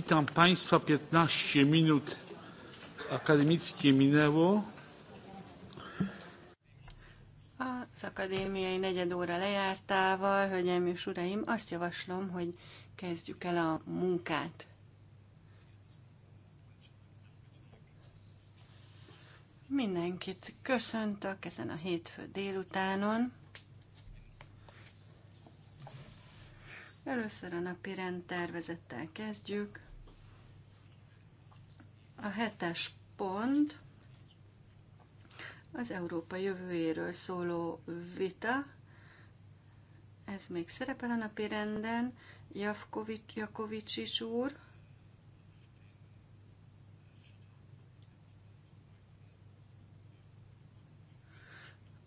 Witam Państwa. 15 minut akademickie minęło. Az akadémiai negyed óra lejártával, hölgyeim és uraim, azt javaslom, hogy kezdjük el a munkát. Mindenkit köszöntök ezen a hétfő délutánon. Először a napi rend tervezettel kezdjük. A hetes pont az Európa jövőjéről szóló vita. Ez még szerepel a napi renden. Javkovics, is úr.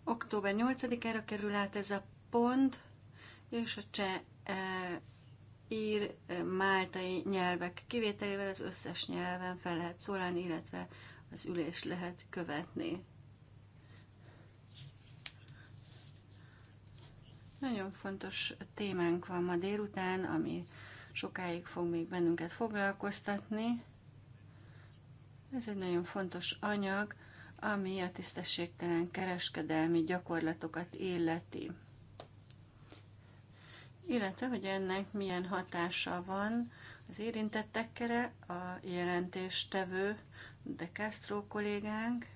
Október 8-ára kerül át ez a pont, és a cseh eh, ír, eh, máltai nyelvek kivételével az összes nyelven fel lehet szólalni, illetve az ülés lehet követni. Nagyon fontos témánk van ma délután, ami sokáig fog még bennünket foglalkoztatni. Ez egy nagyon fontos anyag, ami a tisztességtelen kereskedelmi gyakorlatokat illeti illetve hogy ennek milyen hatása van az érintettekre, a jelentéstevő De Castro kollégánk.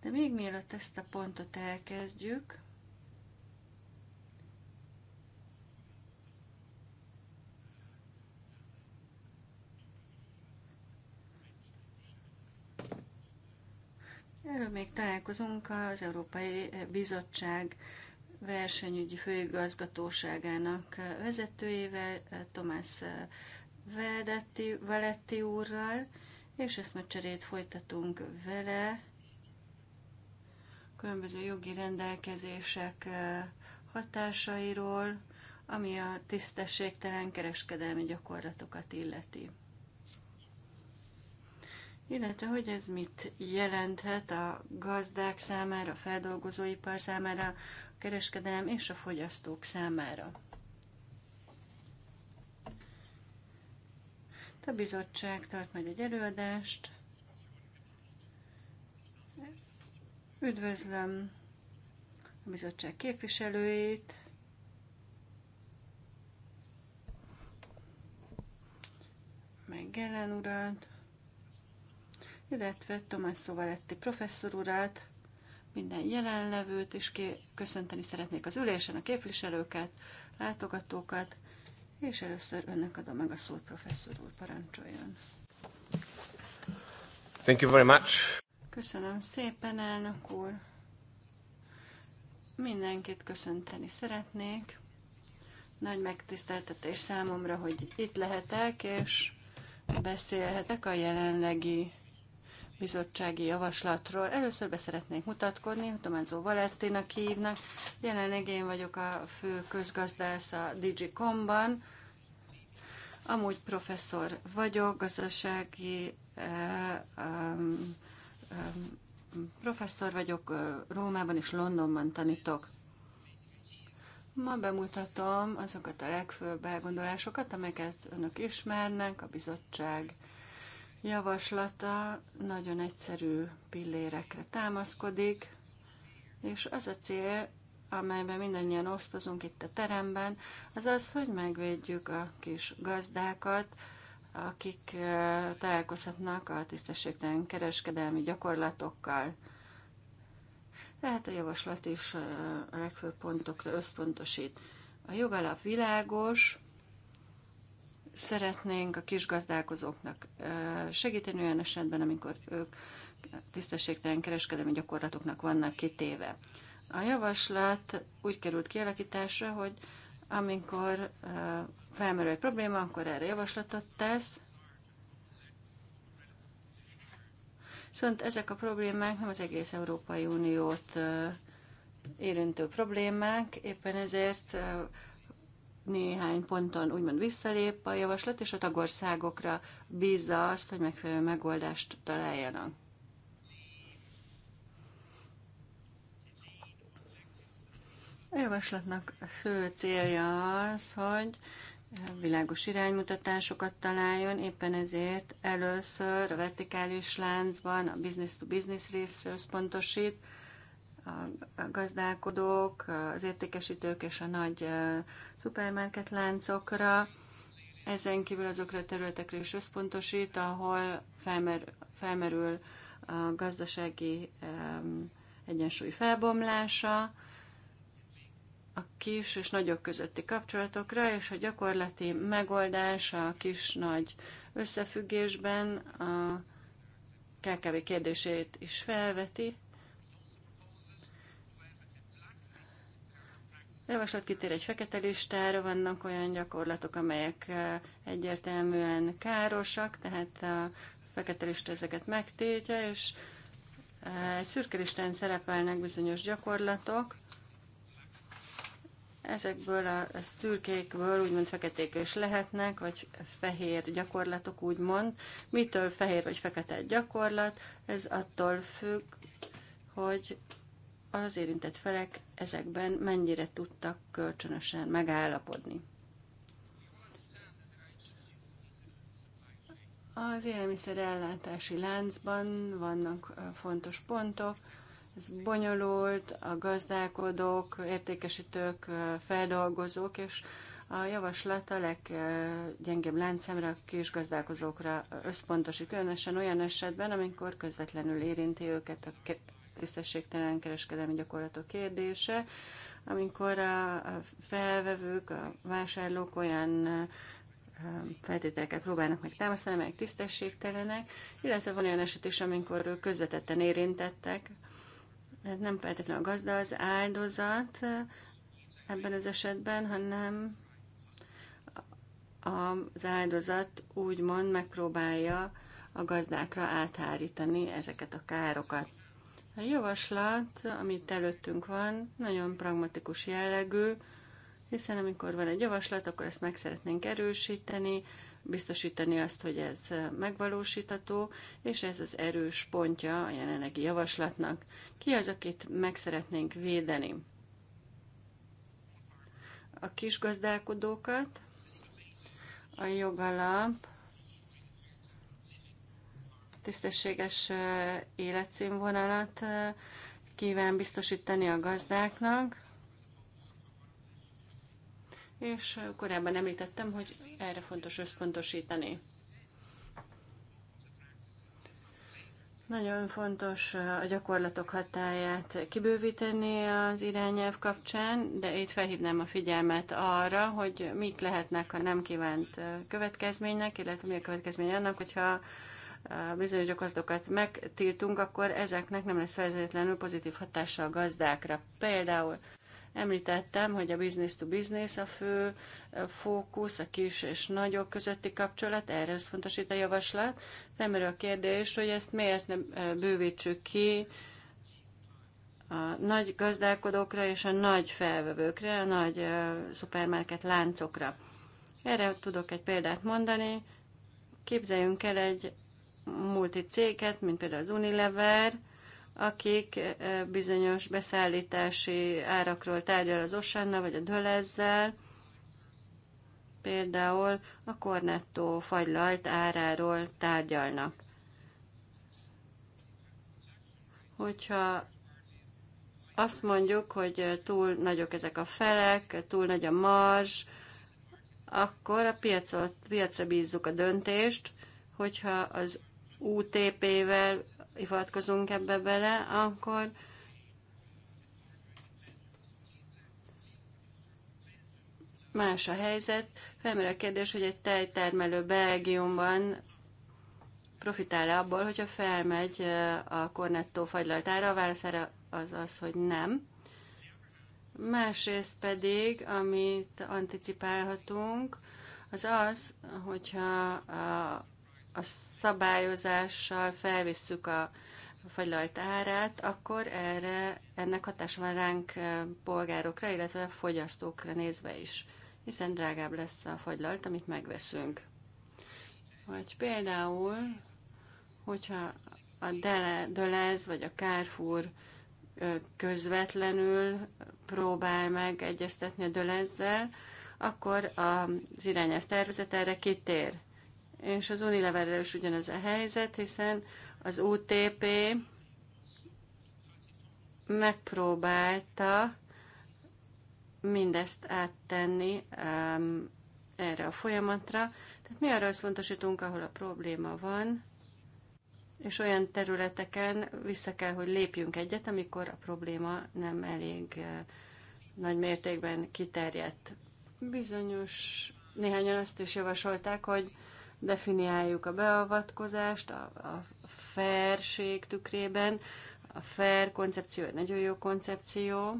De még mielőtt ezt a pontot elkezdjük, Erről még találkozunk az Európai Bizottság versenyügyi főigazgatóságának vezetőjével, Tomás Veletti, Veletti úrral, és ezt a cserét folytatunk vele. Különböző jogi rendelkezések hatásairól, ami a tisztességtelen kereskedelmi gyakorlatokat illeti. Illetve, hogy ez mit jelenthet a gazdák számára, a feldolgozóipar számára, kereskedelem és a fogyasztók számára. A bizottság tart majd egy előadást. Üdvözlöm a bizottság képviselőit. Meg Gellen urat, illetve Tomás Szovaletti professzor urat, minden jelenlevőt is köszönteni szeretnék az ülésen, a képviselőket, látogatókat, és először önnek adom meg a szót, professzor úr, parancsoljon. Thank you very much. Köszönöm szépen, elnök úr. Mindenkit köszönteni szeretnék. Nagy megtiszteltetés számomra, hogy itt lehetek, és beszélhetek a jelenlegi bizottsági javaslatról. Először beszeretnék mutatkozni, Tomázó Valettinak hívnak. Jelenleg én vagyok a fő közgazdász a Digicomban. Amúgy professzor vagyok, gazdasági eh, professzor vagyok, eh, Rómában és Londonban tanítok. Ma bemutatom azokat a legfőbb elgondolásokat, amelyeket önök ismernek, a bizottság javaslata nagyon egyszerű pillérekre támaszkodik, és az a cél, amelyben mindannyian osztozunk itt a teremben, az az, hogy megvédjük a kis gazdákat, akik találkozhatnak a tisztességtelen kereskedelmi gyakorlatokkal. Tehát a javaslat is a legfőbb pontokra összpontosít. A jogalap világos, Szeretnénk a kisgazdálkozóknak segíteni olyan esetben, amikor ők tisztességtelen kereskedelmi gyakorlatoknak vannak kitéve. A javaslat úgy került kialakításra, hogy amikor felmerül egy probléma, akkor erre javaslatot tesz, szóval ezek a problémák nem az egész Európai Uniót érintő problémák, éppen ezért néhány ponton úgymond visszalép a javaslat, és a tagországokra bízza azt, hogy megfelelő megoldást találjanak. A javaslatnak fő célja az, hogy világos iránymutatásokat találjon, éppen ezért először a vertikális láncban a business-to-business business részre összpontosít, a gazdálkodók, az értékesítők és a nagy szupermarket láncokra, ezen kívül azokra a területekre is összpontosít, ahol felmer, felmerül a gazdasági egyensúly felbomlása, a kis és nagyok közötti kapcsolatokra, és a gyakorlati megoldás a kis-nagy összefüggésben a KKV kérdését is felveti, A javaslat kitér egy fekete listára, vannak olyan gyakorlatok, amelyek egyértelműen károsak, tehát a fekete lista ezeket megtétje, és egy szürke listán szerepelnek bizonyos gyakorlatok, Ezekből a szürkékből úgymond feketék is lehetnek, vagy fehér gyakorlatok úgymond. Mitől fehér vagy fekete gyakorlat? Ez attól függ, hogy az érintett felek ezekben mennyire tudtak kölcsönösen megállapodni. Az ellátási láncban vannak fontos pontok, ez bonyolult, a gazdálkodók, értékesítők, feldolgozók, és a javaslat a leggyengébb láncemre, a kis gazdálkozókra összpontosít, különösen olyan esetben, amikor közvetlenül érinti őket a tisztességtelen kereskedelmi gyakorlatok kérdése, amikor a felvevők, a vásárlók olyan feltételeket próbálnak meg támasztani, amelyek tisztességtelenek, illetve van olyan eset is, amikor közvetetten érintettek, nem feltétlenül a gazda az áldozat ebben az esetben, hanem az áldozat úgymond megpróbálja a gazdákra áthárítani ezeket a károkat. A javaslat, amit előttünk van, nagyon pragmatikus jellegű, hiszen amikor van egy javaslat, akkor ezt meg szeretnénk erősíteni, biztosítani azt, hogy ez megvalósítható, és ez az erős pontja a jelenlegi javaslatnak. Ki az, akit meg szeretnénk védeni? A kisgazdálkodókat, a jogalap tisztességes életszínvonalat kíván biztosítani a gazdáknak. És korábban említettem, hogy erre fontos összpontosítani. Nagyon fontos a gyakorlatok hatáját kibővíteni az irányelv kapcsán, de itt felhívnám a figyelmet arra, hogy mik lehetnek a nem kívánt következménynek, illetve mi a következmény annak, hogyha bizonyos gyakorlatokat megtiltunk, akkor ezeknek nem lesz feltétlenül pozitív hatása a gazdákra. Például Említettem, hogy a business to business a fő fókusz, a kis és nagyok közötti kapcsolat, erre itt a javaslat. Felmerül a kérdés, hogy ezt miért nem bővítsük ki a nagy gazdálkodókra és a nagy felvevőkre, a nagy szupermarket láncokra. Erre tudok egy példát mondani. Képzeljünk el egy multi céget, mint például az Unilever, akik eh, bizonyos beszállítási árakról tárgyal az Osanna vagy a Dölezzel, például a Cornetto fagylalt áráról tárgyalnak. Hogyha azt mondjuk, hogy túl nagyok ezek a felek, túl nagy a marzs, akkor a piacot, piacra bízzuk a döntést, hogyha az UTP-vel hivatkozunk ebbe bele, akkor más a helyzet. Felmerül a kérdés, hogy egy tejtermelő Belgiumban profitál-e abból, hogyha felmegy a Cornetto fagylaltára? A válasz erre az az, hogy nem. Másrészt pedig, amit anticipálhatunk, az az, hogyha a a szabályozással felvisszük a fagylalt árát, akkor erre, ennek hatása van ránk eh, polgárokra, illetve a fogyasztókra nézve is, hiszen drágább lesz a fagylalt, amit megveszünk. Vagy például, hogyha a Delez vagy a Carrefour eh, közvetlenül próbál meg egyeztetni a Delezzel, akkor az irányelv tervezet erre kitér és az Unileverrel is ugyanez a helyzet, hiszen az UTP megpróbálta mindezt áttenni um, erre a folyamatra. Tehát mi arra összpontosítunk, ahol a probléma van, és olyan területeken vissza kell, hogy lépjünk egyet, amikor a probléma nem elég uh, nagy mértékben kiterjedt. Bizonyos néhányan azt is javasolták, hogy definiáljuk a beavatkozást a, a fairség tükrében. A fair koncepció egy nagyon jó koncepció.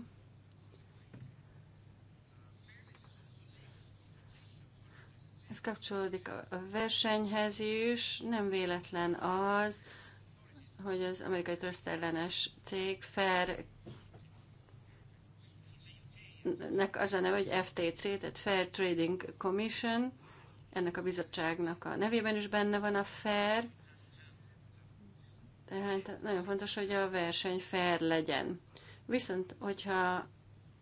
Ez kapcsolódik a versenyhez is. Nem véletlen az, hogy az amerikai trösztellenes cég fair nek az a neve, hogy FTC, tehát Fair Trading Commission, ennek a bizottságnak a nevében is benne van a fair, tehát nagyon fontos, hogy a verseny fair legyen. Viszont, hogyha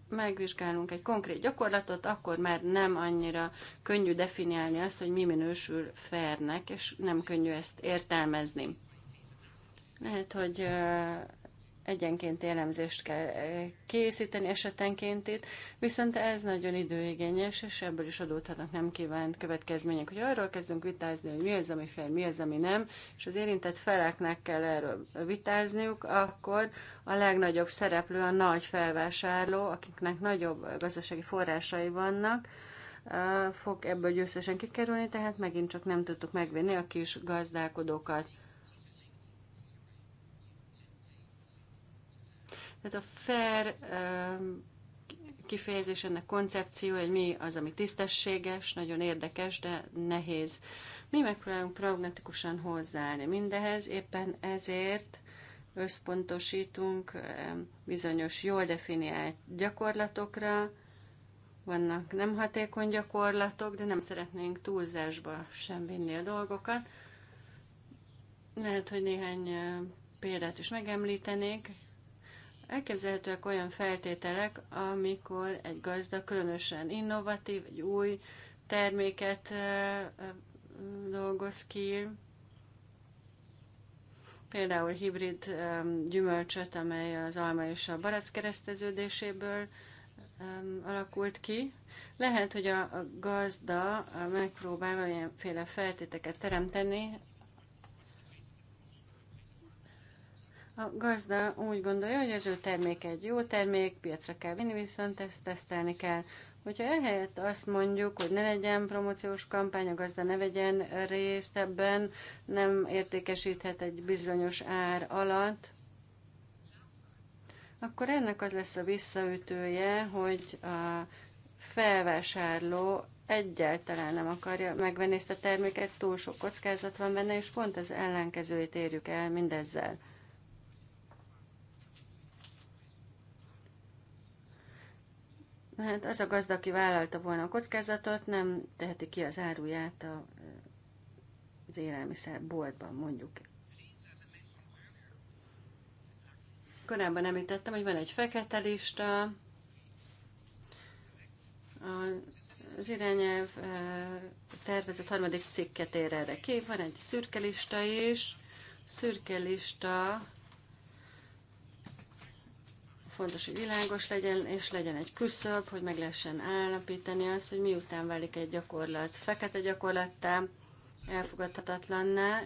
megvizsgálunk egy konkrét gyakorlatot, akkor már nem annyira könnyű definiálni azt, hogy mi minősül fairnek, és nem könnyű ezt értelmezni. Lehet, hogy egyenként elemzést kell eh, készíteni esetenként itt, viszont ez nagyon időigényes, és ebből is adódhatnak nem kívánt következmények, hogy arról kezdünk vitázni, hogy mi az, ami fér, mi az, ami nem, és az érintett feleknek kell erről vitázniuk, akkor a legnagyobb szereplő a nagy felvásárló, akiknek nagyobb gazdasági forrásai vannak, eh, fog ebből győztesen kikerülni, tehát megint csak nem tudtuk megvenni a kis gazdálkodókat. Tehát a fair um, kifejezés, ennek koncepció, hogy mi az, ami tisztességes, nagyon érdekes, de nehéz. Mi megpróbálunk pragmatikusan hozzáállni mindehez, éppen ezért összpontosítunk um, bizonyos jól definiált gyakorlatokra, vannak nem hatékony gyakorlatok, de nem szeretnénk túlzásba sem vinni a dolgokat. Lehet, hogy néhány um, példát is megemlítenék. Elképzelhetőek olyan feltételek, amikor egy gazda különösen innovatív, egy új terméket dolgoz ki, például hibrid gyümölcsöt, amely az alma és a barack kereszteződéséből alakult ki. Lehet, hogy a gazda megpróbál valamilyenféle feltéteket teremteni A gazda úgy gondolja, hogy az ő termék egy jó termék, piacra kell vinni, viszont ezt tesztelni kell. Hogyha ehelyett azt mondjuk, hogy ne legyen promóciós kampány, a gazda ne vegyen részt ebben, nem értékesíthet egy bizonyos ár alatt, akkor ennek az lesz a visszaütője, hogy a felvásárló egyáltalán nem akarja megvenni ezt a terméket, túl sok kockázat van benne, és pont az ellenkezőjét érjük el mindezzel. Hát az a gazda, aki vállalta volna a kockázatot, nem teheti ki az áruját a, az élelmiszerboltban, mondjuk. Korábban említettem, hogy van egy fekete lista, az irányelv eh, tervezett harmadik cikket ér erre ki, van egy szürke lista is, szürke lista Fontos, hogy világos legyen, és legyen egy küszöb, hogy meg lehessen állapítani azt, hogy miután válik egy gyakorlat fekete gyakorlattá, elfogadhatatlanná,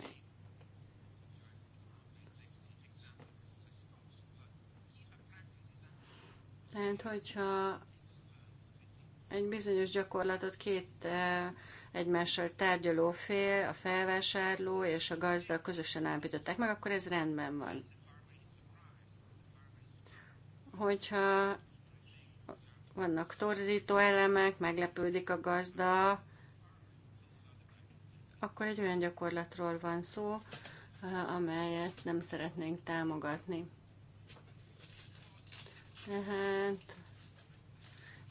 Tehát, hogyha egy bizonyos gyakorlatot két eh, egymással tárgyaló fél, a felvásárló és a gazda közösen állapították meg, akkor ez rendben van hogyha vannak torzító elemek, meglepődik a gazda, akkor egy olyan gyakorlatról van szó, amelyet nem szeretnénk támogatni. Tehát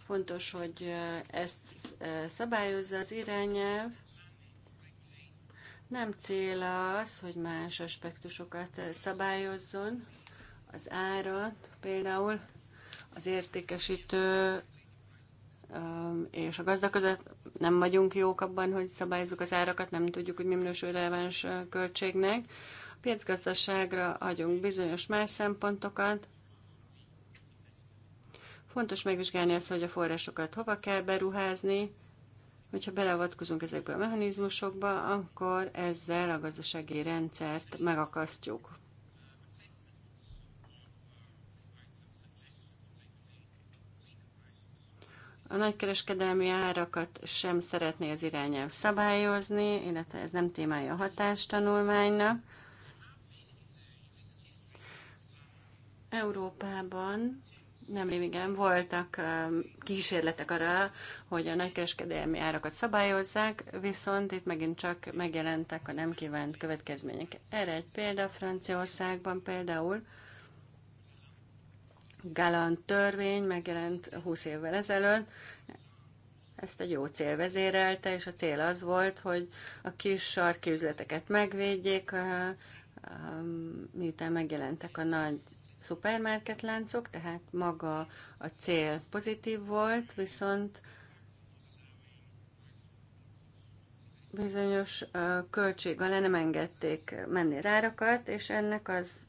fontos, hogy ezt szabályozza az irányelv. Nem cél az, hogy más aspektusokat szabályozzon, az árat, például az értékesítő és a gazda között nem vagyunk jók abban, hogy szabályozzuk az árakat, nem tudjuk, hogy mi minősül releváns költségnek. A piacgazdaságra adjunk bizonyos más szempontokat. Fontos megvizsgálni azt, hogy a forrásokat hova kell beruházni, hogyha beleavatkozunk ezekbe a mechanizmusokba, akkor ezzel a gazdasági rendszert megakasztjuk. A nagykereskedelmi árakat sem szeretné az irányelv szabályozni, illetve ez nem témája a hatástanulmánynak. Európában nem igen voltak kísérletek arra, hogy a nagykereskedelmi árakat szabályozzák, viszont itt megint csak megjelentek a nem kívánt következmények. Erre egy példa Franciaországban például Galant törvény megjelent 20 évvel ezelőtt, ezt egy jó cél vezérelte, és a cél az volt, hogy a kis sarki üzleteket megvédjék, miután megjelentek a nagy szupermarketláncok, tehát maga a cél pozitív volt, viszont bizonyos költség alá nem engedték menni az árakat, és ennek az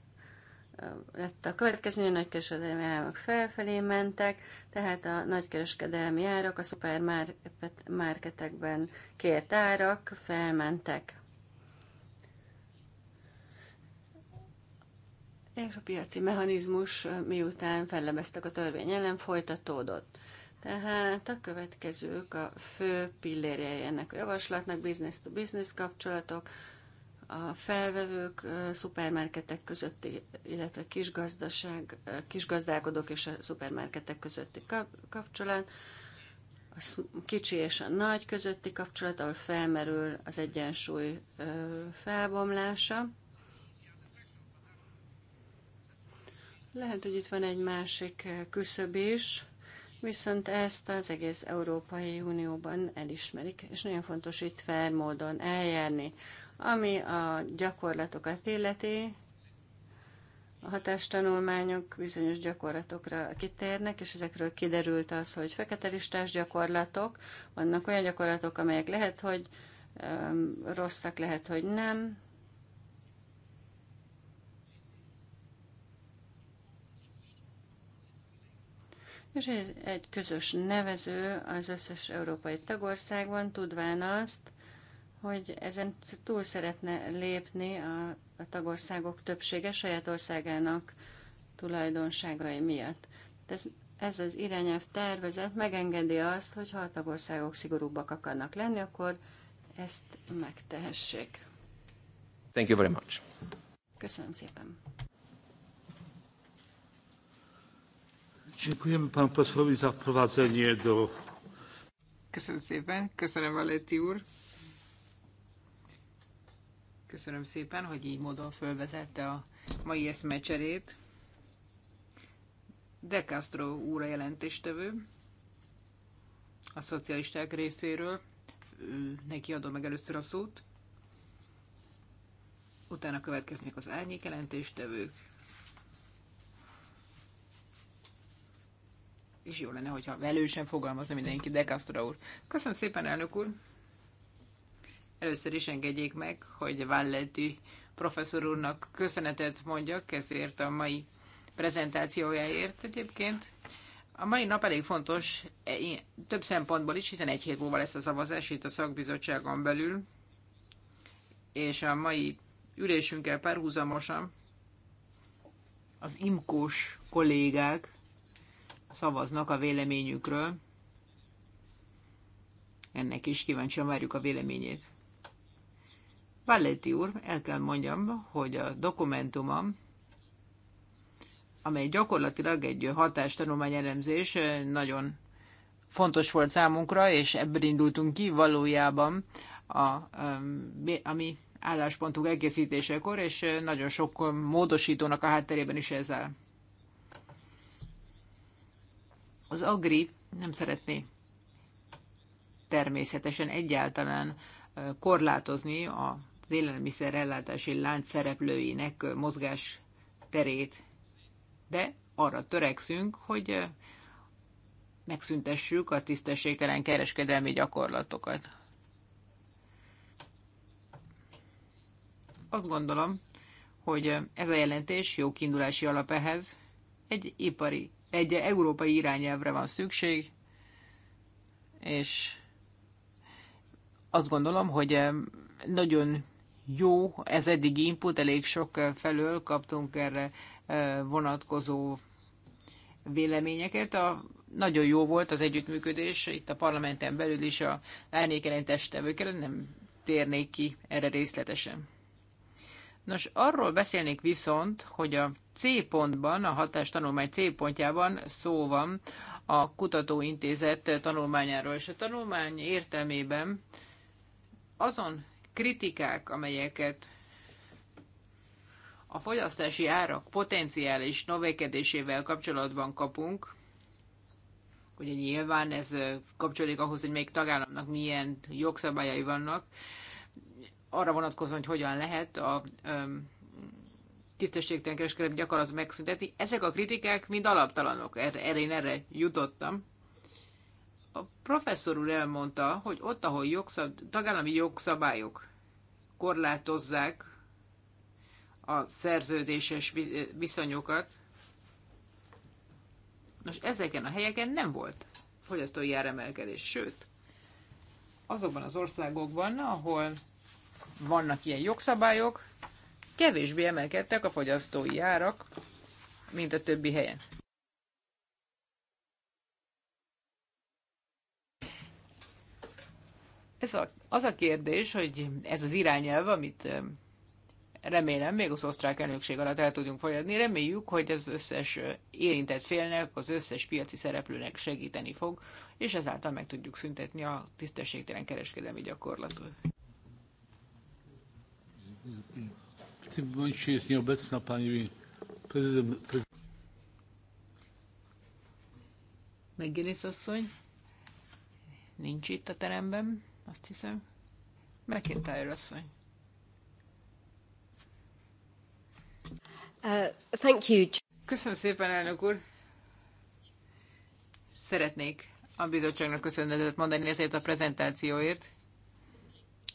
lett a következő, a nagykereskedelmi árak felfelé mentek, tehát a nagykereskedelmi árak a szupermarketekben kért árak felmentek. És a piaci mechanizmus miután fellebeztek a törvény ellen folytatódott. Tehát a következők a fő pillérjei ennek a javaslatnak, business-to-business -business kapcsolatok, a felvevők, szupermarketek közötti, illetve kisgazdaság, kisgazdálkodók és a szupermarketek közötti kapcsolat, a kicsi és a nagy közötti kapcsolat, ahol felmerül az egyensúly felbomlása. Lehet, hogy itt van egy másik küszöb is, viszont ezt az egész Európai Unióban elismerik, és nagyon fontos itt fair módon eljárni. Ami a gyakorlatokat illeti, a hatástanulmányok bizonyos gyakorlatokra kitérnek, és ezekről kiderült az, hogy fekete listás gyakorlatok, vannak olyan gyakorlatok, amelyek lehet, hogy um, rosszak, lehet, hogy nem. És egy közös nevező az összes európai tagországban, tudván azt, hogy ezen túl szeretne lépni a, a tagországok többsége saját országának tulajdonságai miatt. Ez, ez az irányelv tervezet megengedi azt, hogy ha a tagországok szigorúbbak akarnak lenni, akkor ezt megtehessék. Thank you very much. Köszönöm szépen. Dziękujemy panu posłowi za wprowadzenie do... Köszönöm szépen, köszönöm Valéti úr. Köszönöm szépen, hogy így módon fölvezette a mai eszmecserét. De Castro úr jelentéstevő a szocialisták részéről. Ő, neki adom meg először a szót. Utána következnek az árnyék jelentéstevők. És jó lenne, hogyha velősen fogalmazza mindenki, de Castro úr. Köszönöm szépen, elnök úr! Először is engedjék meg, hogy Valletti professzor úrnak köszönetet mondjak ezért a mai prezentációjáért egyébként. A mai nap elég fontos e, több szempontból is, hiszen egy hét múlva lesz a szavazás itt a szakbizottságon belül, és a mai ülésünkkel párhuzamosan az imkós kollégák szavaznak a véleményükről. Ennek is kíváncsian várjuk a véleményét. Valleti úr, el kell mondjam, hogy a dokumentumom, amely gyakorlatilag egy hatástanulmány elemzés, nagyon fontos volt számunkra, és ebből indultunk ki valójában a, a mi álláspontunk elkészítésekor, és nagyon sok módosítónak a hátterében is ezzel. Az Agri nem szeretné természetesen egyáltalán eh, korlátozni a az élelmiszerellátási lánc szereplőinek mozgás terét, de arra törekszünk, hogy megszüntessük a tisztességtelen kereskedelmi gyakorlatokat. Azt gondolom, hogy ez a jelentés jó kiindulási alap ehhez. Egy ipari, egy európai irányelvre van szükség, és azt gondolom, hogy nagyon jó ez eddig input, elég sok eh, felől kaptunk erre eh, vonatkozó véleményeket. A, nagyon jó volt az együttműködés itt a parlamenten belül is a árnyékelentes testtevőkkel, nem térnék ki erre részletesen. Nos, arról beszélnék viszont, hogy a C pontban, a hatás tanulmány C pontjában szó van a kutatóintézet tanulmányáról, és a tanulmány értelmében azon kritikák, amelyeket a fogyasztási árak potenciális növekedésével kapcsolatban kapunk, ugye nyilván ez kapcsolódik ahhoz, hogy melyik tagállamnak milyen jogszabályai vannak, arra vonatkozóan, hogy hogyan lehet a tisztességtelen kereskedelmi gyakorlatot megszüntetni. Ezek a kritikák mind alaptalanok. Erre, erre én erre jutottam. A professzor úr elmondta, hogy ott, ahol jogszab, tagállami jogszabályok korlátozzák a szerződéses eh, viszonyokat, nos, ezeken a helyeken nem volt fogyasztói áremelkedés, sőt, azokban az országokban, ahol vannak ilyen jogszabályok, kevésbé emelkedtek a fogyasztói árak, mint a többi helyen. Ez a, az a kérdés, hogy ez az irányelv, amit remélem még az osztrák elnökség alatt el tudjunk folyadni, reméljük, hogy az összes érintett félnek, az összes piaci szereplőnek segíteni fog, és ezáltal meg tudjuk szüntetni a tisztességtelen kereskedelmi gyakorlatot. Megjelész asszony? Nincs itt a teremben. Azt hiszem. McIntyre asszony. Uh, thank you. Köszönöm szépen, elnök úr. Szeretnék a bizottságnak köszönetet mondani ezért a prezentációért.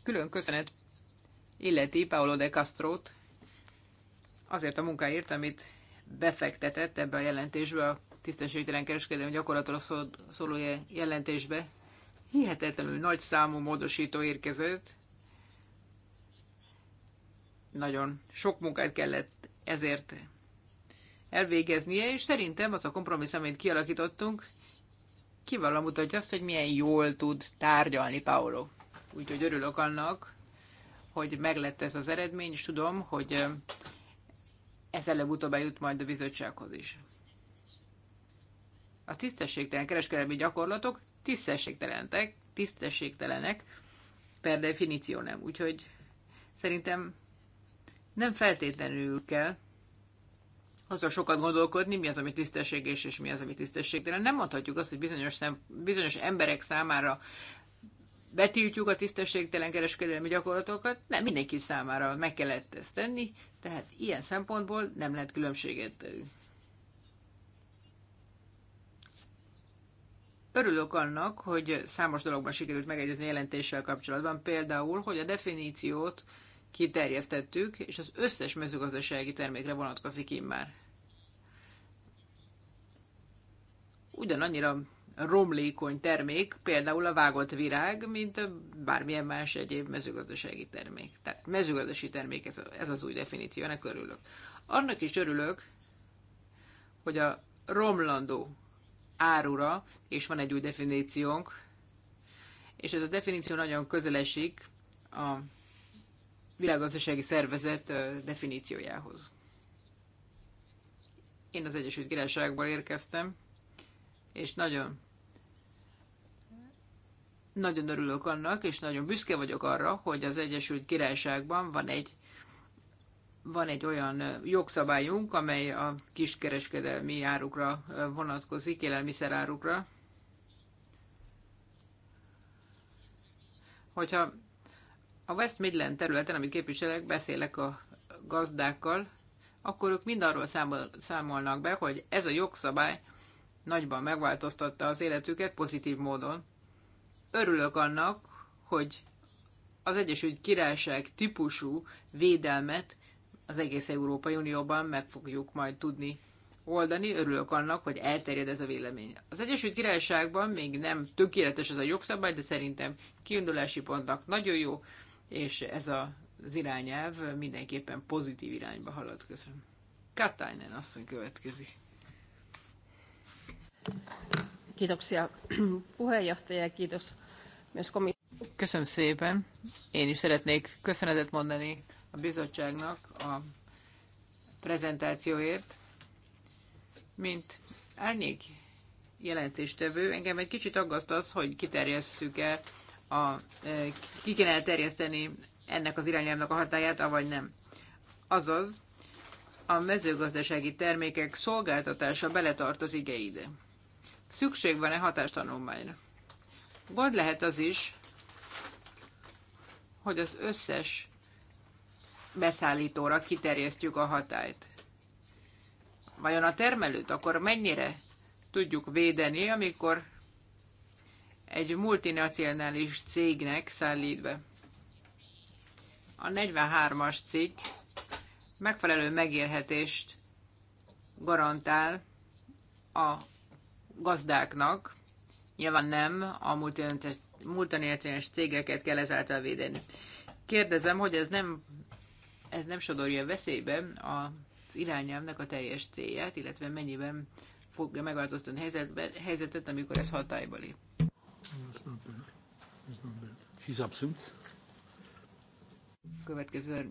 Külön köszönet illeti Paolo de Castro-t azért a munkáért, amit befektetett ebbe a jelentésbe, a tisztességtelen kereskedelmi gyakorlatról szóló jelentésbe. Hihetetlenül nagy számú módosító érkezett, nagyon sok munkát kellett ezért elvégeznie, és szerintem az a kompromisszum, amit kialakítottunk, kiválóan mutatja azt, hogy milyen jól tud tárgyalni Paolo. Úgyhogy örülök annak, hogy meglett ez az eredmény, és tudom, hogy ez előbb-utóbb jut majd a bizottsághoz is. A tisztességtelen kereskedelmi gyakorlatok tisztességtelenek, tisztességtelenek per definíció nem. Úgyhogy szerintem nem feltétlenül kell azon sokat gondolkodni, mi az, ami tisztességes, és mi az, ami tisztességtelen. Nem mondhatjuk azt, hogy bizonyos, szem, bizonyos emberek számára betiltjuk a tisztességtelen kereskedelmi gyakorlatokat, nem mindenki számára meg kellett ezt tenni, tehát ilyen szempontból nem lehet különbséget Örülök annak, hogy számos dologban sikerült megegyezni jelentéssel kapcsolatban, például, hogy a definíciót kiterjesztettük, és az összes mezőgazdasági termékre vonatkozik immár. Ugyanannyira romlékony termék, például a vágott virág, mint bármilyen más egyéb mezőgazdasági termék. Tehát mezőgazdasági termék, ez, ez az új definíció, ennek örülök. Annak is örülök, hogy a romlandó árura, és van egy új definíciónk, és ez a definíció nagyon közelesik a világgazdasági szervezet definíciójához. Én az Egyesült Királyságból érkeztem, és nagyon nagyon örülök annak, és nagyon büszke vagyok arra, hogy az Egyesült Királyságban van egy van egy olyan jogszabályunk, amely a kiskereskedelmi árukra vonatkozik, élelmiszerárukra. Hogyha a West Midland területen, amit képviselek, beszélek a gazdákkal, akkor ők mind arról számol, számolnak be, hogy ez a jogszabály nagyban megváltoztatta az életüket pozitív módon. Örülök annak, hogy az Egyesült Királyság típusú védelmet az egész Európai Unióban meg fogjuk majd tudni oldani. Örülök annak, hogy elterjed ez a vélemény. Az Egyesült Királyságban még nem tökéletes ez a jogszabály, de szerintem kiindulási pontnak nagyon jó, és ez a, az irányelv mindenképpen pozitív irányba halad. Köszönöm. Katainen asszony következik. Kiitoksia puheenjohtaja kiitos myös komi- Köszönöm szépen. Én is szeretnék köszönetet mondani a bizottságnak a prezentációért. Mint árnyék jelentéstevő, engem egy kicsit aggaszt az, hogy kiterjesszük-e, a, e, ki kéne elterjeszteni ennek az irányelvnek a hatáját, avagy nem. Azaz, a mezőgazdasági termékek szolgáltatása beletartozik -e ide? Szükség van-e hatástanulmányra? Vagy lehet az is, hogy az összes beszállítóra kiterjesztjük a hatályt. Vajon a termelőt akkor mennyire tudjuk védeni, amikor egy multinacionális cégnek szállít be? A 43-as cikk megfelelő megérhetést garantál a gazdáknak, nyilván nem a multinacionális cégeket kell ezáltal védeni. Kérdezem, hogy ez nem ez nem sodorja veszélybe az irányelvnek a teljes célját, illetve mennyiben fogja megváltoztatni a helyzetet, amikor ez hatályba lép. He's absent. Következő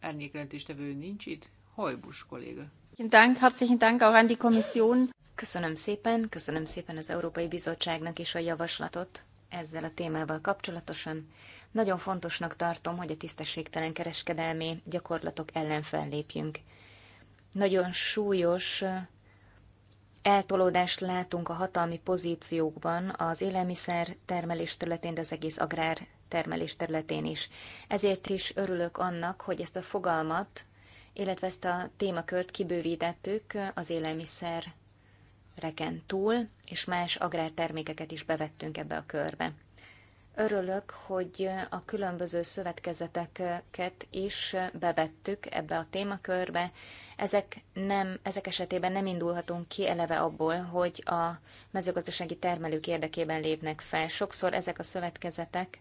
árnyékrendtéstevő nincs itt. Hojbus kolléga. Dank, herzlichen Dank auch an die Kommission. Köszönöm szépen, köszönöm szépen az Európai Bizottságnak is a javaslatot ezzel a témával kapcsolatosan. Nagyon fontosnak tartom, hogy a tisztességtelen kereskedelmi gyakorlatok ellen fellépjünk. Nagyon súlyos eltolódást látunk a hatalmi pozíciókban az élelmiszer termelés területén, de az egész agrár termelés területén is. Ezért is örülök annak, hogy ezt a fogalmat, illetve ezt a témakört kibővítettük az élelmiszer reken túl, és más agrártermékeket is bevettünk ebbe a körbe. Örülök, hogy a különböző szövetkezeteket is bevettük ebbe a témakörbe. Ezek, nem, ezek esetében nem indulhatunk ki eleve abból, hogy a mezőgazdasági termelők érdekében lépnek fel. Sokszor ezek a szövetkezetek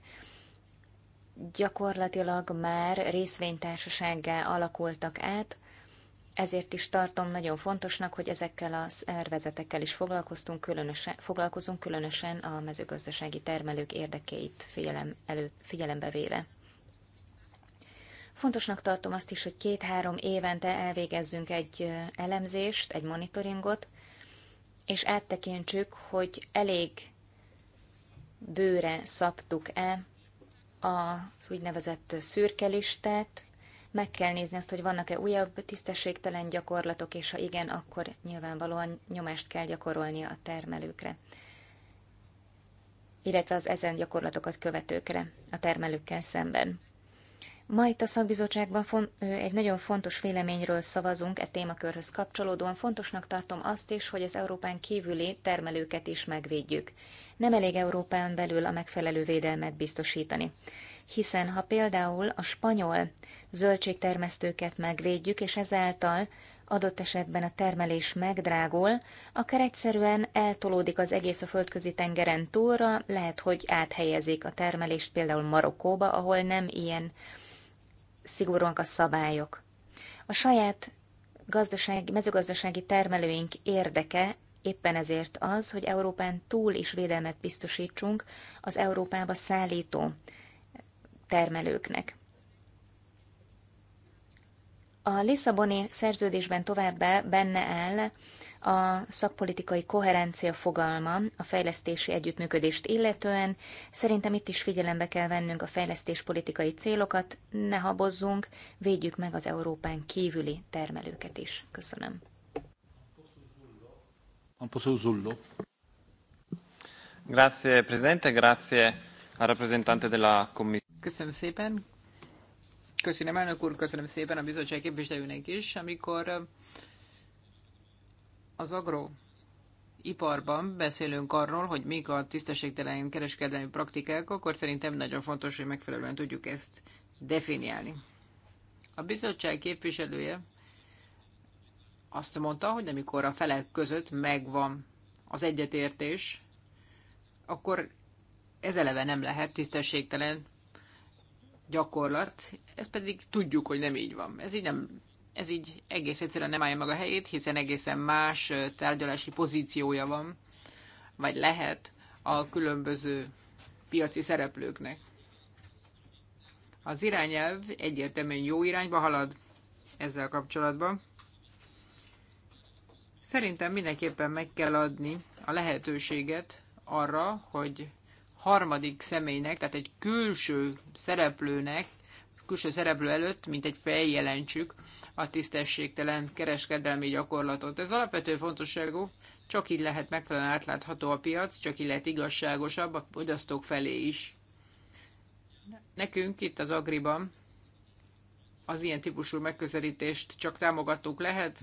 gyakorlatilag már részvénytársasággá alakultak át, ezért is tartom nagyon fontosnak, hogy ezekkel a szervezetekkel is foglalkoztunk, különösen, foglalkozunk, különösen a mezőgazdasági termelők érdekeit figyelem elő, figyelembe véve. Fontosnak tartom azt is, hogy két-három évente elvégezzünk egy elemzést, egy monitoringot, és áttekintsük, hogy elég bőre szabtuk-e az úgynevezett szürkelistát, meg kell nézni azt, hogy vannak-e újabb tisztességtelen gyakorlatok, és ha igen, akkor nyilvánvalóan nyomást kell gyakorolnia a termelőkre, illetve az ezen gyakorlatokat követőkre, a termelőkkel szemben. Ma itt a szakbizottságban egy nagyon fontos véleményről szavazunk e témakörhöz kapcsolódóan. Fontosnak tartom azt is, hogy az Európán kívüli termelőket is megvédjük. Nem elég Európán belül a megfelelő védelmet biztosítani hiszen ha például a spanyol zöldségtermesztőket megvédjük, és ezáltal adott esetben a termelés megdrágol, akár egyszerűen eltolódik az egész a földközi tengeren túlra, lehet, hogy áthelyezik a termelést például Marokkóba, ahol nem ilyen szigorúak a szabályok. A saját gazdasági, mezőgazdasági termelőink érdeke éppen ezért az, hogy Európán túl is védelmet biztosítsunk az Európába szállító termelőknek. A Lisszaboni szerződésben továbbá benne áll a szakpolitikai koherencia fogalma a fejlesztési együttműködést illetően. Szerintem itt is figyelembe kell vennünk a fejlesztéspolitikai célokat, ne habozzunk, védjük meg az Európán kívüli termelőket is. Köszönöm. Grazie Presidente, grazie al rappresentante della Commissione. Köszönöm szépen. Köszönöm, elnök úr, köszönöm szépen a bizottság képviselőnek is, amikor az agro iparban beszélünk arról, hogy mik a tisztességtelen kereskedelmi praktikák, akkor szerintem nagyon fontos, hogy megfelelően tudjuk ezt definiálni. A bizottság képviselője azt mondta, hogy amikor a felek között megvan az egyetértés, akkor ez eleve nem lehet tisztességtelen gyakorlat, ez pedig tudjuk, hogy nem így van. Ez így nem ez így egész egyszerűen nem állja meg a helyét, hiszen egészen más tárgyalási pozíciója van, vagy lehet a különböző piaci szereplőknek. Az irányelv egyértelműen jó irányba halad ezzel kapcsolatban. Szerintem mindenképpen meg kell adni a lehetőséget arra, hogy harmadik személynek, tehát egy külső szereplőnek, külső szereplő előtt, mint egy feljelentsük a tisztességtelen kereskedelmi gyakorlatot. Ez alapvető fontosságú, csak így lehet megfelelően átlátható a piac, csak így lehet igazságosabb a fogyasztók felé is. Nekünk itt az Agriban az ilyen típusú megközelítést csak támogatók lehet,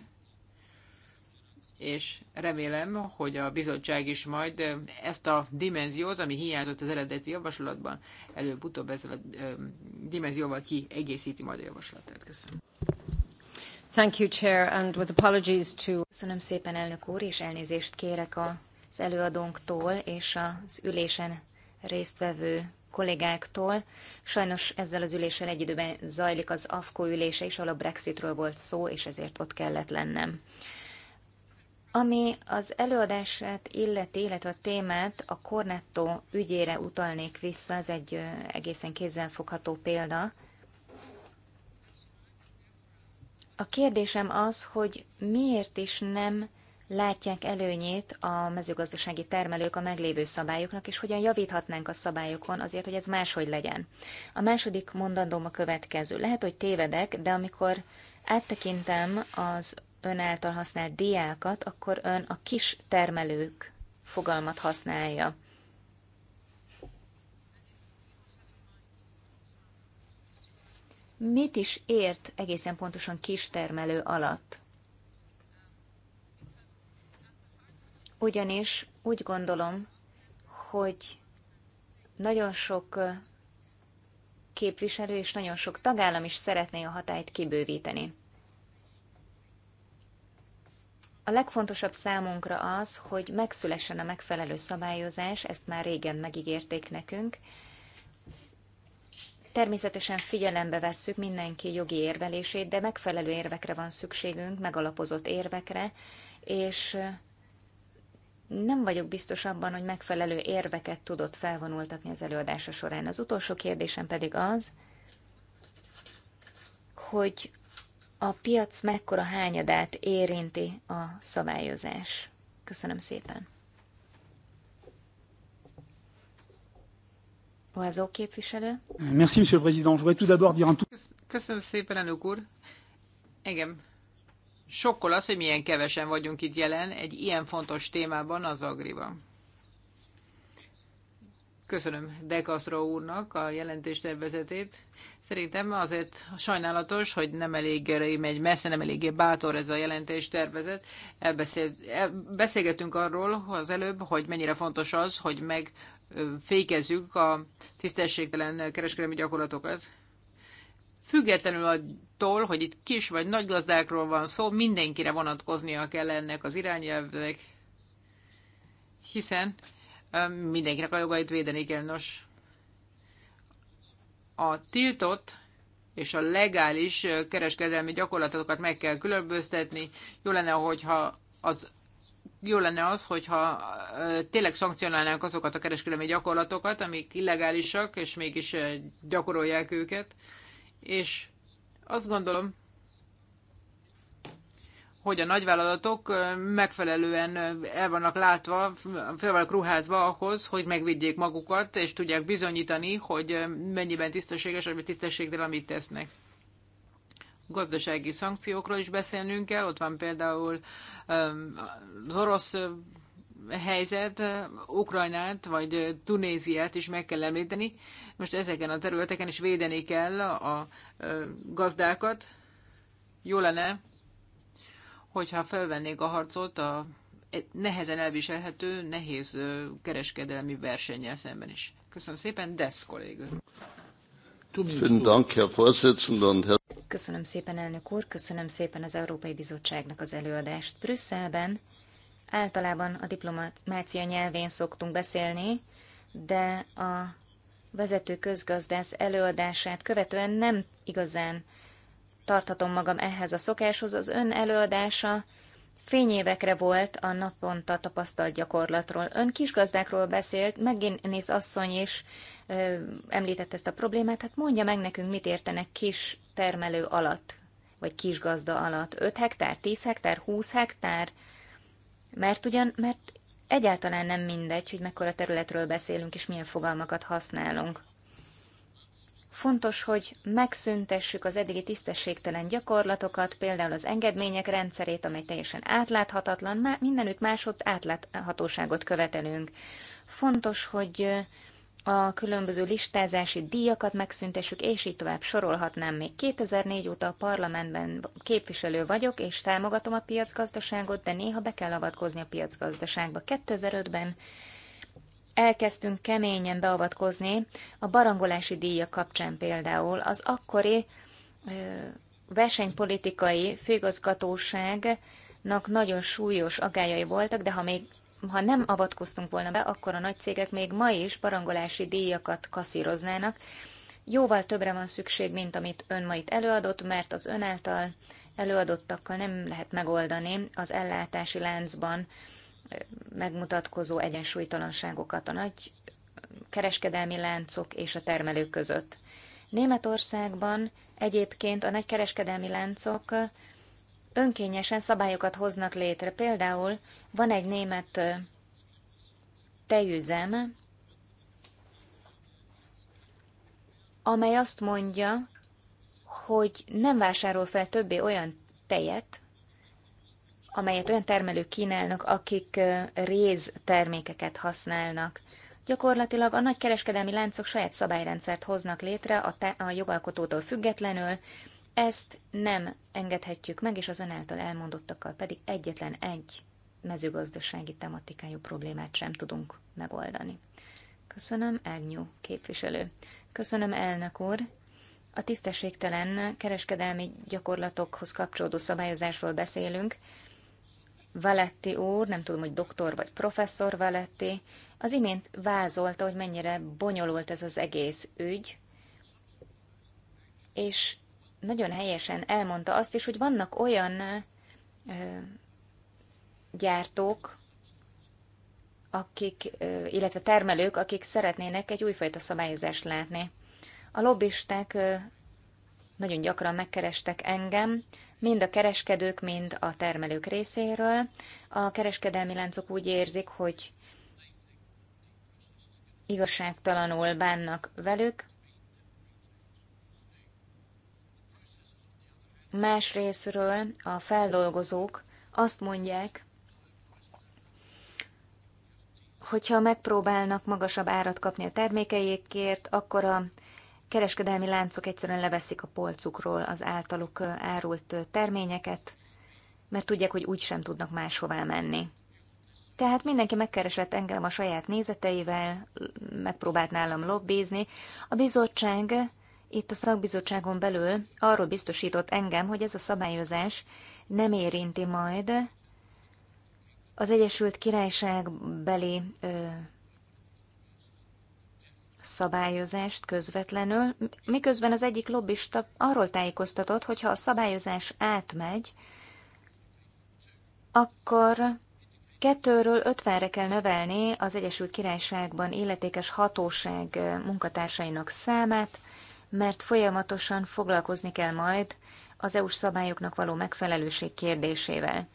és remélem, hogy a bizottság is majd ezt a dimenziót, ami hiányzott az eredeti javaslatban, előbb-utóbb ezzel a dimenzióval kiegészíti majd a javaslatát. Köszönöm. Thank you, Chair, and with apologies to... Köszönöm szépen, elnök úr, és elnézést kérek az előadónktól és az ülésen résztvevő kollégáktól. Sajnos ezzel az üléssel egy időben zajlik az AFKO ülése is, ahol a Brexitről volt szó, és ezért ott kellett lennem. Ami az előadását illeti, illetve a témát, a Cornetto ügyére utalnék vissza, ez egy egészen kézzelfogható példa. A kérdésem az, hogy miért is nem látják előnyét a mezőgazdasági termelők a meglévő szabályoknak, és hogyan javíthatnánk a szabályokon azért, hogy ez máshogy legyen. A második mondandóm a következő. Lehet, hogy tévedek, de amikor áttekintem az ön által használt diákat, akkor ön a kis termelők fogalmat használja. Mit is ért egészen pontosan kistermelő alatt? Ugyanis úgy gondolom, hogy nagyon sok képviselő és nagyon sok tagállam is szeretné a hatályt kibővíteni. A legfontosabb számunkra az, hogy megszülessen a megfelelő szabályozás, ezt már régen megígérték nekünk. Természetesen figyelembe vesszük mindenki jogi érvelését, de megfelelő érvekre van szükségünk, megalapozott érvekre, és nem vagyok biztos abban, hogy megfelelő érveket tudott felvonultatni az előadása során. Az utolsó kérdésem pedig az, hogy a piac mekkora hányadát érinti a szabályozás. Köszönöm szépen. Oazó képviselő. Merci, monsieur le président. Je voudrais tout d'abord dire un tout... Köszönöm szépen, elnök úr. Igen. Sokkal az, hogy milyen kevesen vagyunk itt jelen egy ilyen fontos témában, az agriban. Köszönöm Dekaszra úrnak a jelentéstervezetét. Szerintem azért sajnálatos, hogy nem elég megy messze, nem eléggé bátor ez a jelentéstervezet. Elbeszél, beszélgetünk arról az előbb, hogy mennyire fontos az, hogy megfékezzük a tisztességtelen kereskedelmi gyakorlatokat. Függetlenül attól, hogy itt kis vagy nagy gazdákról van szó, mindenkire vonatkoznia kell ennek az irányelvnek, hiszen mindenkinek a jogait védeni kell. Nos, a tiltott és a legális kereskedelmi gyakorlatokat meg kell különböztetni. Jó lenne, hogyha az jó lenne az, hogyha tényleg szankcionálnánk azokat a kereskedelmi gyakorlatokat, amik illegálisak, és mégis gyakorolják őket. És azt gondolom, hogy a nagyvállalatok megfelelően el vannak látva, fel vannak ruházva ahhoz, hogy megvédjék magukat, és tudják bizonyítani, hogy mennyiben tisztességes, vagy tisztességtelen, amit tesznek. Gazdasági szankciókról is beszélnünk kell, ott van például az orosz helyzet, Ukrajnát vagy Tunéziát is meg kell említeni. Most ezeken a területeken is védeni kell a gazdákat. Jó lenne, hogyha felvennék a harcot a e, nehezen elviselhető, nehéz kereskedelmi versennyel szemben is. Köszönöm szépen, Desz kollégő. Köszönöm szépen, elnök úr, köszönöm szépen az Európai Bizottságnak az előadást. Brüsszelben általában a diplomácia nyelvén szoktunk beszélni, de a vezető közgazdász előadását követően nem igazán tarthatom magam ehhez a szokáshoz. Az ön előadása fényévekre volt a naponta tapasztalt gyakorlatról. Ön kisgazdákról beszélt, néz asszony is ö, említette ezt a problémát, hát mondja meg nekünk, mit értenek kis termelő alatt, vagy kisgazda alatt. 5 hektár, 10 hektár, 20 hektár? Mert ugyan, mert egyáltalán nem mindegy, hogy mekkora területről beszélünk, és milyen fogalmakat használunk. Fontos, hogy megszüntessük az eddigi tisztességtelen gyakorlatokat, például az engedmények rendszerét, amely teljesen átláthatatlan, már mindenütt másod átláthatóságot követelünk. Fontos, hogy a különböző listázási díjakat megszüntessük, és így tovább sorolhatnám. Még 2004 óta a parlamentben képviselő vagyok, és támogatom a piacgazdaságot, de néha be kell avatkozni a piacgazdaságba. 2005-ben elkezdtünk keményen beavatkozni a barangolási díjak kapcsán például. Az akkori versenypolitikai főgazgatóságnak nagyon súlyos agályai voltak, de ha még ha nem avatkoztunk volna be, akkor a nagy cégek még ma is barangolási díjakat kaszíroznának. Jóval többre van szükség, mint amit ön ma itt előadott, mert az ön által előadottakkal nem lehet megoldani az ellátási láncban megmutatkozó egyensúlytalanságokat a nagy kereskedelmi láncok és a termelők között. Németországban egyébként a nagy kereskedelmi láncok önkényesen szabályokat hoznak létre. Például van egy német tejüzem, amely azt mondja, hogy nem vásárol fel többé olyan tejet, amelyet olyan termelők kínálnak, akik réz termékeket használnak. Gyakorlatilag a kereskedelmi láncok saját szabályrendszert hoznak létre a, a jogalkotótól függetlenül, ezt nem engedhetjük meg, és az ön által elmondottakkal pedig egyetlen egy mezőgazdasági tematikájú problémát sem tudunk megoldani. Köszönöm, Ágnyú képviselő. Köszönöm, elnök úr. A tisztességtelen kereskedelmi gyakorlatokhoz kapcsolódó szabályozásról beszélünk, Valetti úr, nem tudom, hogy doktor vagy professzor Valetti, az imént vázolta, hogy mennyire bonyolult ez az egész ügy, és nagyon helyesen elmondta azt is, hogy vannak olyan ö, gyártók, akik, ö, illetve termelők, akik szeretnének egy újfajta szabályozást látni. A lobbisták ö, nagyon gyakran megkerestek engem, mind a kereskedők, mind a termelők részéről. A kereskedelmi láncok úgy érzik, hogy igazságtalanul bánnak velük. Más részről a feldolgozók azt mondják, hogyha megpróbálnak magasabb árat kapni a termékeikért, akkor a kereskedelmi láncok egyszerűen leveszik a polcukról az általuk árult terményeket, mert tudják, hogy úgy sem tudnak máshová menni. Tehát mindenki megkeresett engem a saját nézeteivel, megpróbált nálam lobbizni. A bizottság itt a szakbizottságon belül arról biztosított engem, hogy ez a szabályozás nem érinti majd az Egyesült Királyság beli ö, szabályozást közvetlenül, miközben az egyik lobbista arról tájékoztatott, hogy ha a szabályozás átmegy, akkor kettőről ötvenre kell növelni az Egyesült Királyságban illetékes hatóság munkatársainak számát, mert folyamatosan foglalkozni kell majd az EU-s szabályoknak való megfelelőség kérdésével.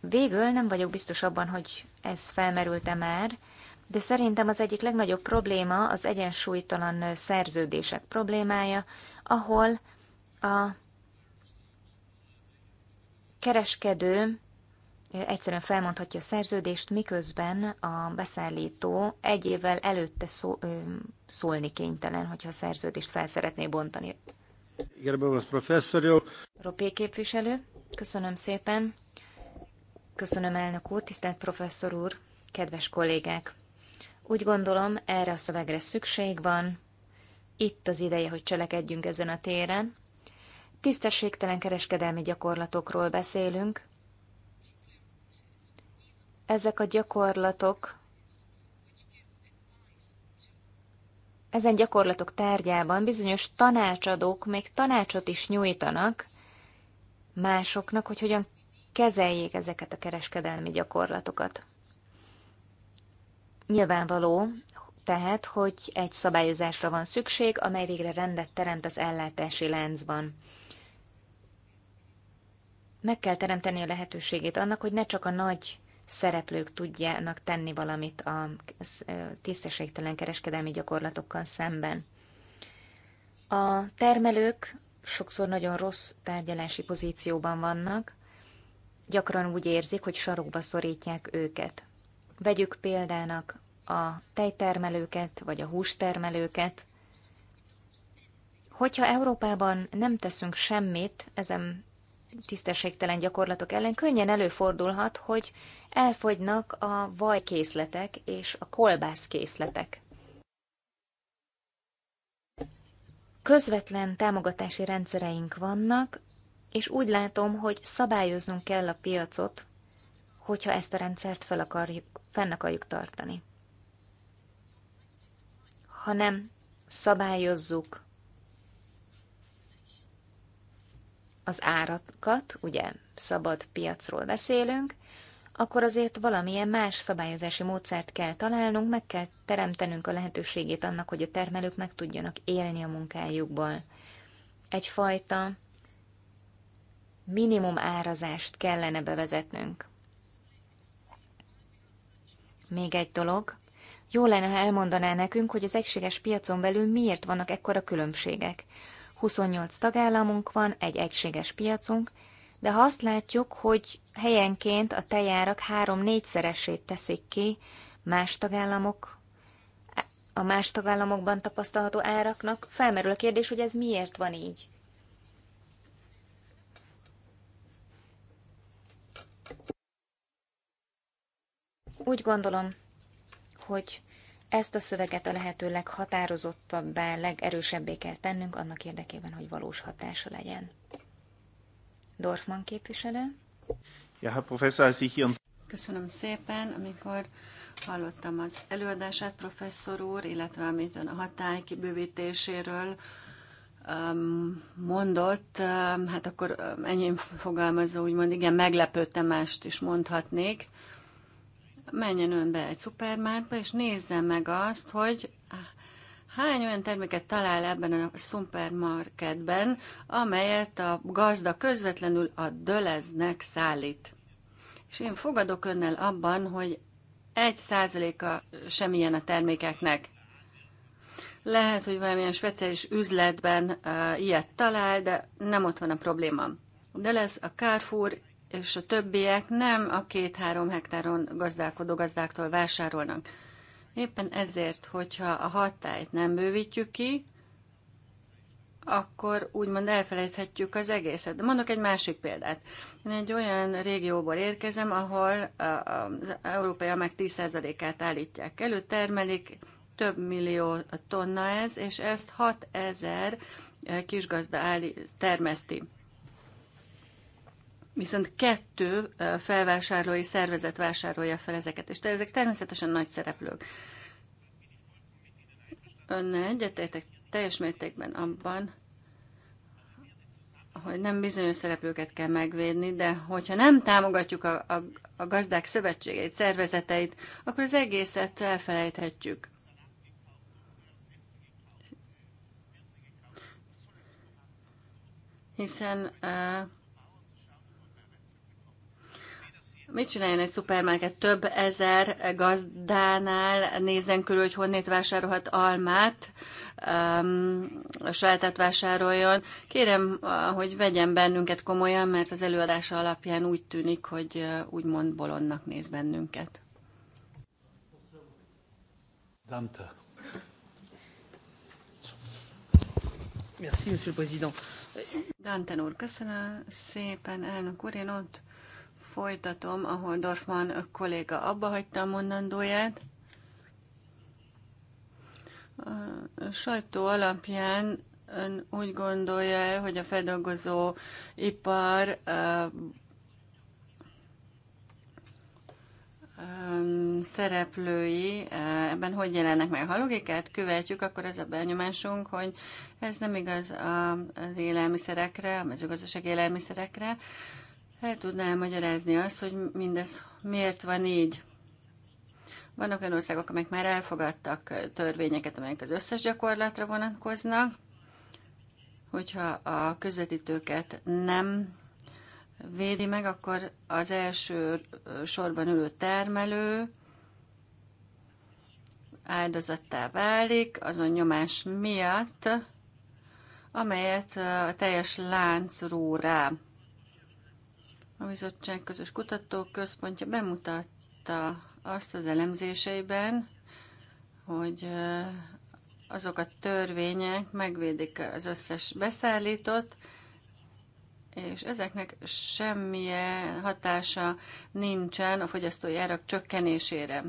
Végül nem vagyok biztos abban, hogy ez felmerült-e már, de szerintem az egyik legnagyobb probléma az egyensúlytalan szerződések problémája, ahol a kereskedő egyszerűen felmondhatja a szerződést, miközben a beszállító egy évvel előtte szó, ö, szólni kénytelen, hogyha a szerződést fel szeretné bontani. professzor. Ropé képviselő, köszönöm szépen. Köszönöm elnök úr, tisztelt professzor úr, kedves kollégák. Úgy gondolom, erre a szövegre szükség van. Itt az ideje, hogy cselekedjünk ezen a téren. Tisztességtelen kereskedelmi gyakorlatokról beszélünk. Ezek a gyakorlatok Ezen gyakorlatok tárgyában bizonyos tanácsadók még tanácsot is nyújtanak másoknak, hogy hogyan kezeljék ezeket a kereskedelmi gyakorlatokat. Nyilvánvaló, tehát, hogy egy szabályozásra van szükség, amely végre rendet teremt az ellátási láncban. Meg kell teremteni a lehetőségét annak, hogy ne csak a nagy szereplők tudjanak tenni valamit a tisztességtelen kereskedelmi gyakorlatokkal szemben. A termelők sokszor nagyon rossz tárgyalási pozícióban vannak, gyakran úgy érzik, hogy sarokba szorítják őket. Vegyük példának a tejtermelőket, vagy a hústermelőket. Hogyha Európában nem teszünk semmit ezen tisztességtelen gyakorlatok ellen, könnyen előfordulhat, hogy elfogynak a vajkészletek és a kolbászkészletek. Közvetlen támogatási rendszereink vannak, és úgy látom, hogy szabályoznunk kell a piacot hogyha ezt a rendszert fel akarjuk, fenn akarjuk tartani. Ha nem szabályozzuk az árakat, ugye szabad piacról beszélünk, akkor azért valamilyen más szabályozási módszert kell találnunk, meg kell teremtenünk a lehetőségét annak, hogy a termelők meg tudjanak élni a munkájukból. Egyfajta minimum árazást kellene bevezetnünk. Még egy dolog. Jó lenne, ha elmondaná nekünk, hogy az egységes piacon belül miért vannak ekkora különbségek. 28 tagállamunk van, egy egységes piacunk, de ha azt látjuk, hogy helyenként a tejárak három-négyszeresét teszik ki más tagállamok, a más tagállamokban tapasztalható áraknak, felmerül a kérdés, hogy ez miért van így. Úgy gondolom, hogy ezt a szöveget a lehető leghatározottabbá, legerősebbé kell tennünk annak érdekében, hogy valós hatása legyen. Dorfman képviselő. Ja, professzor Professor, így. Köszönöm szépen, amikor hallottam az előadását, professzor úr, illetve amit ön a hatály kibővítéséről um, mondott, um, hát akkor um, ennyi fogalmazó, úgymond igen, meglepődtem, mást is mondhatnék menjen ön be egy szupermárkba, és nézze meg azt, hogy hány olyan terméket talál ebben a szupermarketben, amelyet a gazda közvetlenül a döleznek szállít. És én fogadok önnel abban, hogy egy százaléka semmilyen a termékeknek. Lehet, hogy valamilyen speciális üzletben uh, ilyet talál, de nem ott van a probléma. De lesz a Carrefour és a többiek nem a két-három hektáron gazdálkodó gazdáktól vásárolnak. Éppen ezért, hogyha a hatályt nem bővítjük ki, akkor úgymond elfelejthetjük az egészet. De mondok egy másik példát. Én egy olyan régióból érkezem, ahol az európaiak 10%-át állítják elő, termelik, több millió tonna ez, és ezt 6000 eh, kisgazda termeszti viszont kettő felvásárlói szervezet vásárolja fel ezeket, és te ezek természetesen nagy szereplők. önne egyetértek teljes mértékben abban, hogy nem bizonyos szereplőket kell megvédni, de hogyha nem támogatjuk a, a, a gazdák szövetségeit, szervezeteit, akkor az egészet elfelejthetjük. Hiszen uh, Mit csináljon egy szupermarket? Több ezer gazdánál nézzen körül, hogy honnét vásárolhat almát, um, sajátát vásároljon. Kérem, uh, hogy vegyen bennünket komolyan, mert az előadása alapján úgy tűnik, hogy uh, úgymond bolondnak néz bennünket. Dante. Merci, Monsieur le Président. Dante úr, köszönöm szépen, elnök úr, én ott folytatom, ahol Dorfman kolléga abba hagyta a mondandóját. A sajtó alapján ön úgy gondolja el, hogy a feldolgozó ipar szereplői ebben hogy jelennek meg. Ha logikát követjük, akkor ez a benyomásunk, hogy ez nem igaz az élelmiszerekre, a mezőgazdaság élelmiszerekre, el tudná magyarázni azt, hogy mindez miért van így? Vannak olyan országok, amelyek már elfogadtak törvényeket, amelyek az összes gyakorlatra vonatkoznak. Hogyha a közvetítőket nem védi meg, akkor az első sorban ülő termelő áldozattá válik azon nyomás miatt, amelyet a teljes lánc ró rá. A bizottság közös kutatóközpontja bemutatta azt az elemzéseiben, hogy azok a törvények megvédik az összes beszállított, és ezeknek semmilyen hatása nincsen a fogyasztói árak csökkenésére.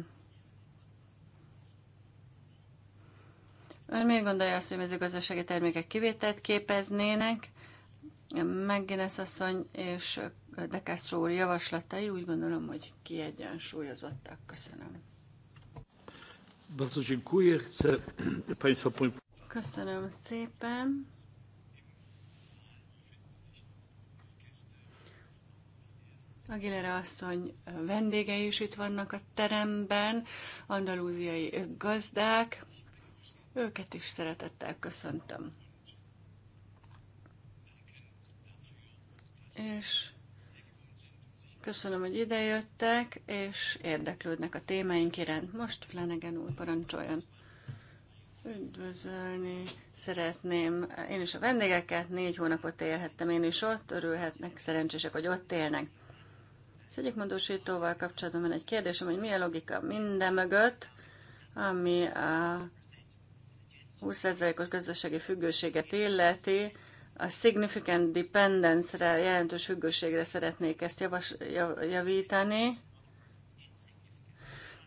Ön miért gondolja azt, hogy mezőgazdasági termékek kivételt képeznének? Megginesz asszony és de úr javaslatai úgy gondolom, hogy kiegyensúlyozottak. Köszönöm. Köszönöm szépen. Aguilera asszony vendégei is itt vannak a teremben, andalúziai gazdák. Őket is szeretettel köszöntöm. És Köszönöm, hogy idejöttek, és érdeklődnek a témáink iránt. Most Flanagan úr parancsoljon. Üdvözölni szeretném. Én is a vendégeket, négy hónapot élhettem én is ott, örülhetnek, szerencsések, hogy ott élnek. Az egyik mondósítóval kapcsolatban van egy kérdésem, hogy mi a logika minden mögött, ami a 20%-os gazdasági függőséget illeti, a significant dependence-re, jelentős függőségre szeretnék ezt javas, javítani.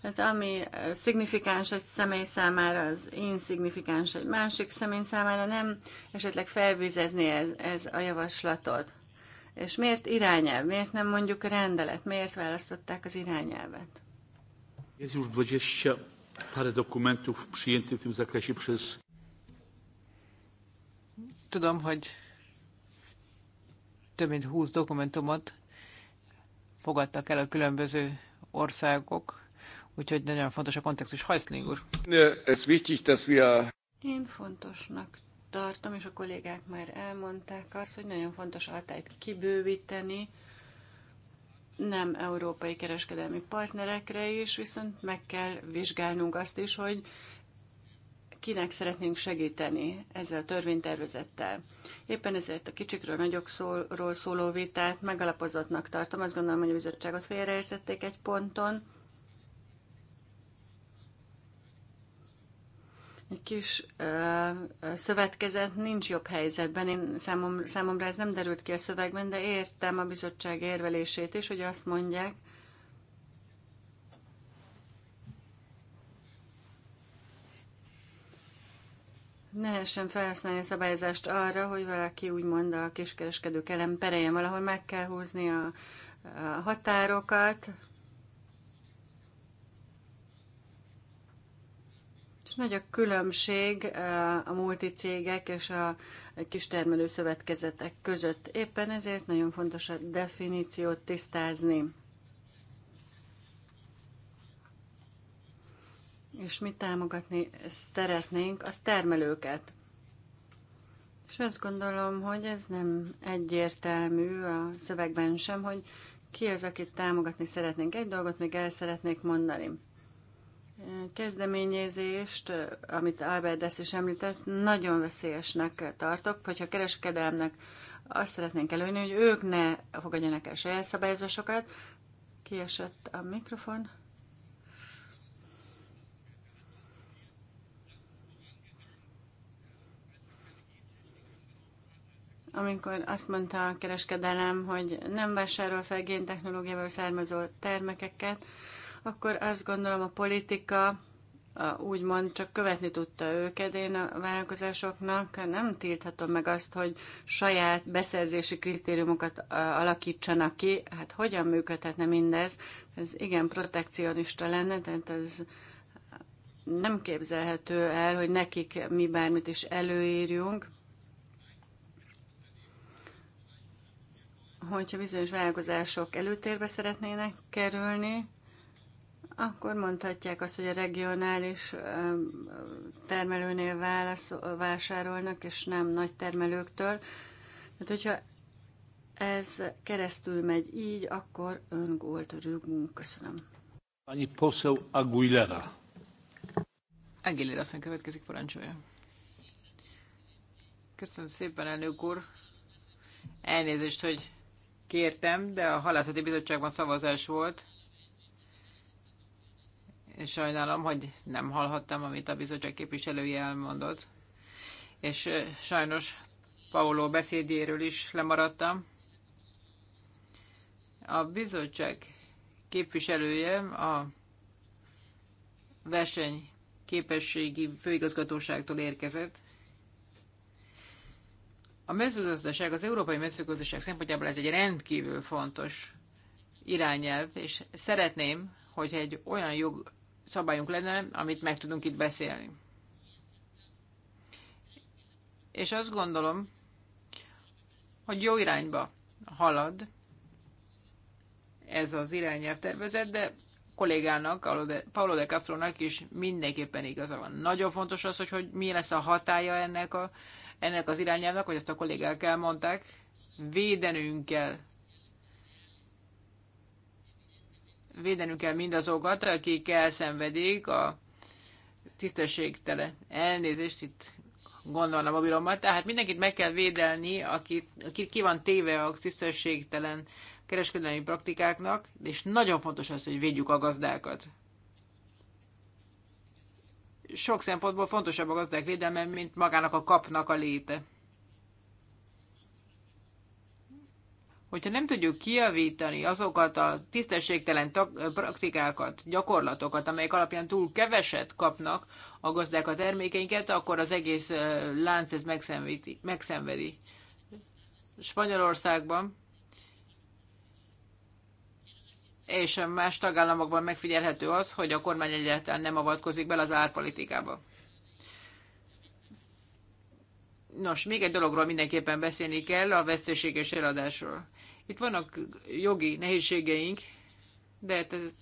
Tehát ami szignifikáns egy személy számára, az insignifikáns egy másik személy számára, nem esetleg felvizezni ez, ez a javaslatot. És miért irányelv? Miért nem mondjuk rendelet? Miért választották az irányelvet? Ez 20 pár dokumentów przyjętych w tym zakresie przez Tudom, hogy több mint 20 dokumentumot fogadtak el a különböző országok, úgyhogy nagyon fontos a kontextus. Hajszling úr. Ez wichtig, dass wir... Én fontosnak tartom, és a kollégák már elmondták azt, hogy nagyon fontos hatályt kibővíteni, nem európai kereskedelmi partnerekre is, viszont meg kell vizsgálnunk azt is, hogy kinek szeretnénk segíteni ezzel a törvénytervezettel. Éppen ezért a kicsikről, nagyokról szóló vitát megalapozottnak tartom. Azt gondolom, hogy a bizottságot félreértették egy ponton. Egy kis uh, szövetkezet nincs jobb helyzetben. Én számom, számomra ez nem derült ki a szövegben, de értem a bizottság érvelését is, hogy azt mondják, nehessen felhasználni a szabályozást arra, hogy valaki mond a kiskereskedők ellen pereljen. Valahol meg kell húzni a, a határokat, És nagy a különbség eh, a multicégek és a kis termelőszövetkezetek között. Éppen ezért nagyon fontos a definíciót tisztázni. és mi támogatni szeretnénk a termelőket. És azt gondolom, hogy ez nem egyértelmű a szövegben sem, hogy ki az, akit támogatni szeretnénk. Egy dolgot még el szeretnék mondani. Kezdeményezést, amit Albert Dess is említett, nagyon veszélyesnek tartok, hogyha kereskedelmnek azt szeretnénk előni, hogy ők ne fogadjanak el saját szabályozásokat. Kiesett a mikrofon. amikor azt mondta a kereskedelem, hogy nem vásárol fel géntechnológiával származó termékeket, akkor azt gondolom a politika úgymond csak követni tudta őket. Én a vállalkozásoknak nem tilthatom meg azt, hogy saját beszerzési kritériumokat alakítsanak ki. Hát hogyan működhetne mindez? Ez igen protekcionista lenne, tehát ez nem képzelhető el, hogy nekik mi bármit is előírjunk. hogyha bizonyos vállalkozások előtérbe szeretnének kerülni, akkor mondhatják azt, hogy a regionális termelőnél válasz, vásárolnak, és nem nagy termelőktől. Tehát, hogyha ez keresztül megy így, akkor öngólt rúgunk. Köszönöm. Annyi Poszó Aguilera. Aguilera aztán következik parancsolja. Köszönöm szépen, elnök úr. Elnézést, hogy kértem, de a halászati bizottságban szavazás volt. És sajnálom, hogy nem hallhattam, amit a bizottság képviselője elmondott. És sajnos Paolo beszédéről is lemaradtam. A bizottság képviselője a verseny képességi főigazgatóságtól érkezett, a mezőgazdaság, az európai mezőgazdaság szempontjából ez egy rendkívül fontos irányelv, és szeretném, hogy egy olyan jog szabályunk lenne, amit meg tudunk itt beszélni. És azt gondolom, hogy jó irányba halad ez az irányelv tervezet, de kollégának, Paolo de Castro-nak is mindenképpen igaza van. Nagyon fontos az, hogy, hogy mi lesz a hatája ennek a ennek az irányelvnek, hogy ezt a kollégák elmondták, védenünk kell. Védenünk kell mindazokat, akik elszenvedik a tisztességtele elnézést, itt gondolom a mobilommal. Tehát mindenkit meg kell védelni, aki aki ki van téve a tisztességtelen kereskedelmi praktikáknak, és nagyon fontos az, hogy védjük a gazdákat sok szempontból fontosabb a gazdák védelme, mint magának a kapnak a léte. Hogyha nem tudjuk kiavítani azokat a tisztességtelen praktikákat, gyakorlatokat, amelyek alapján túl keveset kapnak a gazdák a termékeinket, akkor az egész lánc ez megszenvedi. Spanyolországban és más tagállamokban megfigyelhető az, hogy a kormány egyáltalán nem avatkozik bele az árpolitikába. Nos, még egy dologról mindenképpen beszélni kell, a veszteséges eladásról. Itt vannak jogi nehézségeink, de ez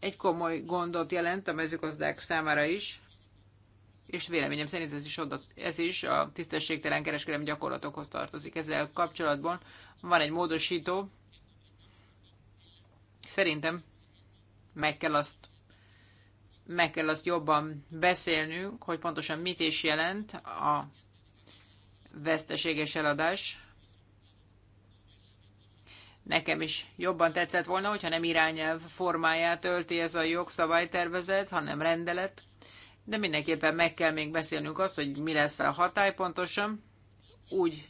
egy komoly gondot jelent a mezőgazdák számára is, és véleményem szerint ez is, oda, ez is a tisztességtelen kereskedelmi gyakorlatokhoz tartozik. Ezzel kapcsolatban van egy módosító, szerintem meg kell azt meg kell azt jobban beszélnünk, hogy pontosan mit is jelent a veszteséges eladás. Nekem is jobban tetszett volna, hogyha nem irányelv formáját ölti ez a jogszabálytervezet, hanem rendelet, de mindenképpen meg kell még beszélnünk azt, hogy mi lesz a hatály pontosan. Úgy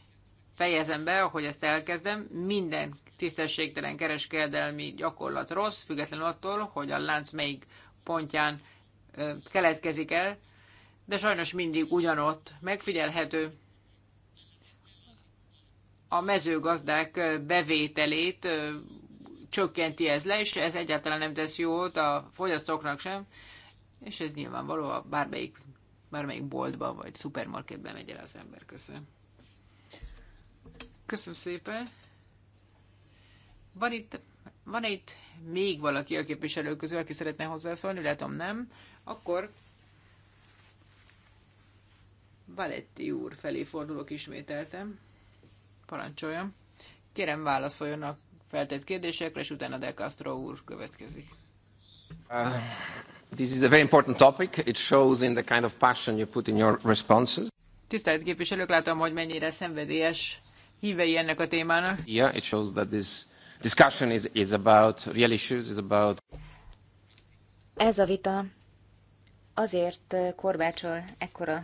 fejezem be, ahogy ezt elkezdem, minden tisztességtelen kereskedelmi gyakorlat rossz, függetlenül attól, hogy a lánc melyik pontján keletkezik el, de sajnos mindig ugyanott megfigyelhető. A mezőgazdák bevételét csökkenti ez le, és ez egyáltalán nem tesz jót a fogyasztóknak sem, és ez nyilvánvaló a bármelyik, bármelyik boltba vagy szupermarketben megy el az ember. Köszönöm. Köszönöm szépen. Van itt, van itt még valaki a képviselők közül, aki szeretne hozzászólni? Látom nem. Akkor Valetti úr felé fordulok ismételtem. Parancsoljon. Kérem válaszoljon a feltett kérdésekre, és utána De Castro úr következik. Uh, this is a very important topic. It shows in the kind of passion you put in your responses. Tisztelt képviselők, látom, hogy mennyire szenvedélyes hívei ennek a témának. Yeah, it shows that this discussion is, is about real issues, is about... Ez a vita azért korbácsol ekkora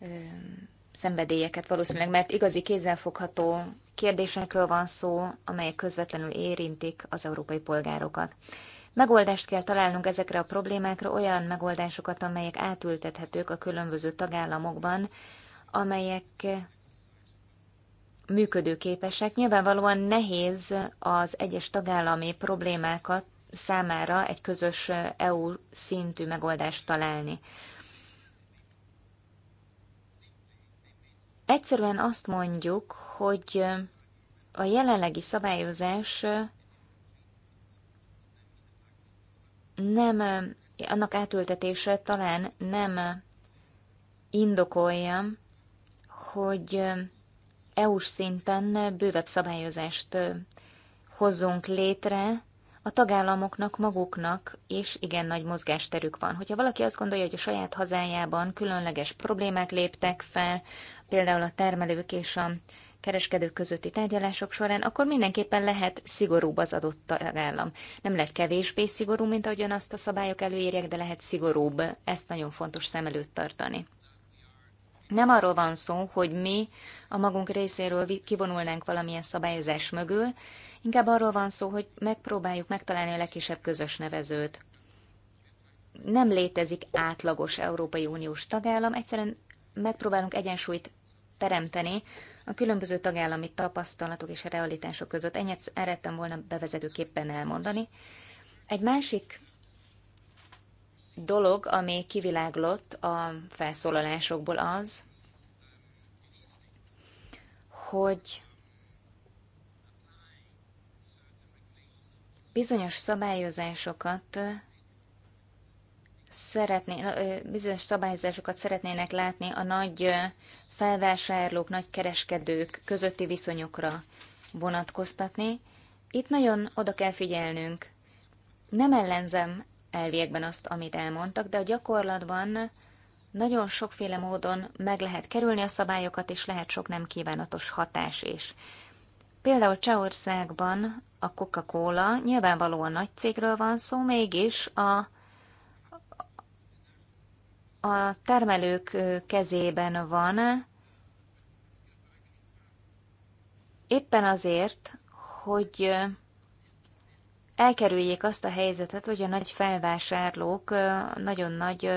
ö, szenvedélyeket valószínűleg, mert igazi kézzelfogható kérdésekről van szó, amelyek közvetlenül érintik az európai polgárokat. Megoldást kell találnunk ezekre a problémákra, olyan megoldásokat, amelyek átültethetők a különböző tagállamokban, amelyek működőképesek. Nyilvánvalóan nehéz az egyes tagállami problémákat számára egy közös EU szintű megoldást találni. Egyszerűen azt mondjuk, hogy a jelenlegi szabályozás nem, annak átültetése talán nem indokolja, hogy EU-s szinten bővebb szabályozást hozzunk létre, a tagállamoknak maguknak is igen nagy mozgásterük van. Hogyha valaki azt gondolja, hogy a saját hazájában különleges problémák léptek fel, például a termelők és a kereskedők közötti tárgyalások során, akkor mindenképpen lehet szigorúbb az adott tagállam. Nem lehet kevésbé szigorú, mint ahogyan azt a szabályok előírják, de lehet szigorúbb. Ezt nagyon fontos szem előtt tartani. Nem arról van szó, hogy mi a magunk részéről kivonulnánk valamilyen szabályozás mögül, inkább arról van szó, hogy megpróbáljuk megtalálni a legkisebb közös nevezőt. Nem létezik átlagos Európai Uniós tagállam, egyszerűen megpróbálunk egyensúlyt teremteni a különböző tagállami tapasztalatok és a realitások között. Ennyit szerettem volna bevezetőképpen elmondani. Egy másik dolog, ami kiviláglott a felszólalásokból az, hogy bizonyos szabályozásokat szeretné, bizonyos szabályozásokat szeretnének látni a nagy felvásárlók, nagy kereskedők közötti viszonyokra vonatkoztatni. Itt nagyon oda kell figyelnünk. Nem ellenzem elviekben azt, amit elmondtak, de a gyakorlatban nagyon sokféle módon meg lehet kerülni a szabályokat, és lehet sok nem kívánatos hatás is. Például Csehországban a Coca-Cola nyilvánvalóan nagy cégről van szó, mégis a, a termelők kezében van, éppen azért, hogy elkerüljék azt a helyzetet, hogy a nagy felvásárlók nagyon nagy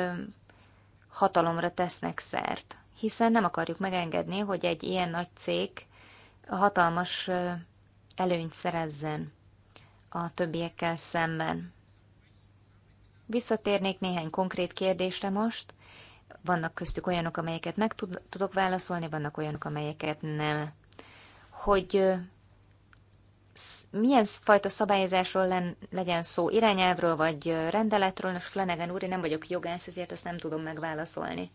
hatalomra tesznek szert, hiszen nem akarjuk megengedni, hogy egy ilyen nagy cég hatalmas előnyt szerezzen a többiekkel szemben. Visszatérnék néhány konkrét kérdésre most. Vannak köztük olyanok, amelyeket meg tudok válaszolni, vannak olyanok, amelyeket nem. Hogy milyen fajta szabályozásról len, legyen szó, irányelvről vagy rendeletről, most Flanagan úr, én nem vagyok jogász, ezért ezt nem tudom megválaszolni.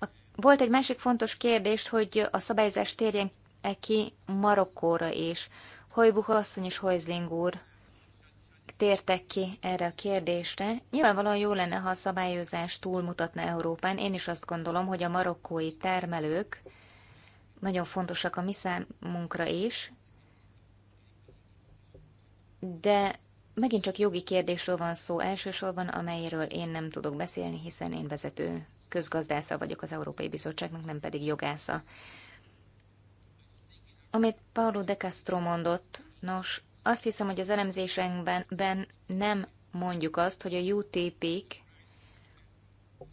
A, volt egy másik fontos kérdés, hogy a szabályozás térjen -e ki Marokkóra is. Hojbuch asszony és Hojzling úr tértek ki erre a kérdésre. Nyilvánvalóan jó lenne, ha a szabályozás túlmutatna Európán. Én is azt gondolom, hogy a marokkói termelők nagyon fontosak a mi számunkra is, de megint csak jogi kérdésről van szó elsősorban, amelyről én nem tudok beszélni, hiszen én vezető közgazdásza vagyok az Európai Bizottságnak, nem pedig jogásza. Amit Paulo de Castro mondott, nos, azt hiszem, hogy az elemzésünkben nem mondjuk azt, hogy a UTP-k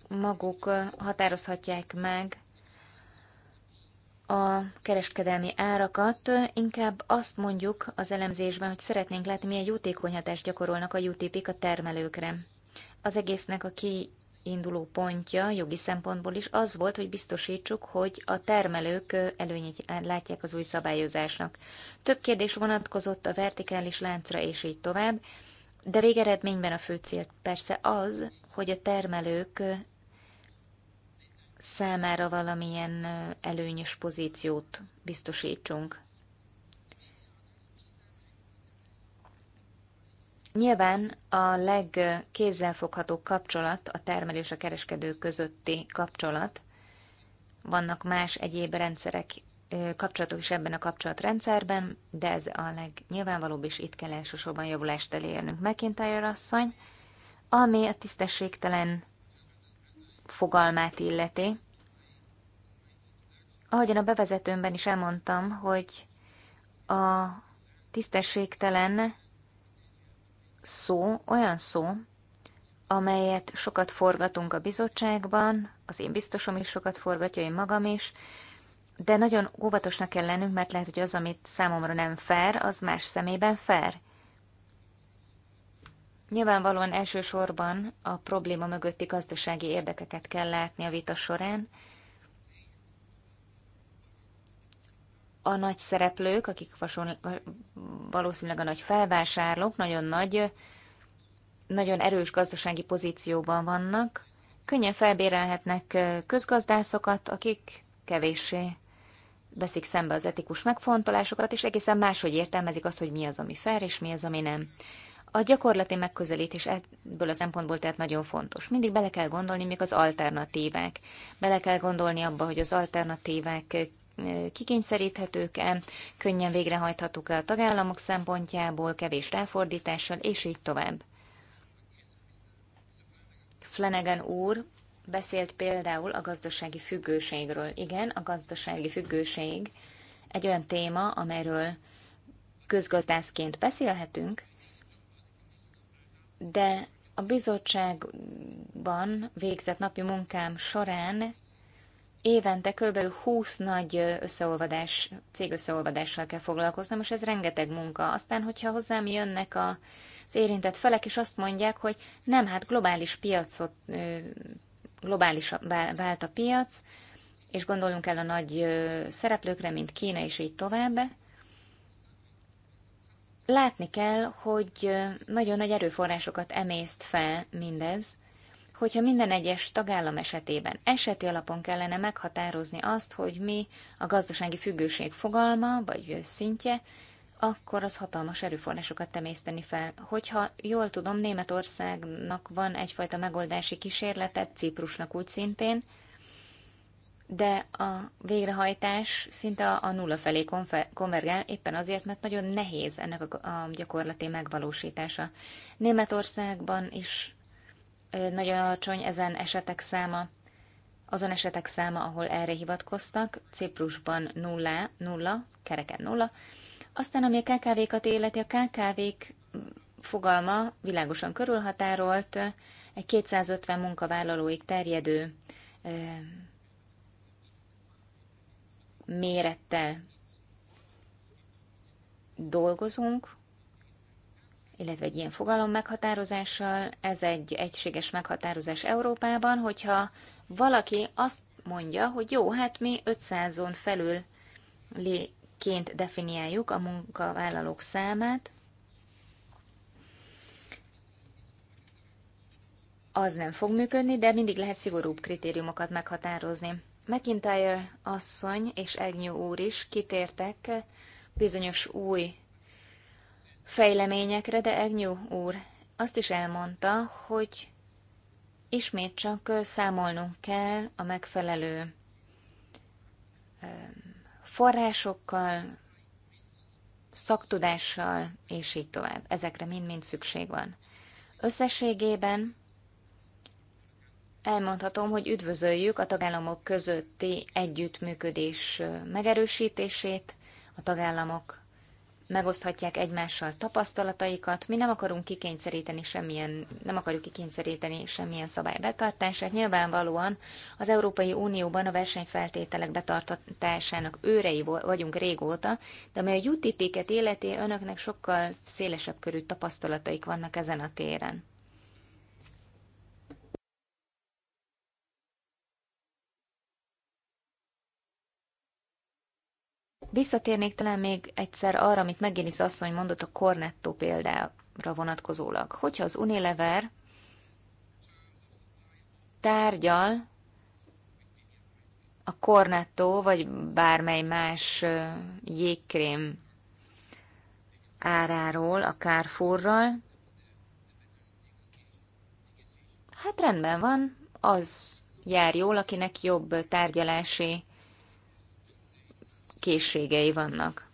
maguk határozhatják meg a kereskedelmi árakat, inkább azt mondjuk az elemzésben, hogy szeretnénk látni, milyen jótékony hatást gyakorolnak a UTP-k a termelőkre. Az egésznek a kiinduló pontja jogi szempontból is az volt, hogy biztosítsuk, hogy a termelők előnyét látják az új szabályozásnak. Több kérdés vonatkozott a vertikális láncra és így tovább, de végeredményben a fő cél persze az, hogy a termelők számára valamilyen előnyös pozíciót biztosítsunk. Nyilván a legkézzelfoghatóbb kapcsolat a termelés a kereskedő közötti kapcsolat. Vannak más egyéb rendszerek, kapcsolatok is ebben a kapcsolatrendszerben, de ez a legnyilvánvalóbb, és itt kell elsősorban javulást elérnünk McIntyre asszony, ami a tisztességtelen fogalmát illeti. Ahogyan a bevezetőmben is elmondtam, hogy a tisztességtelen szó olyan szó, amelyet sokat forgatunk a bizottságban, az én biztosom is sokat forgatja, én magam is, de nagyon óvatosnak kell lennünk, mert lehet, hogy az, amit számomra nem fair, az más szemében fair. Nyilvánvalóan elsősorban a probléma mögötti gazdasági érdekeket kell látni a vita során. A nagy szereplők, akik valószínűleg a nagy felvásárlók, nagyon nagy, nagyon erős gazdasági pozícióban vannak, könnyen felbérelhetnek közgazdászokat, akik kevéssé veszik szembe az etikus megfontolásokat, és egészen máshogy értelmezik azt, hogy mi az, ami fair, és mi az, ami nem. A gyakorlati megközelítés ebből a szempontból tehát nagyon fontos. Mindig bele kell gondolni, mik az alternatívák. Bele kell gondolni abba, hogy az alternatívák kikényszeríthetők-e, könnyen végrehajthatók-e a tagállamok szempontjából, kevés ráfordítással, és így tovább. Flanagan úr beszélt például a gazdasági függőségről. Igen, a gazdasági függőség egy olyan téma, amelyről közgazdászként beszélhetünk, de a bizottságban végzett napi munkám során évente kb. 20 nagy összeolvadás, cégösszeolvadással kell foglalkoznom, és ez rengeteg munka. Aztán, hogyha hozzám jönnek a, az érintett felek, és azt mondják, hogy nem, hát globális piacot, globális vált a piac, és gondolunk el a nagy szereplőkre, mint Kína, és így tovább, Látni kell, hogy nagyon nagy erőforrásokat emészt fel mindez, hogyha minden egyes tagállam esetében eseti alapon kellene meghatározni azt, hogy mi a gazdasági függőség fogalma vagy szintje, akkor az hatalmas erőforrásokat temészteni fel. Hogyha jól tudom, Németországnak van egyfajta megoldási kísérletet, Ciprusnak úgy szintén, de a végrehajtás szinte a nulla felé konvergál, éppen azért, mert nagyon nehéz ennek a gyakorlati megvalósítása. Németországban is nagyon alacsony ezen esetek száma, azon esetek száma, ahol erre hivatkoztak, Ciprusban nulla, nulla, kereken nulla. Aztán, ami a KKV-kat életi, a KKV-k fogalma világosan körülhatárolt, egy 250 munkavállalóig terjedő mérettel dolgozunk, illetve egy ilyen fogalom meghatározással, ez egy egységes meghatározás Európában, hogyha valaki azt mondja, hogy jó, hát mi 500-on felül ként definiáljuk a munkavállalók számát, az nem fog működni, de mindig lehet szigorúbb kritériumokat meghatározni. McIntyre asszony és Egnyú úr is kitértek bizonyos új fejleményekre, de Egnyú úr azt is elmondta, hogy ismét csak számolnunk kell a megfelelő forrásokkal, szaktudással, és így tovább. Ezekre mind-mind szükség van. Összességében elmondhatom, hogy üdvözöljük a tagállamok közötti együttműködés megerősítését, a tagállamok megoszthatják egymással tapasztalataikat, mi nem akarunk kikényszeríteni semmilyen, nem akarjuk kikényszeríteni semmilyen szabály betartását. Nyilvánvalóan az Európai Unióban a versenyfeltételek betartatásának őrei vagyunk régóta, de ami a UTP-ket életé, önöknek sokkal szélesebb körű tapasztalataik vannak ezen a téren. Visszatérnék talán még egyszer arra, amit az, asszony mondott a Cornetto példára vonatkozólag. Hogyha az Unilever tárgyal a Cornetto vagy bármely más jégkrém áráról, a Carrefourral, hát rendben van, az jár jól, akinek jobb tárgyalási készségei vannak.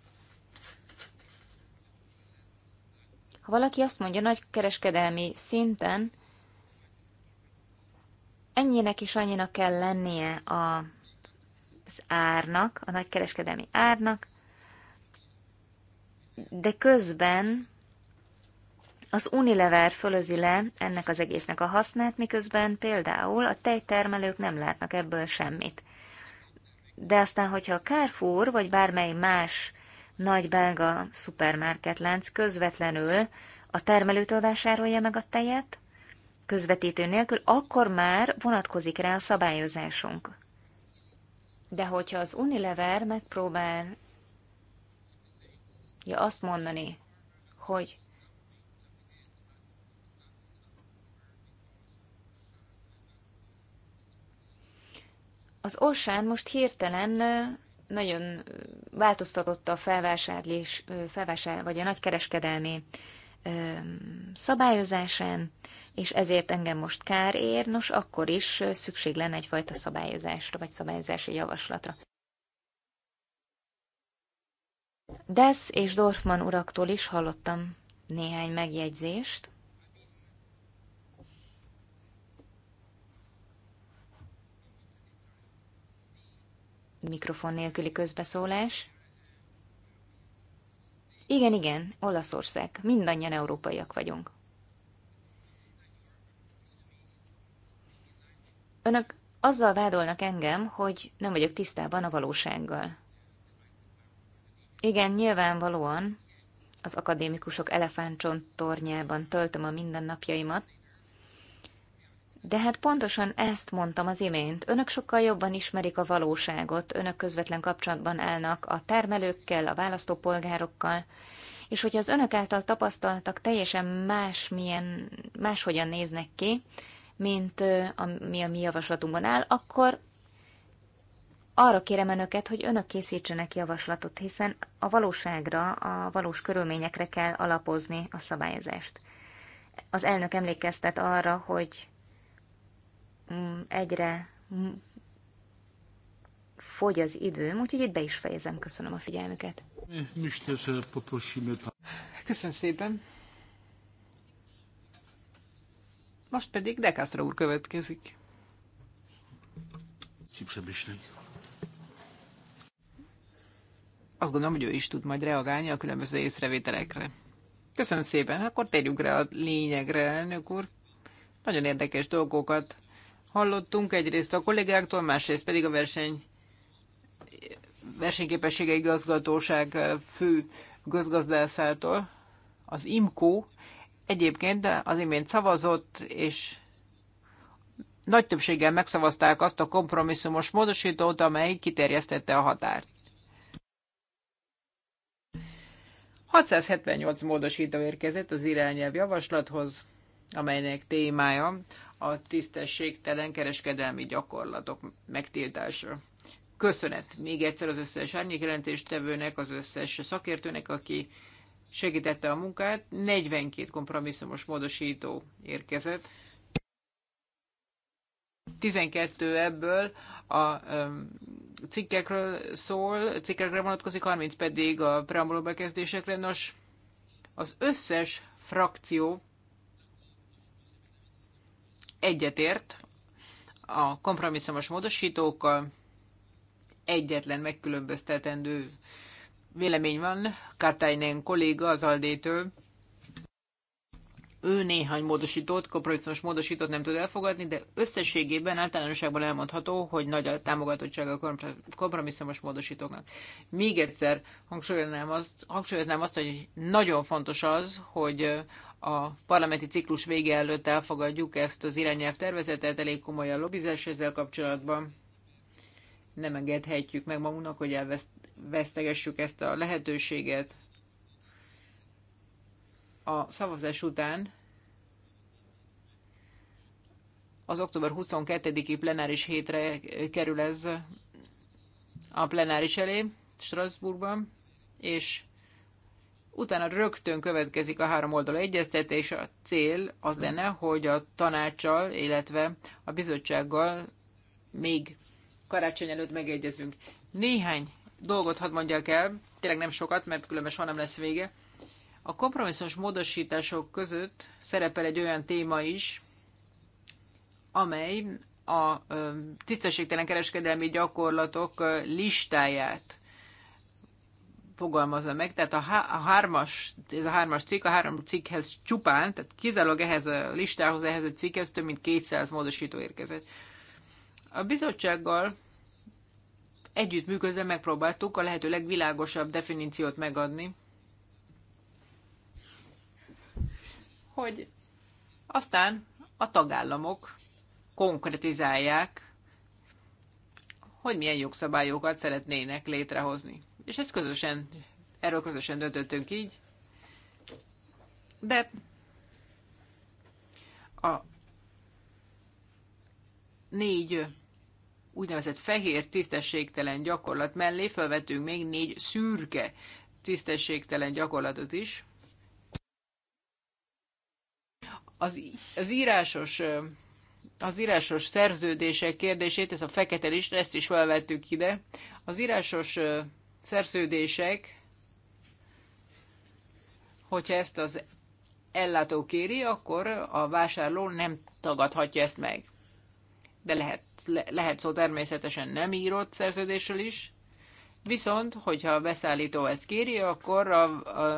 Ha valaki azt mondja nagy kereskedelmi szinten, ennyinek is annyinak kell lennie a, az árnak, a nagykereskedelmi árnak, de közben az Unilever fölözi le ennek az egésznek a hasznát, miközben például a tejtermelők nem látnak ebből semmit de aztán, hogyha a Carrefour vagy bármely más nagy belga szupermarketlánc közvetlenül a termelőtől vásárolja meg a tejet, közvetítő nélkül, akkor már vonatkozik rá a szabályozásunk. De hogyha az Unilever megpróbálja azt mondani, hogy Az Osán most hirtelen nagyon változtatotta a felvásárlás, felvásárl, vagy a nagykereskedelmi szabályozásán, és ezért engem most kár ér, nos akkor is szükség lenne egyfajta szabályozásra, vagy szabályozási javaslatra. Dess és Dorfman uraktól is hallottam néhány megjegyzést. Mikrofon nélküli közbeszólás. Igen, igen, Olaszország. Mindannyian európaiak vagyunk. Önök azzal vádolnak engem, hogy nem vagyok tisztában a valósággal. Igen, nyilvánvalóan az akadémikusok elefántcsont tornyában töltöm a mindennapjaimat, de hát pontosan ezt mondtam az imént. Önök sokkal jobban ismerik a valóságot, önök közvetlen kapcsolatban állnak a termelőkkel, a választópolgárokkal, és hogyha az önök által tapasztaltak teljesen más, milyen, máshogyan néznek ki, mint ami a mi javaslatunkban áll, akkor arra kérem önöket, hogy önök készítsenek javaslatot, hiszen a valóságra, a valós körülményekre kell alapozni a szabályozást. Az elnök emlékeztet arra, hogy egyre fogy az időm, úgyhogy itt be is fejezem. Köszönöm a figyelmüket. Köszönöm szépen. Most pedig Dekászra úr következik. Azt gondolom, hogy ő is tud majd reagálni a különböző észrevételekre. Köszönöm szépen, akkor térjünk rá a lényegre, elnök úr. Nagyon érdekes dolgokat hallottunk, egyrészt a kollégáktól, másrészt pedig a verseny versenyképessége igazgatóság fő közgazdászától, az IMCO egyébként az imént szavazott, és nagy többséggel megszavazták azt a kompromisszumos módosítót, amely kiterjesztette a határt. 678 módosító érkezett az irányelv javaslathoz, amelynek témája a tisztességtelen kereskedelmi gyakorlatok megtiltása. Köszönet még egyszer az összes árnyékjelentéstevőnek, az összes szakértőnek, aki segítette a munkát. 42 kompromisszumos módosító érkezett. 12 ebből a cikkekről szól, cikkekre vonatkozik, 30 pedig a preambuló bekezdésekre. Nos, az összes frakció egyetért a kompromisszumos módosítókkal. Egyetlen megkülönböztetendő vélemény van Katainen kolléga az Aldétől. Ő néhány módosítót, kompromisszumos módosítót nem tud elfogadni, de összességében általánosságban elmondható, hogy nagy a támogatottság a kompromisszumos módosítóknak. Még egyszer hangsúlyoznám azt, hangsúlyoznám azt, hogy nagyon fontos az, hogy a parlamenti ciklus vége előtt elfogadjuk ezt az irányelv tervezetet, elég komoly a lobbizás ezzel kapcsolatban. Nem engedhetjük meg magunknak, hogy elvesztegessük ezt a lehetőséget. A szavazás után az október 22-i plenáris hétre kerül ez a plenáris elé Strasbourgban, és utána rögtön következik a három oldal egyeztetés. A cél az lenne, hogy a tanácssal, illetve a bizottsággal még karácsony előtt megegyezünk. Néhány dolgot hadd mondjak el, tényleg nem sokat, mert különben soha nem lesz vége. A kompromisszumos módosítások között szerepel egy olyan téma is, amely a tisztességtelen kereskedelmi gyakorlatok listáját fogalmazza meg, tehát a, há- a hármas, ez a hármas cikk, a három cikkhez csupán, tehát kizárólag ehhez a listához, ehhez a cikkhez több mint 200 módosító érkezett. A bizottsággal együttműködve megpróbáltuk a lehető legvilágosabb definíciót megadni, hogy aztán a tagállamok konkretizálják, hogy milyen jogszabályokat szeretnének létrehozni és ezt közösen, erről közösen döntöttünk így, de a négy úgynevezett fehér tisztességtelen gyakorlat mellé felvettünk még négy szürke tisztességtelen gyakorlatot is. Az, az írásos az írásos szerződések kérdését, ez a fekete lista, ezt is felvettük ide. Az írásos szerződések, hogyha ezt az ellátó kéri, akkor a vásárló nem tagadhatja ezt meg. De lehet, le, lehet szó természetesen nem írott szerződésről is, viszont, hogyha a beszállító ezt kéri, akkor a, a,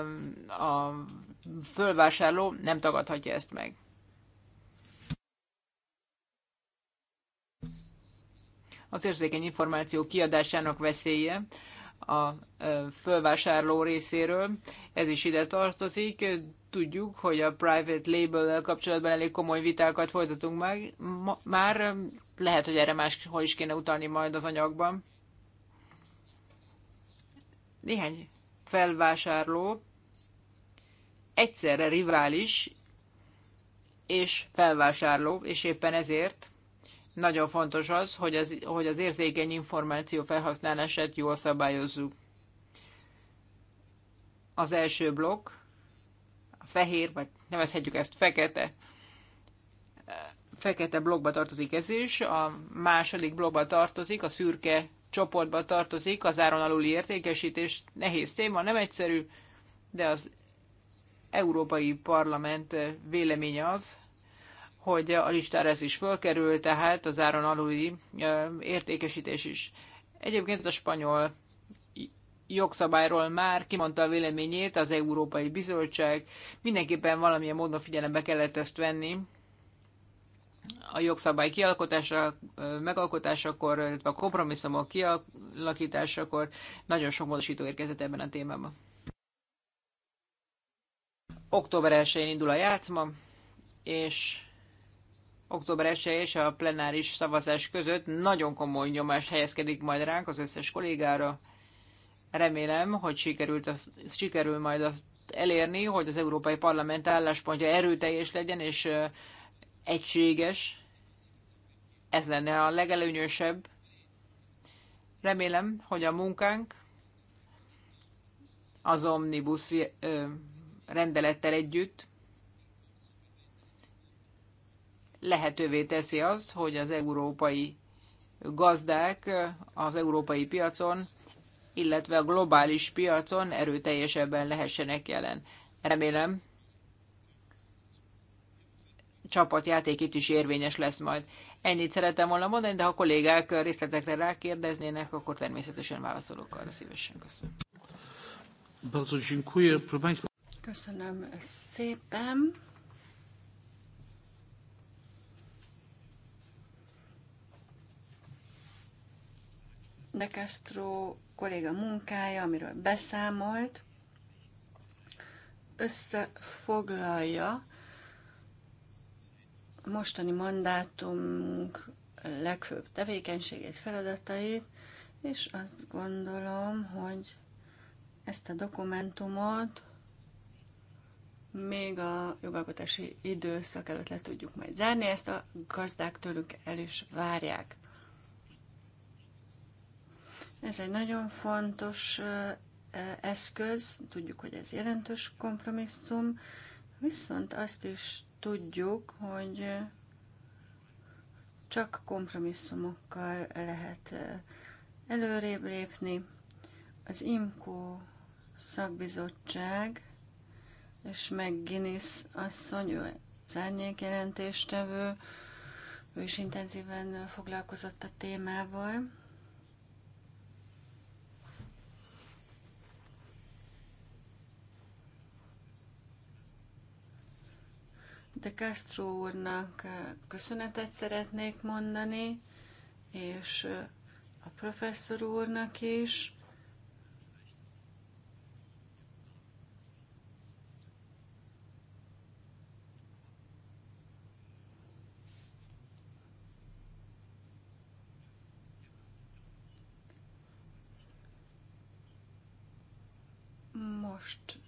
a fölvásárló nem tagadhatja ezt meg. Az érzékeny információ kiadásának veszélye a fölvásárló részéről. Ez is ide tartozik. Tudjuk, hogy a private label kapcsolatban elég komoly vitákat folytatunk meg. Ma, már lehet, hogy erre máshol is kéne utalni majd az anyagban. Néhány felvásárló egyszerre rivális és felvásárló, és éppen ezért nagyon fontos az, hogy az, hogy az érzékeny információ felhasználását jól szabályozzuk. Az első blokk, a fehér, vagy nevezhetjük ezt fekete, fekete blokkba tartozik ez is, a második blokkba tartozik, a szürke csoportba tartozik, az áron aluli értékesítés nehéz téma, nem egyszerű, de az Európai Parlament véleménye az, hogy a listára ez is fölkerül, tehát az áron aluli értékesítés is. Egyébként a spanyol jogszabályról már kimondta a véleményét az Európai Bizottság, mindenképpen valamilyen módon figyelembe kellett ezt venni a jogszabály kialkotása, megalkotásakor, illetve a kompromisszumok kialakításakor nagyon sok módosító érkezett ebben a témában. Október 1-én indul a játszma, és október 1 és a plenáris szavazás között nagyon komoly nyomás helyezkedik majd ránk az összes kollégára. Remélem, hogy sikerült az, sikerül majd azt elérni, hogy az Európai Parlament álláspontja erőteljes legyen és egységes. Ez lenne a legelőnyösebb. Remélem, hogy a munkánk az omnibus rendelettel együtt lehetővé teszi azt, hogy az európai gazdák az európai piacon, illetve a globális piacon erőteljesebben lehessenek jelen. Remélem, csapatjáték itt is érvényes lesz majd. Ennyit szeretem volna mondani, de ha a kollégák részletekre rákérdeznének, akkor természetesen válaszolok arra szívesen. Köszönöm. Köszönöm szépen. De Castro kolléga munkája, amiről beszámolt, összefoglalja a mostani mandátumunk legfőbb tevékenységét, feladatait, és azt gondolom, hogy ezt a dokumentumot még a jogalkotási időszak előtt le tudjuk majd zárni, ezt a gazdák tőlük el is várják. Ez egy nagyon fontos eszköz, tudjuk, hogy ez jelentős kompromisszum, viszont azt is tudjuk, hogy csak kompromisszumokkal lehet előrébb lépni. Az IMCO szakbizottság és meg Guinness asszony, ő szárnyék jelentéstevő, ő is intenzíven foglalkozott a témával. De Castro úrnak köszönetet szeretnék mondani, és a professzor úrnak is. Most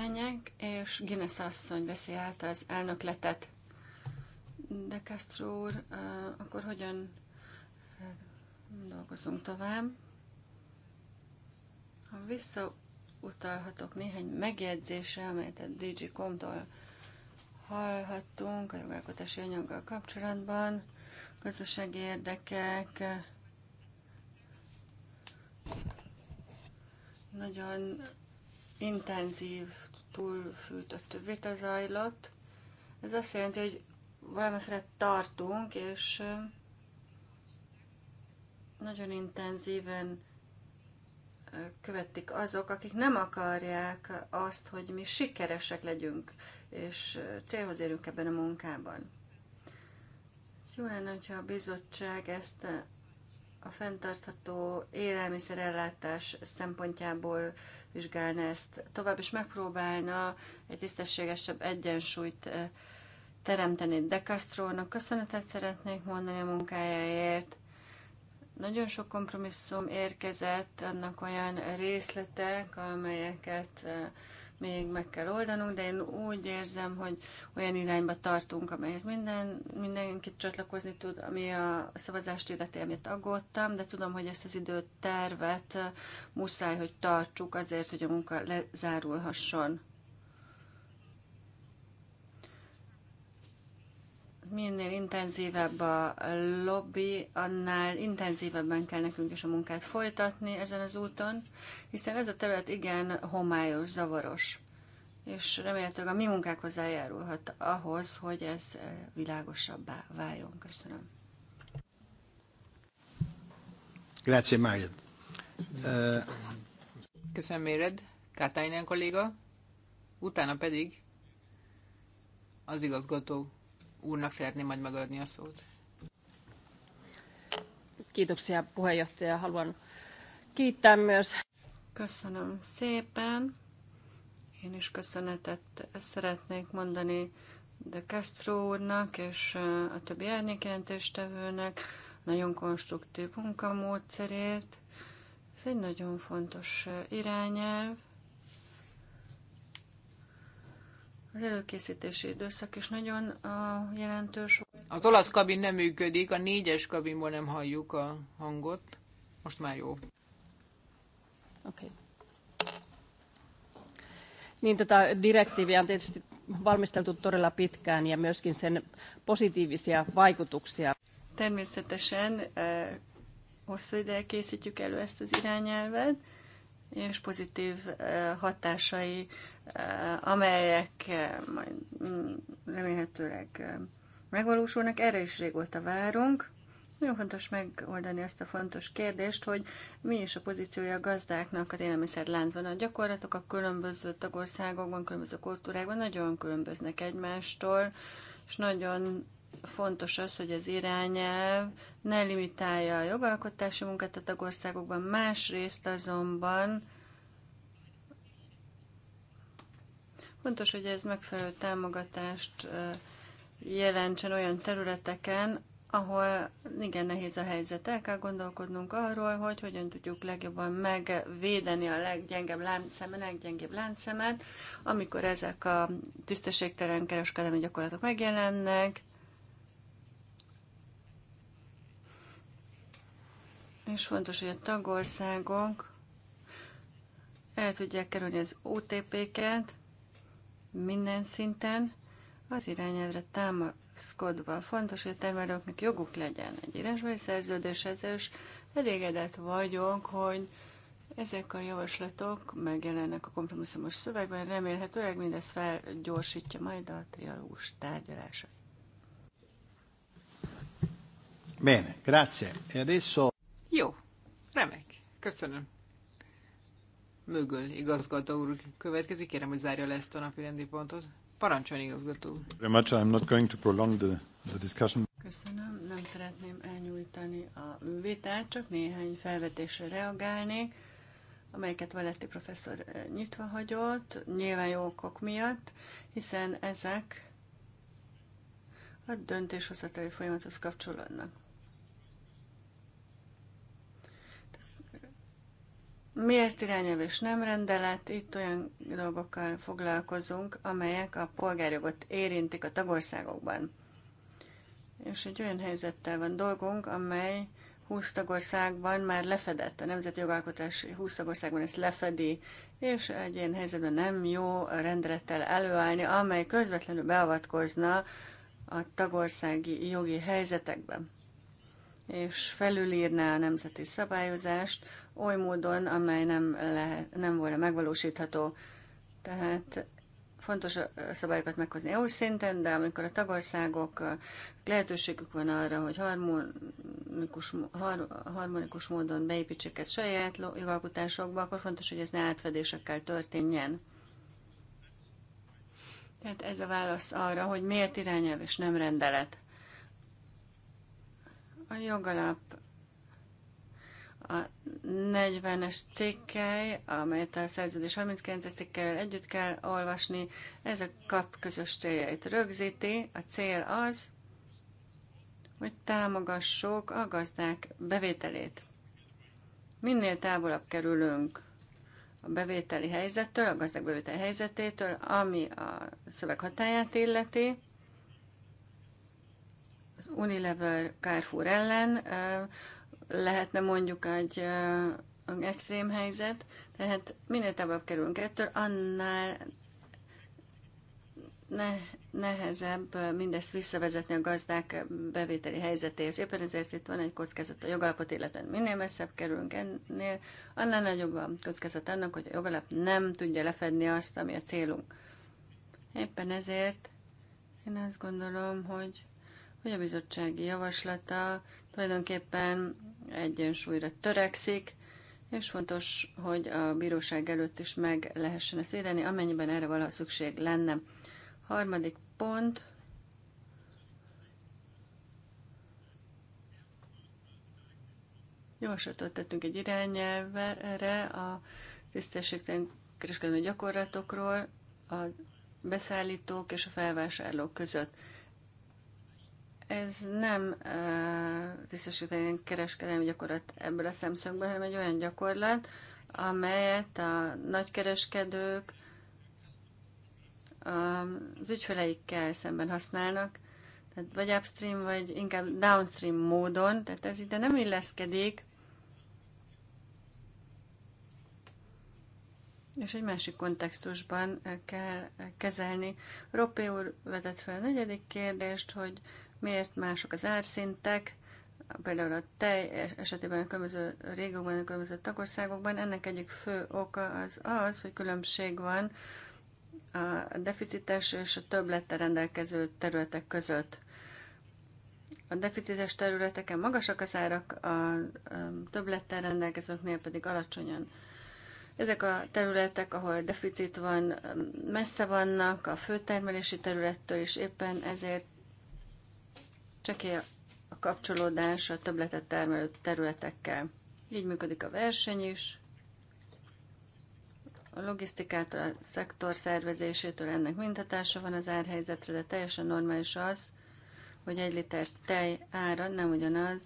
menjek, és Guinness asszony veszi át az elnökletet. De Castro úr, akkor hogyan dolgozunk tovább? Ha visszautalhatok néhány megjegyzésre, amelyet a DG Comtól hallhattunk a jogalkotási anyaggal kapcsolatban, gazdasági érdekek, nagyon intenzív túlfűtött vita zajlott. Ez azt jelenti, hogy valamiféle tartunk, és nagyon intenzíven követik azok, akik nem akarják azt, hogy mi sikeresek legyünk, és célhoz érünk ebben a munkában. Jó lenne, hogyha a bizottság ezt a fenntartható élelmiszerellátás szempontjából vizsgálna ezt tovább, és megpróbálna egy tisztességesebb egyensúlyt eh, teremteni. De castro köszönetet szeretnék mondani a munkájáért. Nagyon sok kompromisszum érkezett, annak olyan részletek, amelyeket eh, még meg kell oldanunk, de én úgy érzem, hogy olyan irányba tartunk, amelyhez minden, mindenkit csatlakozni tud, ami a szavazást illeti, amit aggódtam, de tudom, hogy ezt az időtervet eh, muszáj, hogy tartsuk azért, hogy a munka lezárulhasson. minél intenzívebb a lobby, annál intenzívebben kell nekünk is a munkát folytatni ezen az úton, hiszen ez a terület igen homályos, zavaros. És remélhetőleg a mi munkák hozzájárulhat ahhoz, hogy ez eh, világosabbá váljon. Köszönöm. Grazie, Máriad. Eh, Köszönöm, Méred. Katainen kolléga. Utána pedig az igazgató úrnak szeretném majd megadni a szót. Kiitoksia puheenjohtaja. Haluan kiittää myös. Köszönöm szépen. Én is köszönetet szeretnék mondani de Castro úrnak és a többi árnyékjelentéstevőnek nagyon konstruktív munkamódszerért. Ez egy nagyon fontos irányelv, Az előkészítési időszak is nagyon a jelentős. Az olasz kabin nem működik, a négyes kabinból nem halljuk a hangot. Most már jó. Oké. Okay. Niin tätä direktiiviä on tietysti valmisteltu todella pitkään ja myöskin sen positiivisia vaikutuksia. Természetesen hosszú ideje készítjük elő ezt az irányelvet, és pozitív hatásai Eh, amelyek eh, majd mm, remélhetőleg eh, megvalósulnak. Erre is régóta várunk. Nagyon fontos megoldani ezt a fontos kérdést, hogy mi is a pozíciója a gazdáknak az élelmiszerláncban. A gyakorlatok a különböző tagországokban, különböző kultúrákban nagyon különböznek egymástól, és nagyon fontos az, hogy az irányelv ne limitálja a jogalkotási munkát a tagországokban, másrészt azonban Fontos, hogy ez megfelelő támogatást jelentsen olyan területeken, ahol igen nehéz a helyzet. El kell gondolkodnunk arról, hogy hogyan tudjuk legjobban megvédeni a leggyengebb láncszemet, leggyengébb láncszemet, amikor ezek a tisztességtelen kereskedelmi gyakorlatok megjelennek, És fontos, hogy a tagországok el tudják kerülni az OTP-ket, minden szinten, az irányelvre támaszkodva fontos, hogy a termelőknek joguk legyen egy írásbeli szerződéshez, és elégedett vagyok, hogy ezek a javaslatok megjelennek a kompromisszumos szövegben, remélhetőleg mindez felgyorsítja majd a trialógus tárgyalásait. Bene, grazie. E adesso... Jó, remek, köszönöm. Mögöl igazgató úr következik. Kérem, hogy zárja le ezt a napi rendi pontot. Parancsoljon, igazgató úr. Very much. I'm not going to prolong the, discussion. Köszönöm. Nem szeretném elnyújtani a vitát, csak néhány felvetésre reagálnék, amelyeket Valetti professzor eh, nyitva hagyott, nyilván jó okok miatt, hiszen ezek a döntéshozatali folyamathoz kapcsolódnak. Miért irányelv és nem rendelet? Itt olyan dolgokkal foglalkozunk, amelyek a polgárjogot érintik a tagországokban. És egy olyan helyzettel van dolgunk, amely 20 tagországban már lefedett. A nemzeti jogalkotás 20 tagországban ezt lefedi, és egy ilyen helyzetben nem jó rendelettel előállni, amely közvetlenül beavatkozna a tagországi jogi helyzetekben és felülírná a nemzeti szabályozást, oly módon, amely nem, lehet, nem volna megvalósítható. Tehát fontos a szabályokat meghozni EU szinten, de amikor a tagországok lehetőségük van arra, hogy harmonikus, har, harmonikus módon beépítsék ezt saját jogalkotásokba, akkor fontos, hogy ez ne átfedésekkel történjen. Tehát ez a válasz arra, hogy miért irányelv és nem rendelet. A jogalap a 40-es cikkely, amelyet a szerződés 39-es cikkel együtt kell olvasni, ez a kap közös céljait rögzíti. A cél az, hogy támogassuk a gazdák bevételét. Minél távolabb kerülünk a bevételi helyzettől, a gazdag bevételi helyzetétől, ami a szöveg hatáját illeti, az Unilever Carrefour ellen lehetne mondjuk egy extrém helyzet, tehát minél távolabb kerülünk ettől, annál ne, nehezebb mindezt visszavezetni a gazdák bevételi helyzetéhez. Éppen ezért itt van egy kockázat a jogalapot, életen. minél messzebb kerülünk ennél, annál nagyobb a kockázat annak, hogy a jogalap nem tudja lefedni azt, ami a célunk. Éppen ezért én azt gondolom, hogy, hogy a bizottsági javaslata tulajdonképpen egyensúlyra törekszik, és fontos, hogy a bíróság előtt is meg lehessen ezt védeni, amennyiben erre valaha szükség lenne. Harmadik pont, Javaslatot tettünk egy irányelvre a tisztességtelen kereskedelmi gyakorlatokról a beszállítók és a felvásárlók között. Ez nem tisztesíteni kereskedelmi gyakorlat ebből a szemszögből, hanem egy olyan gyakorlat, amelyet a nagykereskedők az ügyfeleikkel szemben használnak, tehát vagy upstream, vagy inkább downstream módon, tehát ez ide nem illeszkedik. És egy másik kontextusban kell kezelni. Roppé úr vetett fel a negyedik kérdést, hogy miért mások az árszintek, például a tej esetében a különböző régiókban, a különböző tagországokban. Ennek egyik fő oka az az, hogy különbség van a deficites és a többlettel rendelkező területek között. A deficites területeken magasak az árak, a többlettel rendelkezőknél pedig alacsonyan. Ezek a területek, ahol deficit van, messze vannak a főtermelési területtől, és éppen ezért csekély a kapcsolódás a töbletet termelő területekkel. Így működik a verseny is, a logisztikától, a szektor szervezésétől ennek mind hatása van az árhelyzetre, de teljesen normális az, hogy egy liter tej ára nem ugyanaz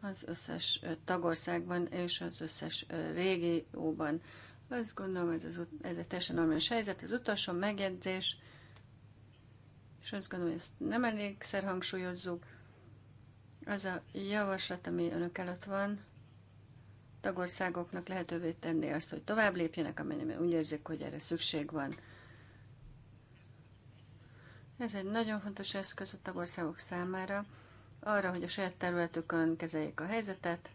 az összes tagországban és az összes régióban. Azt gondolom, ez, az, ez egy teljesen normális helyzet. Az utolsó megjegyzés, és azt gondolom, hogy ezt nem elégszer hangsúlyozzuk. Az a javaslat, ami önök előtt van, tagországoknak lehetővé tenni azt, hogy tovább lépjenek, amennyiben úgy érzik, hogy erre szükség van. Ez egy nagyon fontos eszköz a tagországok számára, arra, hogy a saját területükön kezeljék a helyzetet,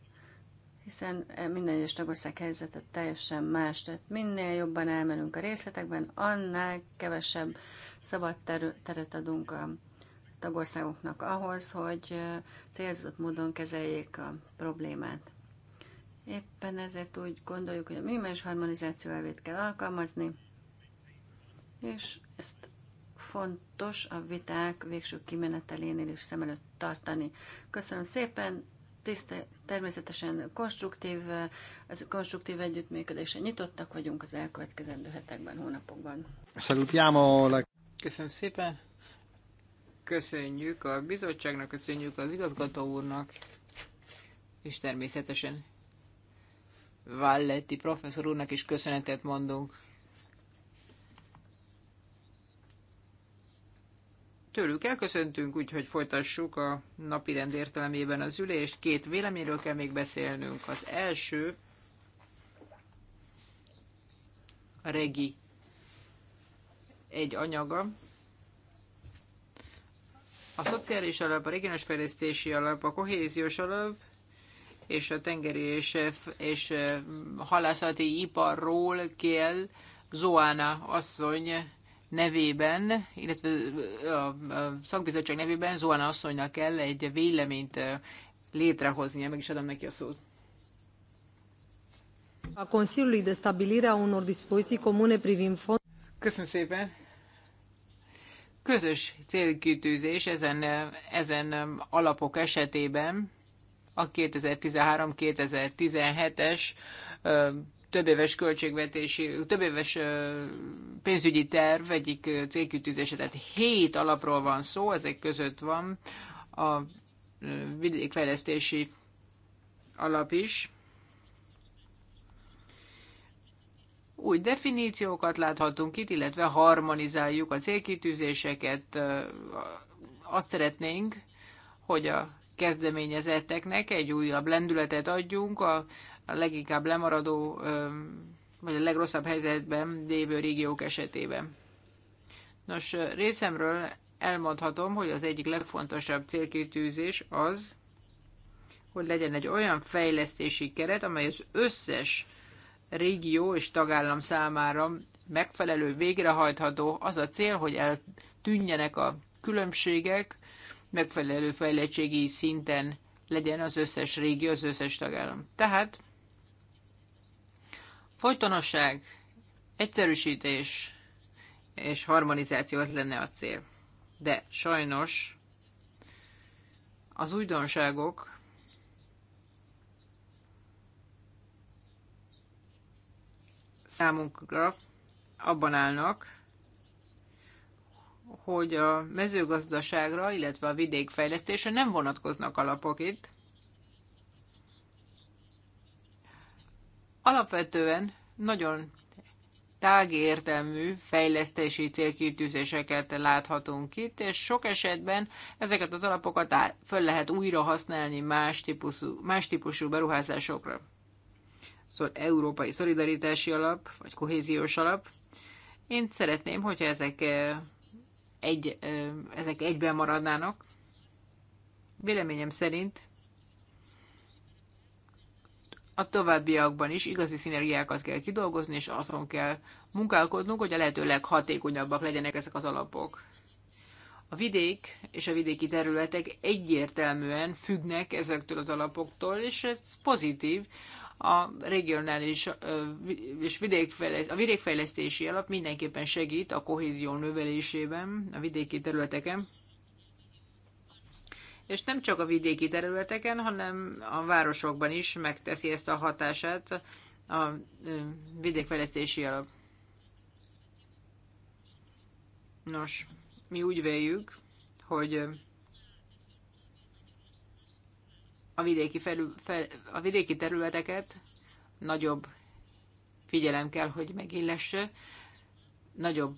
hiszen eh, minden egyes tagország helyzete teljesen más. Tehát minél jobban elmenünk a részletekben, annál kevesebb szabad ter- teret adunk a tagországoknak ahhoz, hogy eh, célzott módon kezeljék a problémát. Éppen ezért úgy gondoljuk, hogy a minimális harmonizáció elvét kell alkalmazni, és ezt fontos a viták végső kimenetelénél is szem előtt tartani. Köszönöm szépen, tiszte, természetesen konstruktív, az konstruktív együttműködésre nyitottak vagyunk az elkövetkezendő hetekben, hónapokban. Salutiamo Köszönöm szépen! Köszönjük a bizottságnak, köszönjük az igazgató úrnak, és természetesen Valletti professzor úrnak is köszönetet mondunk. tőlük elköszöntünk, úgyhogy folytassuk a napi rend értelemében az ülést. Két véleményről kell még beszélnünk. Az első a regi egy anyaga. A szociális alap, a regionális fejlesztési alap, a kohéziós alap és a tengeri és, és halászati iparról kell Zoána asszony nevében, illetve a szakbizottság nevében Zoana asszonynak kell egy véleményt létrehoznia, meg is adom neki a szót. A Consiliului de stabilire a unor dispoziții comune privind fond... Köszönöm szépen! Közös célkütőzés ezen, ezen alapok esetében a 2013-2017-es több éves költségvetési, több éves pénzügyi terv egyik célkütűzése, tehát hét alapról van szó, ezek között van a vidékfejlesztési alap is. Új definíciókat láthatunk itt, illetve harmonizáljuk a célkitűzéseket. Azt szeretnénk, hogy a kezdeményezetteknek egy újabb lendületet adjunk a, a leginkább lemaradó, vagy a legrosszabb helyzetben lévő régiók esetében. Nos, részemről elmondhatom, hogy az egyik legfontosabb célkitűzés az, hogy legyen egy olyan fejlesztési keret, amely az összes régió és tagállam számára megfelelő, végrehajtható. Az a cél, hogy eltűnjenek a különbségek, megfelelő fejlettségi szinten legyen az összes régió, az összes tagállam. Tehát folytonosság, egyszerűsítés és harmonizáció az lenne a cél. De sajnos az újdonságok számunkra abban állnak, hogy a mezőgazdaságra, illetve a vidékfejlesztésre nem vonatkoznak alapok itt. Alapvetően nagyon tágértelmű fejlesztési célkitűzéseket láthatunk itt, és sok esetben ezeket az alapokat föl lehet újra használni más típusú, más típusú beruházásokra. Szóval európai szolidaritási alap, vagy kohéziós alap. Én szeretném, hogyha ezek eh, egy, ezek egyben maradnának. Véleményem szerint a továbbiakban is igazi szinergiákat kell kidolgozni, és azon kell munkálkodnunk, hogy a lehető leghatékonyabbak legyenek ezek az alapok. A vidék és a vidéki területek egyértelműen függnek ezektől az alapoktól, és ez pozitív a regionális és a vidékfejlesztési alap mindenképpen segít a kohézió növelésében a vidéki területeken, és nem csak a vidéki területeken, hanem a városokban is megteszi ezt a hatását a vidékfejlesztési alap. Nos, mi úgy véljük, hogy a vidéki, felül, fel, a vidéki területeket nagyobb figyelem kell, hogy megillesse, nagyobb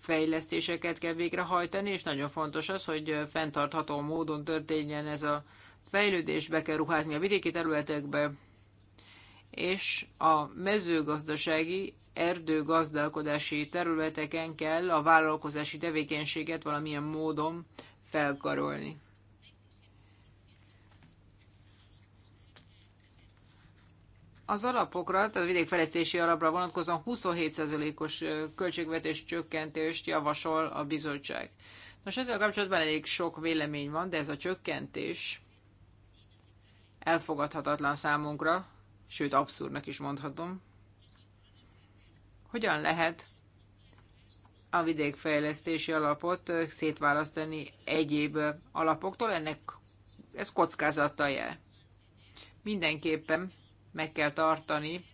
fejlesztéseket kell végrehajtani, és nagyon fontos az, hogy fenntartható módon történjen ez a fejlődés, be kell ruházni a vidéki területekbe, és a mezőgazdasági, erdőgazdálkodási területeken kell a vállalkozási tevékenységet valamilyen módon felkarolni. Az alapokra, tehát a vidékfejlesztési alapra vonatkozóan 27%-os költségvetés csökkentést javasol a bizottság. Nos, ezzel kapcsolatban elég sok vélemény van, de ez a csökkentés elfogadhatatlan számunkra, sőt abszurdnak is mondhatom. Hogyan lehet a vidékfejlesztési alapot szétválasztani egyéb alapoktól, ennek ez kockázattal jel. Mindenképpen meg kell tartani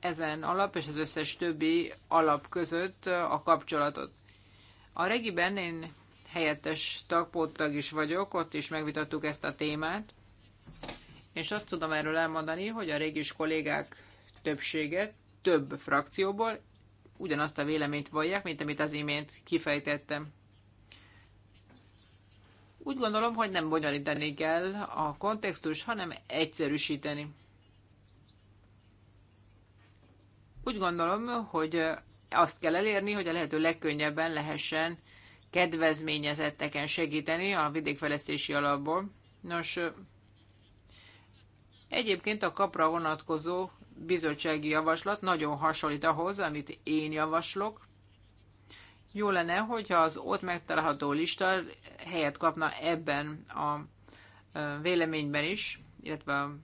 ezen alap és az összes többi alap között a kapcsolatot. A regiben én helyettes tagpóttag is vagyok, ott is megvitattuk ezt a témát, és azt tudom erről elmondani, hogy a régis kollégák többsége több frakcióból ugyanazt a véleményt vallják, mint amit az imént kifejtettem. Úgy gondolom, hogy nem bonyolítani kell a kontextus, hanem egyszerűsíteni. Úgy gondolom, hogy azt kell elérni, hogy a lehető legkönnyebben lehessen kedvezményezetteken segíteni a vidékfejlesztési alapból. Nos, egyébként a kapra vonatkozó bizottsági javaslat nagyon hasonlít ahhoz, amit én javaslok. Jó lenne, hogyha az ott megtalálható lista helyet kapna ebben a véleményben is, illetve a,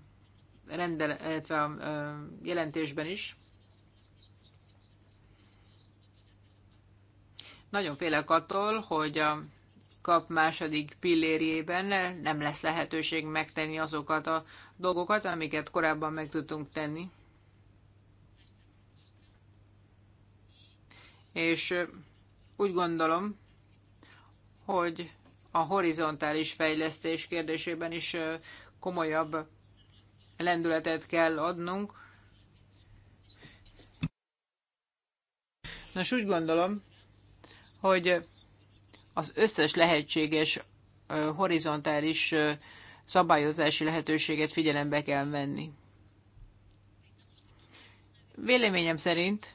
rendel, illetve a jelentésben is. Nagyon félek attól, hogy a kap második pillérjében nem lesz lehetőség megtenni azokat a dolgokat, amiket korábban meg tudtunk tenni. És úgy gondolom, hogy a horizontális fejlesztés kérdésében is komolyabb lendületet kell adnunk. Nos, úgy gondolom, hogy az összes lehetséges horizontális szabályozási lehetőséget figyelembe kell venni. Véleményem szerint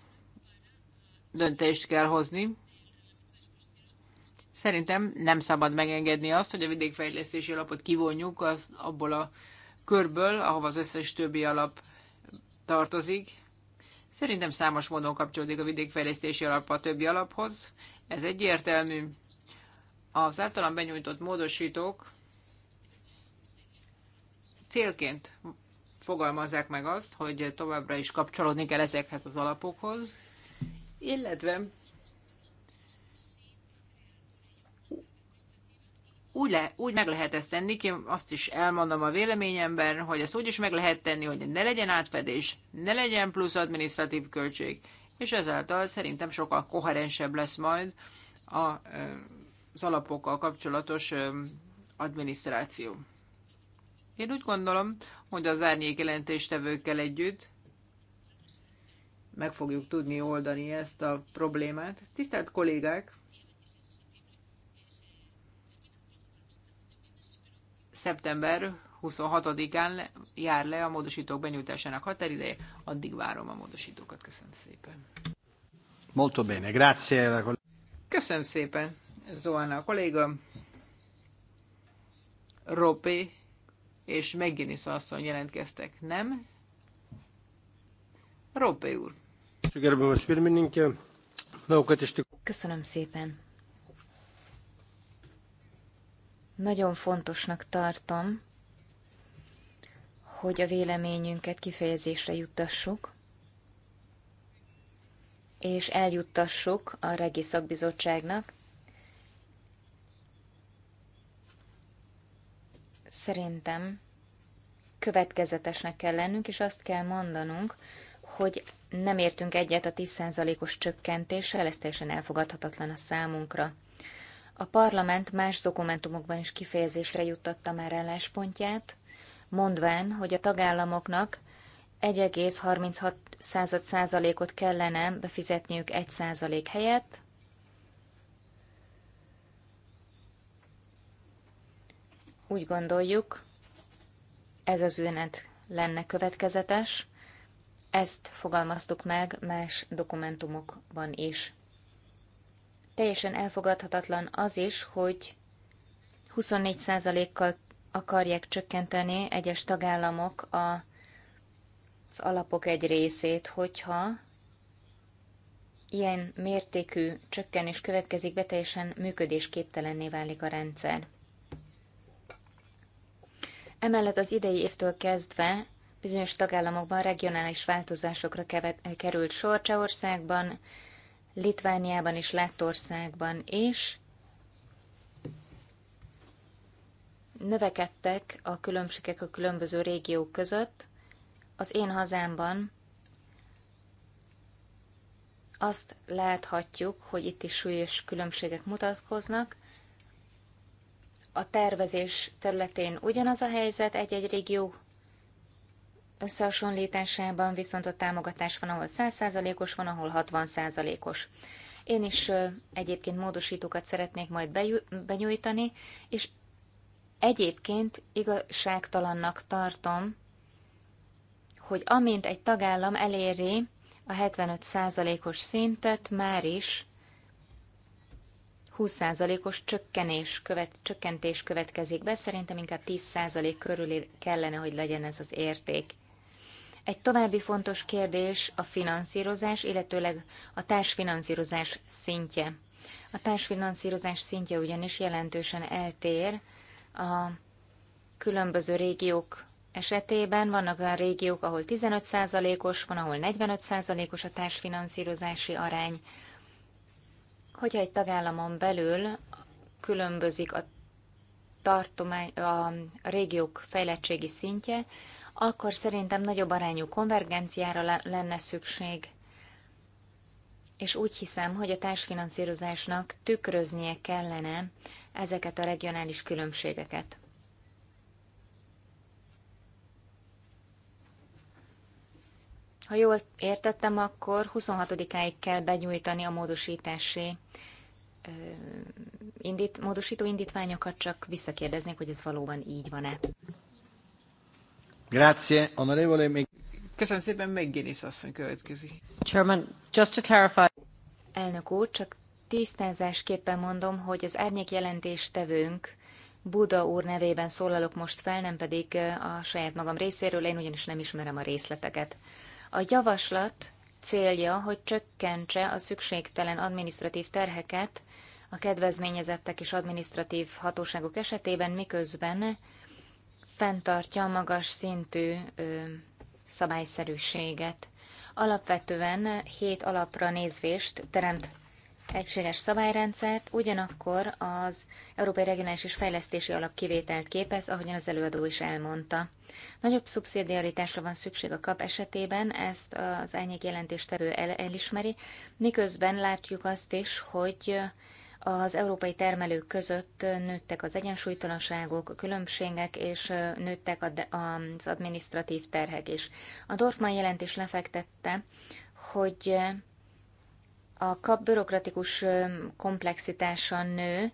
döntést kell hozni, Szerintem nem szabad megengedni azt, hogy a vidékfejlesztési alapot kivonjuk az, abból a körből, ahova az összes többi alap tartozik. Szerintem számos módon kapcsolódik a vidékfejlesztési alap a többi alaphoz. Ez egyértelmű. Az általam benyújtott módosítók célként fogalmazzák meg azt, hogy továbbra is kapcsolódni kell ezekhez az alapokhoz, illetve úgy, le, úgy meg lehet ezt tenni, én azt is elmondom a véleményemben, hogy ezt úgy is meg lehet tenni, hogy ne legyen átfedés, ne legyen plusz administratív költség, és ezáltal szerintem sokkal koherensebb lesz majd a, az alapokkal kapcsolatos adminisztráció. Én úgy gondolom, hogy az árnyék jelentéstevőkkel együtt meg fogjuk tudni oldani ezt a problémát. Tisztelt kollégák! szeptember 26-án jár le a módosítók benyújtásának határideje, addig várom a módosítókat. Köszönöm szépen. Molto bene, grazie. Köszönöm szépen, Zoana a kolléga. Ropé és McGinnis asszony jelentkeztek, nem? Ropé úr. Köszönöm szépen. Nagyon fontosnak tartom, hogy a véleményünket kifejezésre juttassuk, és eljuttassuk a regi szakbizottságnak. Szerintem következetesnek kell lennünk, és azt kell mondanunk, hogy nem értünk egyet a 10%-os csökkentéssel, ez teljesen elfogadhatatlan a számunkra. A parlament más dokumentumokban is kifejezésre juttatta már álláspontját, mondván, hogy a tagállamoknak 1,36%-ot kellene befizetniük 1% helyett, úgy gondoljuk, ez az üzenet lenne következetes, ezt fogalmaztuk meg más dokumentumokban is. Teljesen elfogadhatatlan az is, hogy 24%-kal akarják csökkenteni egyes tagállamok a, az alapok egy részét, hogyha ilyen mértékű csökkenés következik be, teljesen működésképtelenné válik a rendszer. Emellett az idei évtől kezdve bizonyos tagállamokban regionális változásokra került sor, Csehországban, Litvániában és Lettországban és növekedtek a különbségek a különböző régiók között. Az én hazámban azt láthatjuk, hogy itt is súlyos különbségek mutatkoznak. A tervezés területén ugyanaz a helyzet egy-egy régió összehasonlításában, viszont a támogatás van, ahol 100%-os, van, ahol 60%-os. Én is egyébként módosítókat szeretnék majd benyújtani, és egyébként igazságtalannak tartom, hogy amint egy tagállam eléri a 75%-os szintet, már is 20%-os csökkenés követ, csökkentés következik be, szerintem inkább 10% körül kellene, hogy legyen ez az érték. Egy további fontos kérdés a finanszírozás, illetőleg a társfinanszírozás szintje. A társfinanszírozás szintje ugyanis jelentősen eltér a különböző régiók esetében. Vannak olyan régiók, ahol 15%-os, van, ahol 45%-os a társfinanszírozási arány. Hogyha egy tagállamon belül különbözik a, tartomány, a régiók fejlettségi szintje, akkor szerintem nagyobb arányú konvergenciára lenne szükség, és úgy hiszem, hogy a társfinanszírozásnak tükröznie kellene ezeket a regionális különbségeket. Ha jól értettem, akkor 26-áig kell benyújtani a módosítási indít, módosító indítványokat, csak visszakérdeznék, hogy ez valóban így van-e. Grazie, onorevole. Köszönöm szépen, McGuinness asszony következik. Chairman, just to clarify. Elnök úr, csak tisztázásképpen mondom, hogy az árnyék tevőnk, Buda úr nevében szólalok most fel, nem pedig eh, a saját magam részéről, én ugyanis nem ismerem a részleteket. A javaslat célja, hogy csökkentse a szükségtelen adminisztratív terheket a kedvezményezettek és adminisztratív hatóságok esetében, miközben fenntartja a magas szintű ö, szabályszerűséget. Alapvetően hét alapra nézvést teremt egységes szabályrendszert, ugyanakkor az Európai Regionális és Fejlesztési Alap kivételt képez, ahogyan az előadó is elmondta. Nagyobb szubszidiaritásra van szükség a kap esetében, ezt az elnyék jelentéstevő el- elismeri, miközben látjuk azt is, hogy az európai termelők között nőttek az egyensúlytalanságok, a különbségek, és nőttek az administratív terhek is. A Dorfman jelentés lefektette, hogy a kap bürokratikus komplexitása nő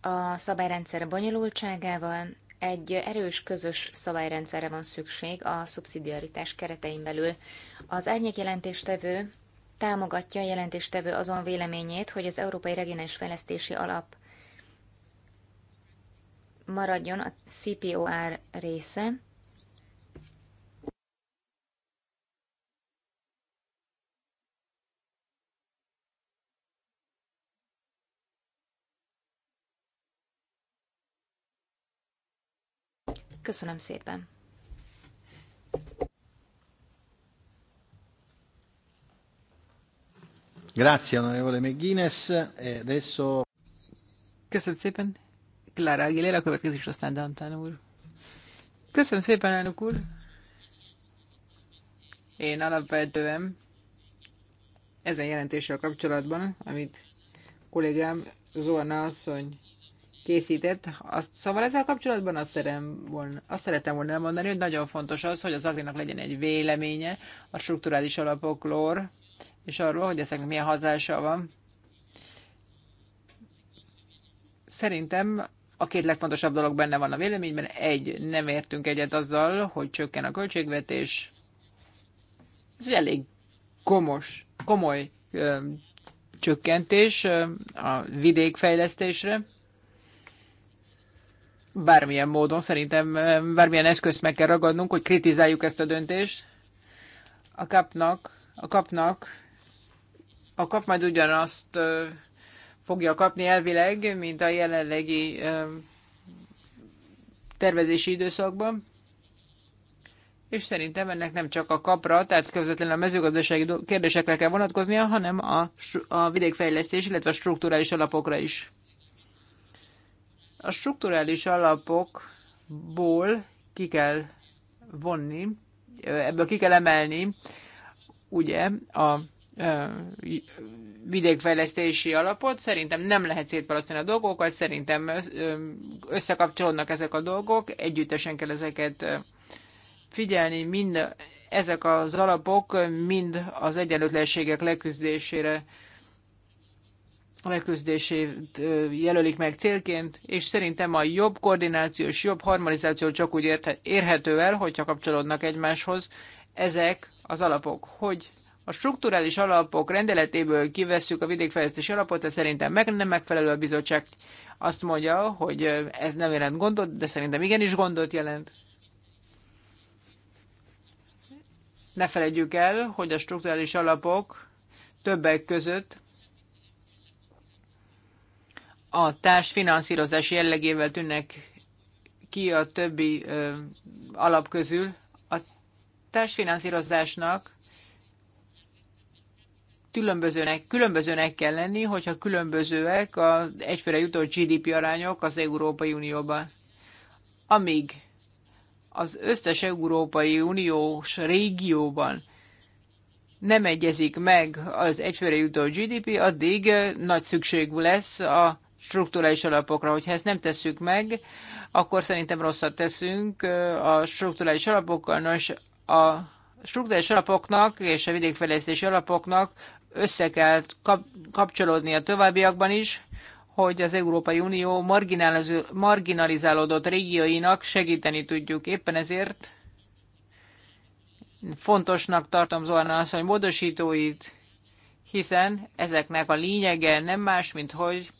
a szabályrendszer bonyolultságával, egy erős közös szabályrendszerre van szükség a szubszidiaritás keretein belül. Az jelentéstevő támogatja a jelentéstevő azon véleményét, hogy az Európai Regionális Fejlesztési Alap maradjon a CPOR része, Köszönöm szépen! E Köszönöm szépen. Clara Aguilera következik, és aztán Dantán úr. Köszönöm szépen, elnök úr. Én alapvetően ezen jelentéssel kapcsolatban, amit kollégám Zorna asszony készített. Azt, szóval ezzel kapcsolatban azt, szerem volna, azt szeretem volna elmondani, hogy nagyon fontos az, hogy az Agrinak legyen egy véleménye a strukturális alapokról, és arról, hogy ezeknek milyen hatása van. Szerintem a két legfontosabb dolog benne van a véleményben. Egy, nem értünk egyet azzal, hogy csökken a költségvetés. Ez egy elég komos, komoly ö, csökkentés ö, a vidékfejlesztésre. Bármilyen módon szerintem ö, bármilyen eszközt meg kell ragadnunk, hogy kritizáljuk ezt a döntést. A kapnak, a kapnak a kap majd ugyanazt fogja kapni elvileg, mint a jelenlegi tervezési időszakban. És szerintem ennek nem csak a kapra, tehát közvetlenül a mezőgazdasági kérdésekre kell vonatkoznia, hanem a, a vidékfejlesztés, illetve a strukturális alapokra is. A strukturális alapokból ki kell vonni, ebből ki kell emelni, ugye, a vidékfejlesztési alapot. Szerintem nem lehet szétválasztani a dolgokat, szerintem összekapcsolódnak ezek a dolgok, együttesen kell ezeket figyelni, mind ezek az alapok mind az egyenlőtlenségek leküzdésére leküzdését jelölik meg célként, és szerintem a jobb koordináció és jobb harmonizáció csak úgy érhető el, hogyha kapcsolódnak egymáshoz ezek az alapok. Hogy a strukturális alapok rendeletéből kivesszük a vidékfejlesztési alapot, ez szerintem meg nem megfelelő a bizottság. Azt mondja, hogy ez nem jelent gondot, de szerintem igenis gondot jelent. Ne felejtjük el, hogy a strukturális alapok többek között a társfinanszírozás jellegével tűnnek ki a többi ö, alap közül. A társfinanszírozásnak különbözőnek, különbözőnek kell lenni, hogyha különbözőek az egyfőre jutott GDP arányok az Európai Unióban. Amíg az összes Európai Uniós régióban nem egyezik meg az egyfőre jutó GDP, addig nagy szükség lesz a strukturális alapokra. Hogyha ezt nem tesszük meg, akkor szerintem rosszat teszünk a strukturális alapokkal. Nos, a strukturális alapoknak és a vidékfejlesztési alapoknak össze kell kapcsolódni a továbbiakban is, hogy az Európai Unió marginalizálódott régióinak segíteni tudjuk. Éppen ezért fontosnak tartom Zoana asszony módosítóit, hiszen ezeknek a lényege nem más, mint hogy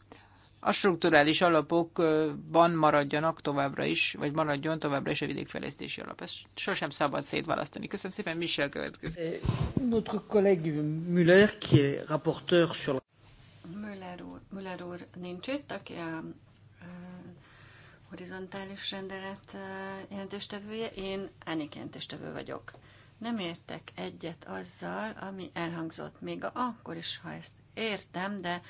a strukturális alapokban maradjanak továbbra is, vagy maradjon továbbra is a vidékfejlesztési alap. Ezt sosem szabad szétválasztani. Köszönöm szépen, Michel következik. Notre collègue Müller, qui est rapporteur sur Müller úr, Müller úr nincs itt, aki a horizontális rendelet jelentéstevője, én Ánik jelentéstevő vagyok. Nem értek egyet azzal, ami elhangzott, még akkor is, ha ezt értem, de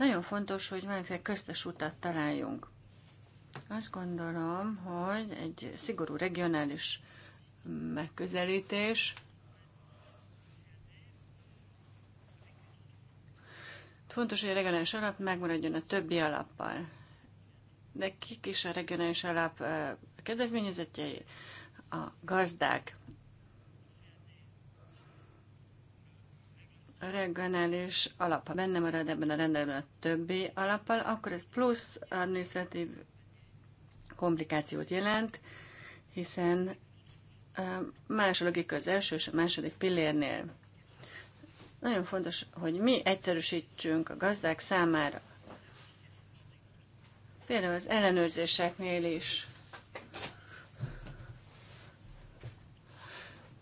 nagyon fontos, hogy valamiféle köztes utat találjunk. Azt gondolom, hogy egy szigorú regionális megközelítés Fontos, hogy a regionális alap megmaradjon a többi alappal. De kik is a regionális alap eh, kedvezményezetjei? A gazdák, a és alap, ha benne marad ebben a rendelben a többi alappal, akkor ez plusz adminisztratív komplikációt jelent, hiszen más a logika az első és a második pillérnél. Nagyon fontos, hogy mi egyszerűsítsünk a gazdák számára. Például az ellenőrzéseknél is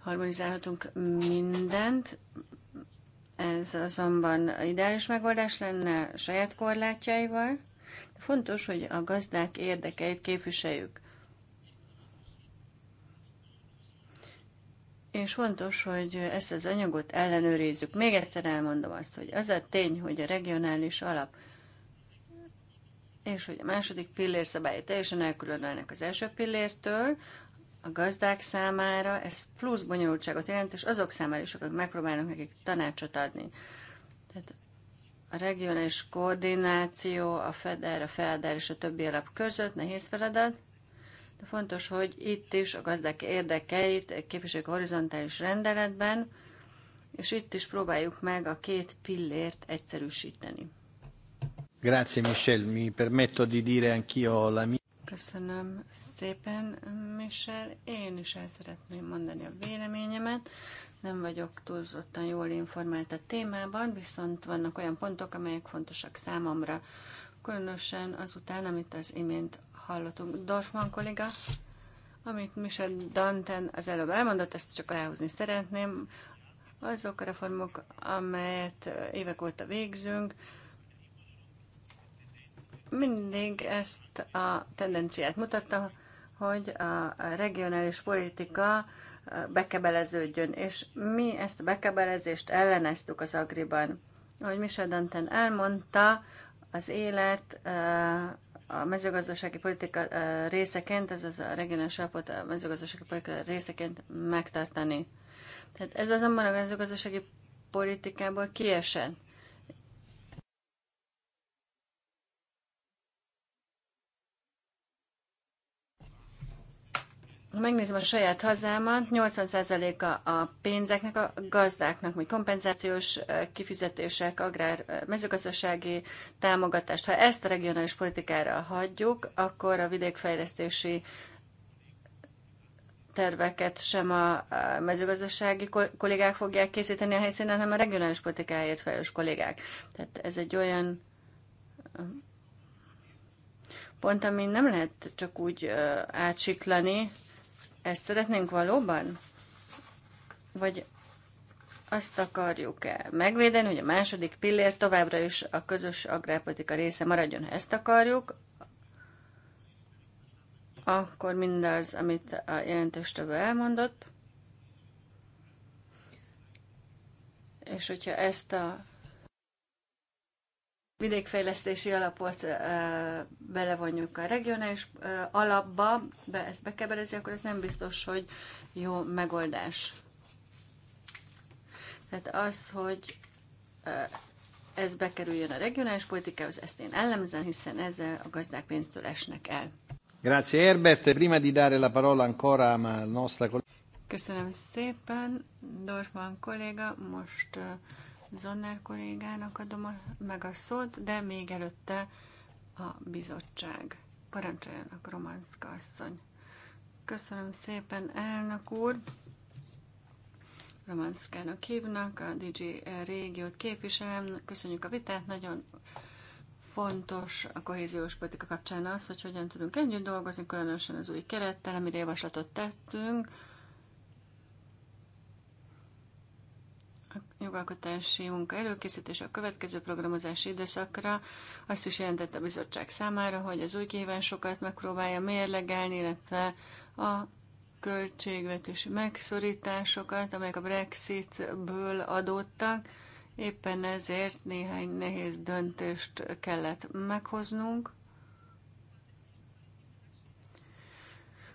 harmonizálhatunk mindent, ez azonban ideális megoldás lenne saját korlátjaival, de fontos, hogy a gazdák érdekeit képviseljük. És fontos, hogy ezt az anyagot ellenőrizzük. Még egyszer elmondom azt, hogy az a tény, hogy a regionális alap és hogy a második pillér szabályai teljesen elkülönülnek az első pillértől, a gazdák számára ez plusz bonyolultságot jelent, és azok számára is, akik megpróbálnak nekik tanácsot adni. Tehát a regionális koordináció, a FEDER, a FELDER és a többi alap között nehéz feladat, de fontos, hogy itt is a gazdák érdekeit képviseljük a horizontális rendeletben, és itt is próbáljuk meg a két pillért egyszerűsíteni. Grazie Michel, mi permetto di dire anch'io la mia. Köszönöm szépen, Michel. Én is el szeretném mondani a véleményemet. Nem vagyok túlzottan jól informált a témában, viszont vannak olyan pontok, amelyek fontosak számomra. Különösen azután, amit az imént hallottunk. Dorfman kolléga, amit Michel Danten az előbb elmondott, ezt csak aláhúzni szeretném. Azok a reformok, amelyet évek óta végzünk, mindig ezt a tendenciát mutatta, hogy a regionális politika bekebeleződjön, és mi ezt a bekebelezést elleneztük az Agriban. Ahogy Michel Danten elmondta, az élet a mezőgazdasági politika részeként, ez az a regionális alapot a mezőgazdasági politika részeként megtartani. Tehát ez azonban a mezőgazdasági politikából kiesett. Ha megnézem a saját hazámat, 80%-a a pénzeknek a gazdáknak, hogy kompenzációs kifizetések, agrár, mezőgazdasági támogatást. Ha ezt a regionális politikára hagyjuk, akkor a vidékfejlesztési terveket sem a mezőgazdasági kollégák fogják készíteni a helyszínen, hanem a regionális politikáért felelős kollégák. Tehát ez egy olyan pont, ami nem lehet csak úgy átsiklani, ezt szeretnénk valóban? Vagy azt akarjuk-e megvédeni, hogy a második pillér továbbra is a közös agrárpolitika része maradjon, ha ezt akarjuk, akkor mindaz, amit a jelentős több elmondott, és hogyha ezt a vidékfejlesztési alapot belevonjuk a regionális alapba, be, ezt bekebelezni, akkor ez nem biztos, hogy jó megoldás. Tehát az, hogy ez bekerüljön a regionális politikához, ezt én ellenzem, hiszen ezzel a gazdák pénztől esnek el. Grazie Herbert, prima di dare la parola ancora a nostra Köszönöm szépen, Dorfman kolléga, most Zonner kollégának adom a, meg a szót, de még előtte a bizottság. Parancsoljanak, Romanszka asszony. Köszönöm szépen, elnök úr. Romanszkának hívnak, a DJ régiót képviselem. Köszönjük a vitát, nagyon fontos a kohéziós politika kapcsán az, hogy hogyan tudunk együtt dolgozni, különösen az új kerettel, amire javaslatot tettünk jogalkotási munka előkészítése a következő programozási időszakra azt is jelentette a bizottság számára, hogy az új kihívásokat megpróbálja mérlegelni, illetve a költségvetési megszorításokat, amelyek a Brexitből adódtak. Éppen ezért néhány nehéz döntést kellett meghoznunk.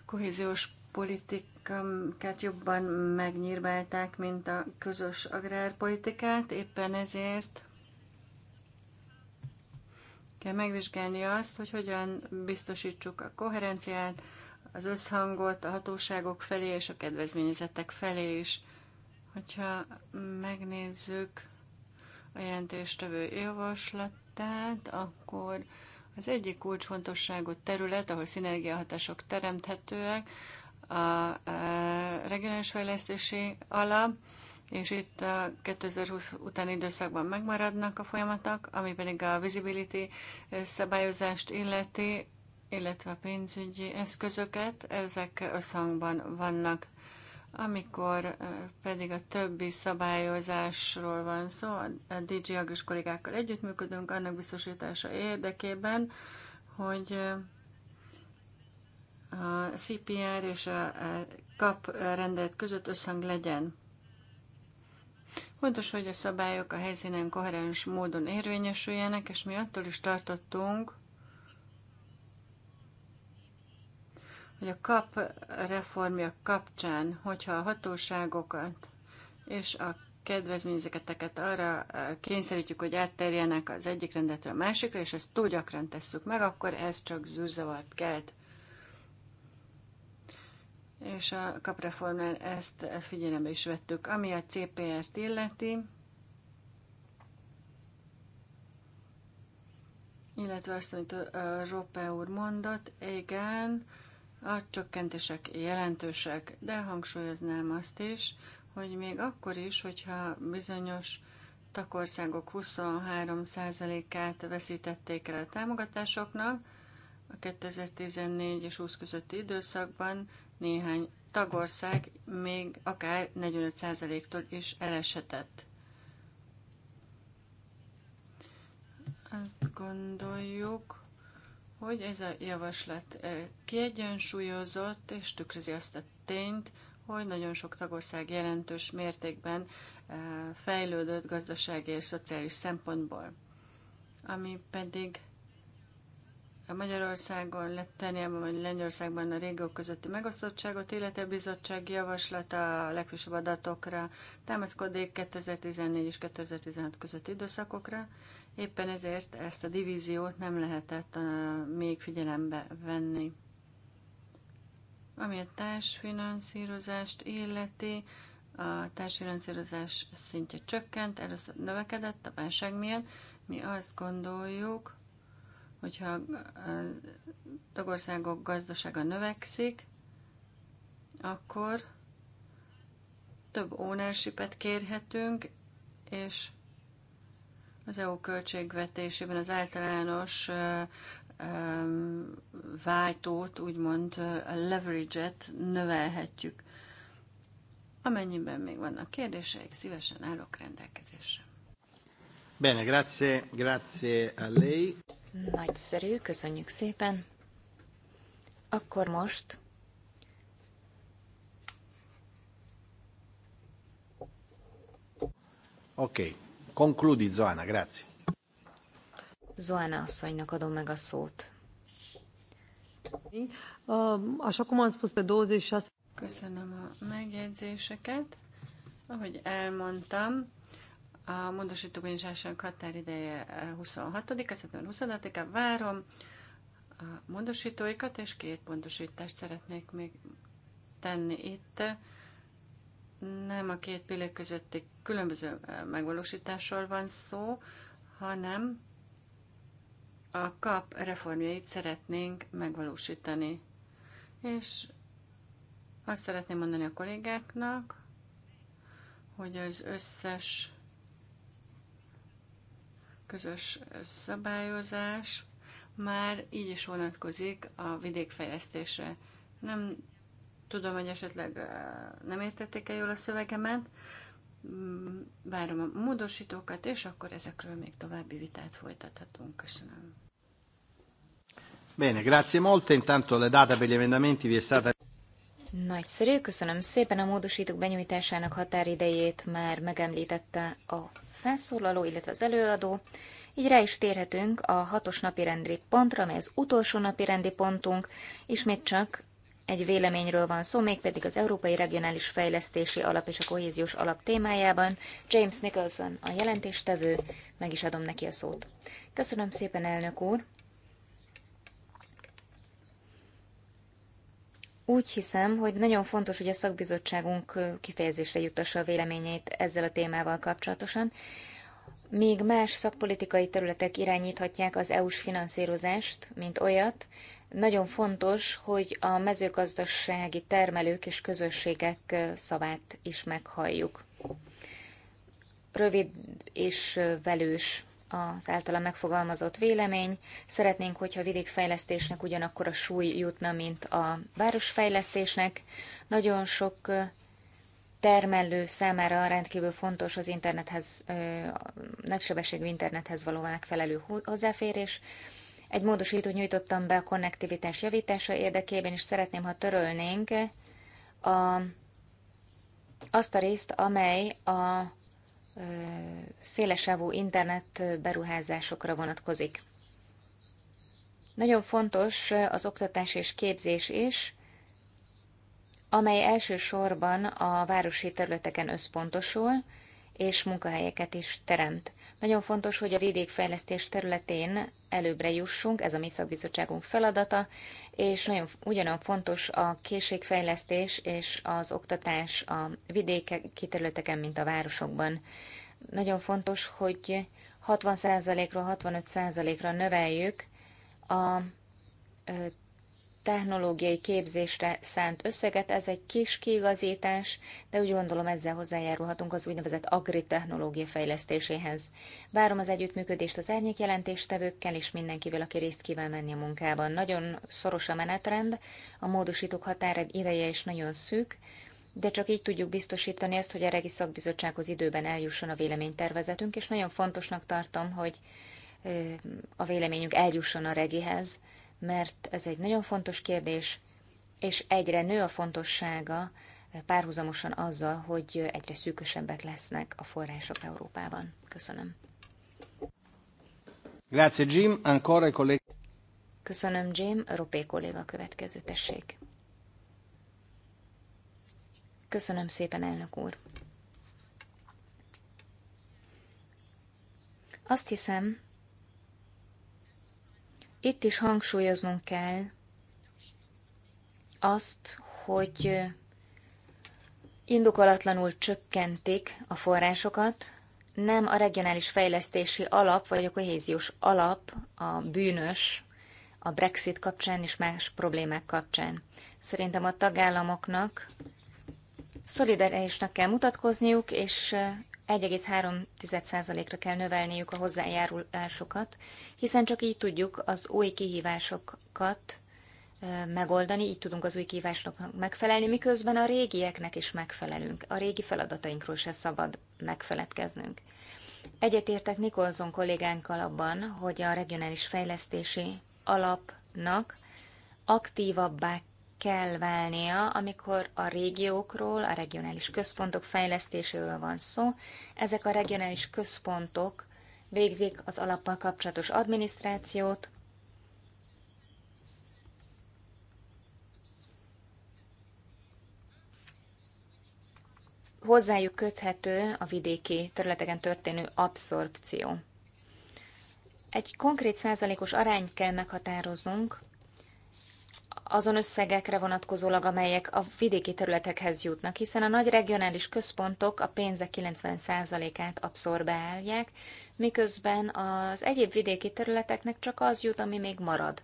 Kohéziós politikát jobban megnyírbálták, mint a közös agrárpolitikát, éppen ezért kell megvizsgálni azt, hogy hogyan biztosítsuk a koherenciát, az összhangot a hatóságok felé és a kedvezményezettek felé is. Hogyha megnézzük a jelentéstevő javaslatát, akkor az egyik kulcsfontosságú terület, ahol szinergiahatások teremthetőek, a regionális fejlesztési alap, és itt a 2020 utáni időszakban megmaradnak a folyamatok, ami pedig a visibility szabályozást illeti, illetve a pénzügyi eszközöket, ezek összhangban vannak. Amikor pedig a többi szabályozásról van szó, a DG Agris kollégákkal együttműködünk annak biztosítása érdekében, hogy a CPR és a kap rendelet között összhang legyen. Fontos, hogy a szabályok a helyszínen koherens módon érvényesüljenek, és mi attól is tartottunk, hogy a kap reformja kapcsán, hogyha a hatóságokat és a kedvezményezeteket arra eh, kényszerítjük, hogy átterjenek az egyik rendetről a másikra, és ezt túl gyakran tesszük meg, akkor ez csak zűrzavart kelt és a kapreformnál ezt figyelembe is vettük. Ami a CPR-t illeti, illetve azt, amit a Rope úr mondott, igen, a csökkentések jelentősek, de hangsúlyoznám azt is, hogy még akkor is, hogyha bizonyos tagországok 23%-át veszítették el a támogatásoknak, a 2014 és 20 közötti időszakban néhány tagország még akár 45%-tól is elesetett. Azt gondoljuk, hogy ez a javaslat eh, kiegyensúlyozott, és tükrözi azt a tényt, hogy nagyon sok tagország jelentős mértékben eh, fejlődött gazdasági és szociális szempontból, ami pedig Magyarországon, Lettányában vagy Lengyországban a régiók közötti megosztottságot, illetve bizottság javaslata a legfrissebb adatokra támaszkodik 2014 és 2016 közötti időszakokra. Éppen ezért ezt a divíziót nem lehetett uh, még figyelembe venni. Ami a társfinanszírozást illeti, a társfinanszírozás szintje csökkent, először növekedett a válság miatt. Mi azt gondoljuk, hogyha a tagországok gazdasága növekszik, akkor több ownership kérhetünk, és az EU költségvetésében az általános váltót, úgymond a leverage-et növelhetjük. Amennyiben még vannak kérdéseik, szívesen állok rendelkezésre. Bene, grazie, grazie a lei. Nagyszerű, köszönjük szépen. Akkor most Oké, okay. konkludit Zoana, grazie. Zoana asszonynak adom meg a szót. Uh, Köszönöm a megjegyzéseket. Ahogy elmondtam, a módosító határ ideje 26-a, eh, szeptember 26-a. Várom a módosítóikat, és két pontosítást szeretnék még tenni itt. Nem a két pillér közötti különböző eh, megvalósításról van szó, hanem a kap reformjait szeretnénk megvalósítani. És azt szeretném mondani a kollégáknak, hogy az összes közös szabályozás már így is vonatkozik a vidékfejlesztésre. Nem tudom, hogy esetleg nem értették el jól a szövegemet, mm, várom a módosítókat, és akkor ezekről még további vitát folytathatunk. Köszönöm. Bene, grazie molto. Intanto le data per gli emendamenti vi è stata... Nagyszerű, köszönöm szépen. A módosítók benyújtásának határidejét már megemlítette a felszólaló, illetve az előadó. Így rá is térhetünk a hatos napi rendi pontra, amely az utolsó napi rendi pontunk. Ismét csak egy véleményről van szó, mégpedig az Európai Regionális Fejlesztési Alap és a Kohéziós Alap témájában. James Nicholson a jelentéstevő, meg is adom neki a szót. Köszönöm szépen, elnök úr! Úgy hiszem, hogy nagyon fontos, hogy a szakbizottságunk kifejezésre juttassa a véleményét ezzel a témával kapcsolatosan. Még más szakpolitikai területek irányíthatják az EU-s finanszírozást, mint olyat, nagyon fontos, hogy a mezőgazdasági termelők és közösségek szavát is meghalljuk. Rövid és velős az általa megfogalmazott vélemény. Szeretnénk, hogyha a vidékfejlesztésnek ugyanakkor a súly jutna, mint a városfejlesztésnek. Nagyon sok termelő számára rendkívül fontos az internethez, nagysebességű internethez való megfelelő hozzáférés. Egy módosítót nyújtottam be a konnektivitás javítása érdekében, és szeretném, ha törölnénk a, azt a részt, amely a szélesávú internet beruházásokra vonatkozik. Nagyon fontos az oktatás és képzés is, amely elsősorban a városi területeken összpontosul, és munkahelyeket is teremt. Nagyon fontos, hogy a vidékfejlesztés területén előbbre jussunk, ez a mi szakbizottságunk feladata, és nagyon ugyanolyan fontos a készségfejlesztés és az oktatás a vidékek kiterületeken, mint a városokban. Nagyon fontos, hogy 60%-ról 65%-ra növeljük a technológiai képzésre szánt összeget. Ez egy kis kiigazítás, de úgy gondolom ezzel hozzájárulhatunk az úgynevezett agritechnológia fejlesztéséhez. Várom az együttműködést az árnyék jelentéstevőkkel és mindenkivel, aki részt kíván menni a munkában. Nagyon szoros a menetrend, a módosítók határ ideje is nagyon szűk, de csak így tudjuk biztosítani azt, hogy a Regi Szakbizottsághoz időben eljusson a véleménytervezetünk, és nagyon fontosnak tartom, hogy a véleményünk eljusson a Regihez, mert ez egy nagyon fontos kérdés, és egyre nő a fontossága párhuzamosan azzal, hogy egyre szűkösebbek lesznek a források Európában. Köszönöm. Grazie Jim, ancora Köszönöm Jim, Ropé kolléga következő tessék. Köszönöm szépen, elnök úr. Azt hiszem, itt is hangsúlyoznunk kell azt, hogy indokolatlanul csökkentik a forrásokat, nem a regionális fejlesztési alap vagy a kohéziós alap a bűnös a Brexit kapcsán és más problémák kapcsán. Szerintem a tagállamoknak szolidárisnak kell mutatkozniuk, és 1,3%-ra kell növelniük a hozzájárulásokat, hiszen csak így tudjuk az új kihívásokat megoldani, így tudunk az új kihívásoknak megfelelni, miközben a régieknek is megfelelünk. A régi feladatainkról se szabad megfeledkeznünk. Egyetértek Nikolson kollégánkkal abban, hogy a regionális fejlesztési alapnak aktívabbá kell válnia, amikor a régiókról, a regionális központok fejlesztéséről van szó. Ezek a regionális központok végzik az alappal kapcsolatos adminisztrációt, hozzájuk köthető a vidéki területeken történő abszorpció. Egy konkrét százalékos arányt kell meghatároznunk azon összegekre vonatkozólag, amelyek a vidéki területekhez jutnak, hiszen a nagy regionális központok a pénzek 90%-át abszorbálják, miközben az egyéb vidéki területeknek csak az jut, ami még marad.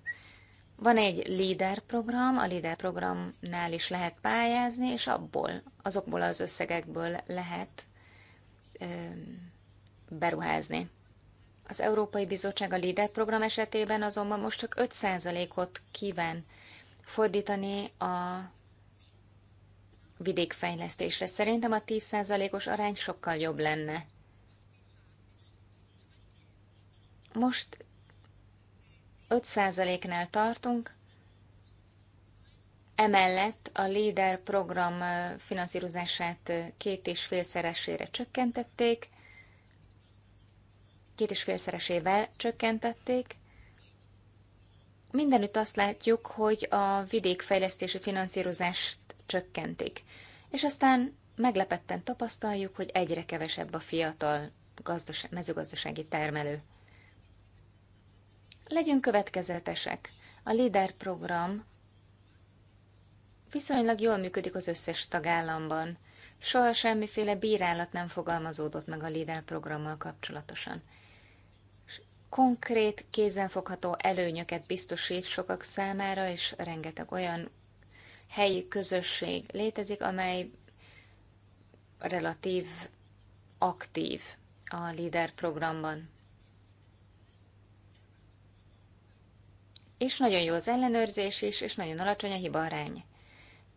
Van egy LEADER program, a LEADER programnál is lehet pályázni, és abból, azokból az összegekből lehet ö, beruházni. Az Európai Bizottság a LEADER program esetében azonban most csak 5%-ot kíván fordítani a vidékfejlesztésre. Szerintem a 10%-os arány sokkal jobb lenne. Most 5%-nál tartunk, Emellett a LEADER program finanszírozását két és félszeresére csökkentették, két és félszeresével csökkentették, mindenütt azt látjuk, hogy a vidékfejlesztési finanszírozást csökkentik. És aztán meglepetten tapasztaljuk, hogy egyre kevesebb a fiatal gazdaság, mezőgazdasági termelő. Legyünk következetesek. A LIDER program viszonylag jól működik az összes tagállamban. Soha semmiféle bírálat nem fogalmazódott meg a LIDER programmal kapcsolatosan konkrét, kézenfogható előnyöket biztosít sokak számára, és rengeteg olyan helyi közösség létezik, amely relatív aktív a LIDER programban. És nagyon jó az ellenőrzés is, és nagyon alacsony a arány.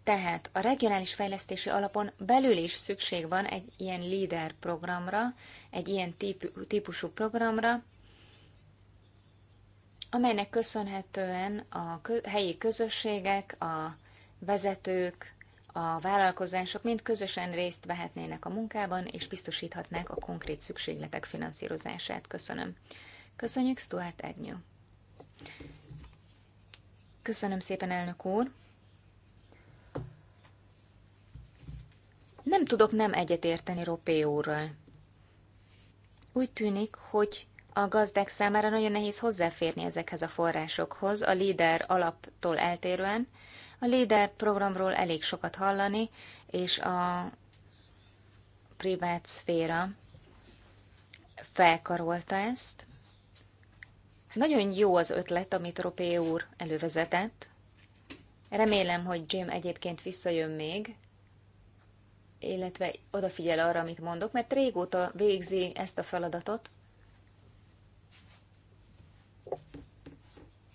Tehát a regionális fejlesztési alapon belül is szükség van egy ilyen líder programra, egy ilyen típusú programra, amelynek köszönhetően a helyi közösségek, a vezetők, a vállalkozások mind közösen részt vehetnének a munkában, és biztosíthatnák a konkrét szükségletek finanszírozását. Köszönöm. Köszönjük, Stuart Agnew. Köszönöm szépen, elnök úr. Nem tudok nem egyetérteni Ropé úrral. Úgy tűnik, hogy a gazdák számára nagyon nehéz hozzáférni ezekhez a forrásokhoz, a LIDER alaptól eltérően. A LIDER programról elég sokat hallani, és a privát szféra felkarolta ezt. Nagyon jó az ötlet, amit Ropé úr elővezetett. Remélem, hogy Jim egyébként visszajön még, illetve odafigyel arra, amit mondok, mert régóta végzi ezt a feladatot,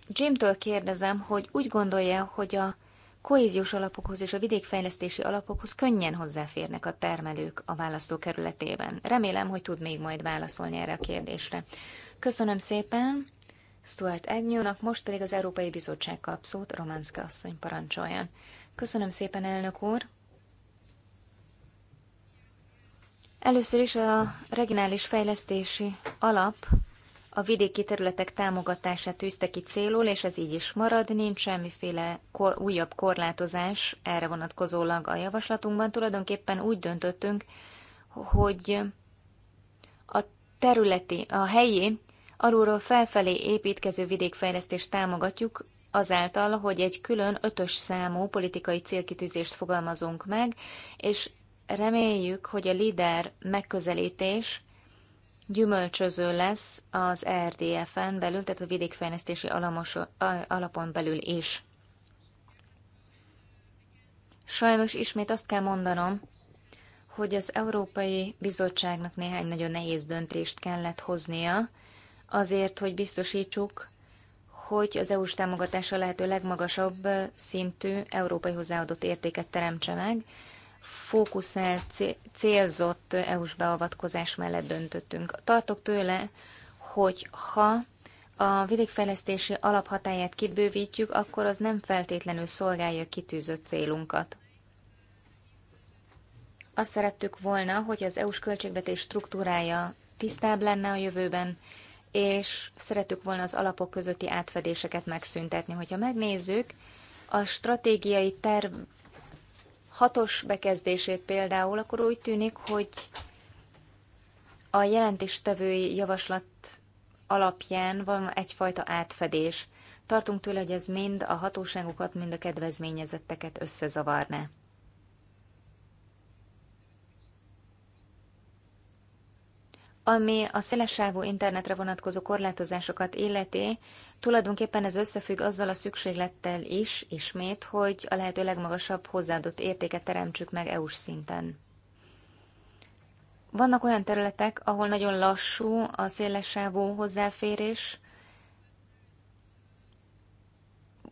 Jimtől kérdezem, hogy úgy gondolja, hogy a kohéziós alapokhoz és a vidékfejlesztési alapokhoz könnyen hozzáférnek a termelők a választókerületében. Remélem, hogy tud még majd válaszolni erre a kérdésre. Köszönöm szépen Stuart Agnew-nak, most pedig az Európai Bizottság kap szót, Románszka asszony parancsoljon. Köszönöm szépen, elnök úr! Először is a regionális fejlesztési alap a vidéki területek támogatását tűzte ki célul, és ez így is marad, nincs semmiféle kor, újabb korlátozás erre vonatkozólag a javaslatunkban. Tulajdonképpen úgy döntöttünk, hogy a területi, a helyi, alulról felfelé építkező vidékfejlesztést támogatjuk, azáltal, hogy egy külön ötös számú politikai célkitűzést fogalmazunk meg, és reméljük, hogy a LIDER megközelítés – gyümölcsöző lesz az rdf en belül, tehát a vidékfejlesztési alapon belül is. Sajnos ismét azt kell mondanom, hogy az Európai Bizottságnak néhány nagyon nehéz döntést kellett hoznia, azért, hogy biztosítsuk, hogy az EU-s támogatása lehető legmagasabb szintű európai hozzáadott értéket teremtse meg, fókuszált, célzott EU-s beavatkozás mellett döntöttünk. Tartok tőle, hogy ha a vidékfejlesztési alaphatáját kibővítjük, akkor az nem feltétlenül szolgálja kitűzött célunkat. Azt szerettük volna, hogy az EU-s költségvetés struktúrája tisztább lenne a jövőben, és szerettük volna az alapok közötti átfedéseket megszüntetni. Hogyha megnézzük, a stratégiai terv hatos bekezdését például, akkor úgy tűnik, hogy a jelentéstevői javaslat alapján van egyfajta átfedés. Tartunk tőle, hogy ez mind a hatóságokat, mind a kedvezményezetteket összezavarná. Ami a szélessávú internetre vonatkozó korlátozásokat illeti, tulajdonképpen ez összefügg azzal a szükséglettel is, ismét, hogy a lehető legmagasabb hozzáadott értéket teremtsük meg EU-s szinten. Vannak olyan területek, ahol nagyon lassú a szélessávú hozzáférés,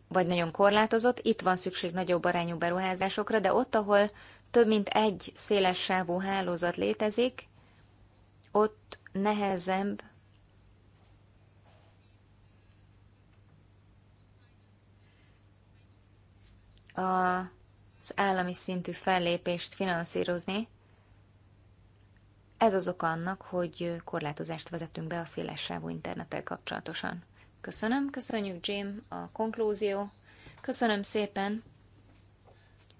vagy nagyon korlátozott, itt van szükség nagyobb arányú beruházásokra, de ott, ahol több mint egy szélessávú hálózat létezik, ott nehezebb az állami szintű fellépést finanszírozni. Ez az oka annak, hogy korlátozást vezetünk be a szélessávú internettel kapcsolatosan. Köszönöm, köszönjük Jim, a konklúzió. Köszönöm szépen.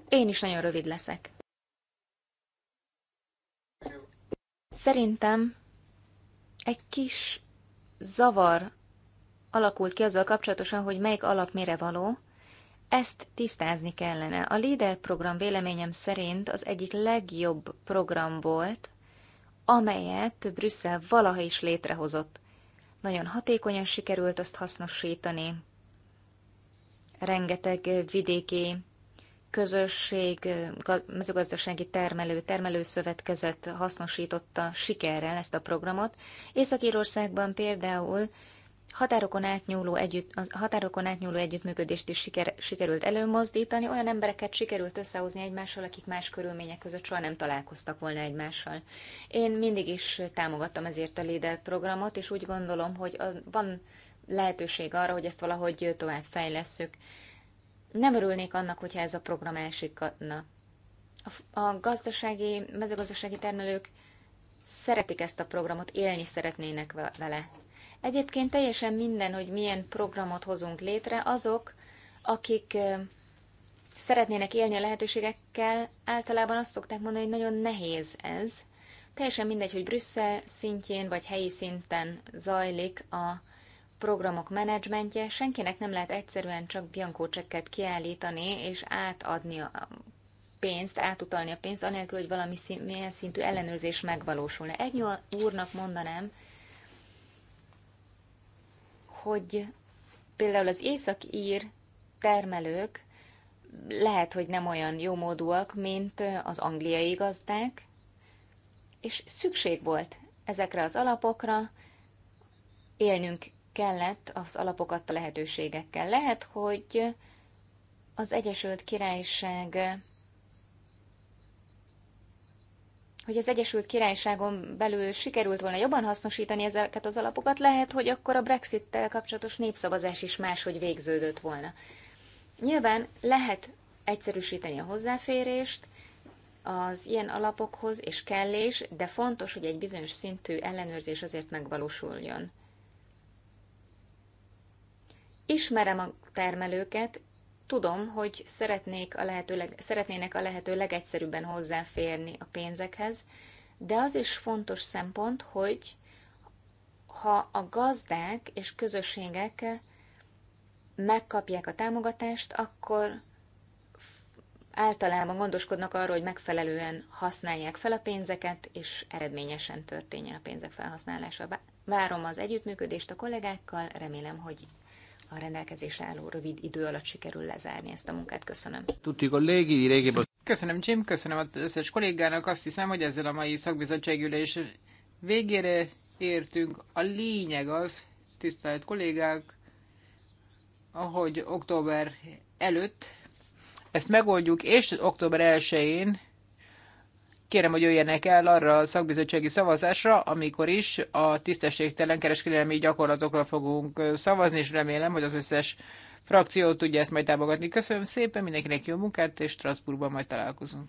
Én is nagyon rövid leszek. Szerintem egy kis zavar alakult ki azzal kapcsolatosan, hogy melyik alap mire való, ezt tisztázni kellene. A LEADER program véleményem szerint az egyik legjobb program volt, amelyet Brüsszel valaha is létrehozott. Nagyon hatékonyan sikerült azt hasznosítani. Rengeteg vidéki közösség, mezőgazdasági termelő, termelőszövetkezet hasznosította sikerrel ezt a programot. Észak-Írországban például határokon átnyúló, együtt, határokon átnyúló együttműködést is siker, sikerült előmozdítani, olyan embereket sikerült összehozni egymással, akik más körülmények között soha nem találkoztak volna egymással. Én mindig is támogattam ezért a LIDE programot, és úgy gondolom, hogy az, van lehetőség arra, hogy ezt valahogy tovább fejlesszük. Nem örülnék annak, hogyha ez a program elsikadna. A, a gazdasági, mezőgazdasági termelők szeretik ezt a programot, élni szeretnének vele. Egyébként teljesen minden, hogy milyen programot hozunk létre, azok, akik szeretnének élni a lehetőségekkel, általában azt szokták mondani, hogy nagyon nehéz ez. Teljesen mindegy, hogy Brüsszel szintjén vagy helyi szinten zajlik a programok menedzsmentje, senkinek nem lehet egyszerűen csak biankó csekket kiállítani és átadni a pénzt, átutalni a pénzt, anélkül, hogy valami szín, milyen szintű ellenőrzés megvalósulna. Egy úrnak mondanám, hogy például az ír termelők lehet, hogy nem olyan jó módúak, mint az angliai gazdák, és szükség volt ezekre az alapokra, élnünk kellett az alapokat a lehetőségekkel. Lehet, hogy az Egyesült Királyság hogy az Egyesült Királyságon belül sikerült volna jobban hasznosítani ezeket az alapokat, lehet, hogy akkor a Brexit-tel kapcsolatos népszavazás is máshogy végződött volna. Nyilván lehet egyszerűsíteni a hozzáférést az ilyen alapokhoz, és kellés, de fontos, hogy egy bizonyos szintű ellenőrzés azért megvalósuljon. Ismerem a termelőket, tudom, hogy szeretnék a lehető szeretnének a lehető legegyszerűbben hozzáférni a pénzekhez, de az is fontos szempont, hogy ha a gazdák és közösségek megkapják a támogatást, akkor általában gondoskodnak arról, hogy megfelelően használják fel a pénzeket, és eredményesen történjen a pénzek felhasználása. Várom az együttműködést a kollégákkal, remélem, hogy a rendelkezésre álló rövid idő alatt sikerül lezárni ezt a munkát. Köszönöm. Tutti kollégi, direi Köszönöm, Jim, köszönöm az összes kollégának. Azt hiszem, hogy ezzel a mai szakbizottságülés végére értünk. A lényeg az, tisztelt kollégák, ahogy október előtt ezt megoldjuk, és október 1-én kérem, hogy jöjjenek el arra a szakbizottsági szavazásra, amikor is a tisztességtelen kereskedelmi gyakorlatokra fogunk szavazni, és remélem, hogy az összes frakció tudja ezt majd támogatni. Köszönöm szépen, mindenkinek jó munkát, és Strasbourgban majd találkozunk.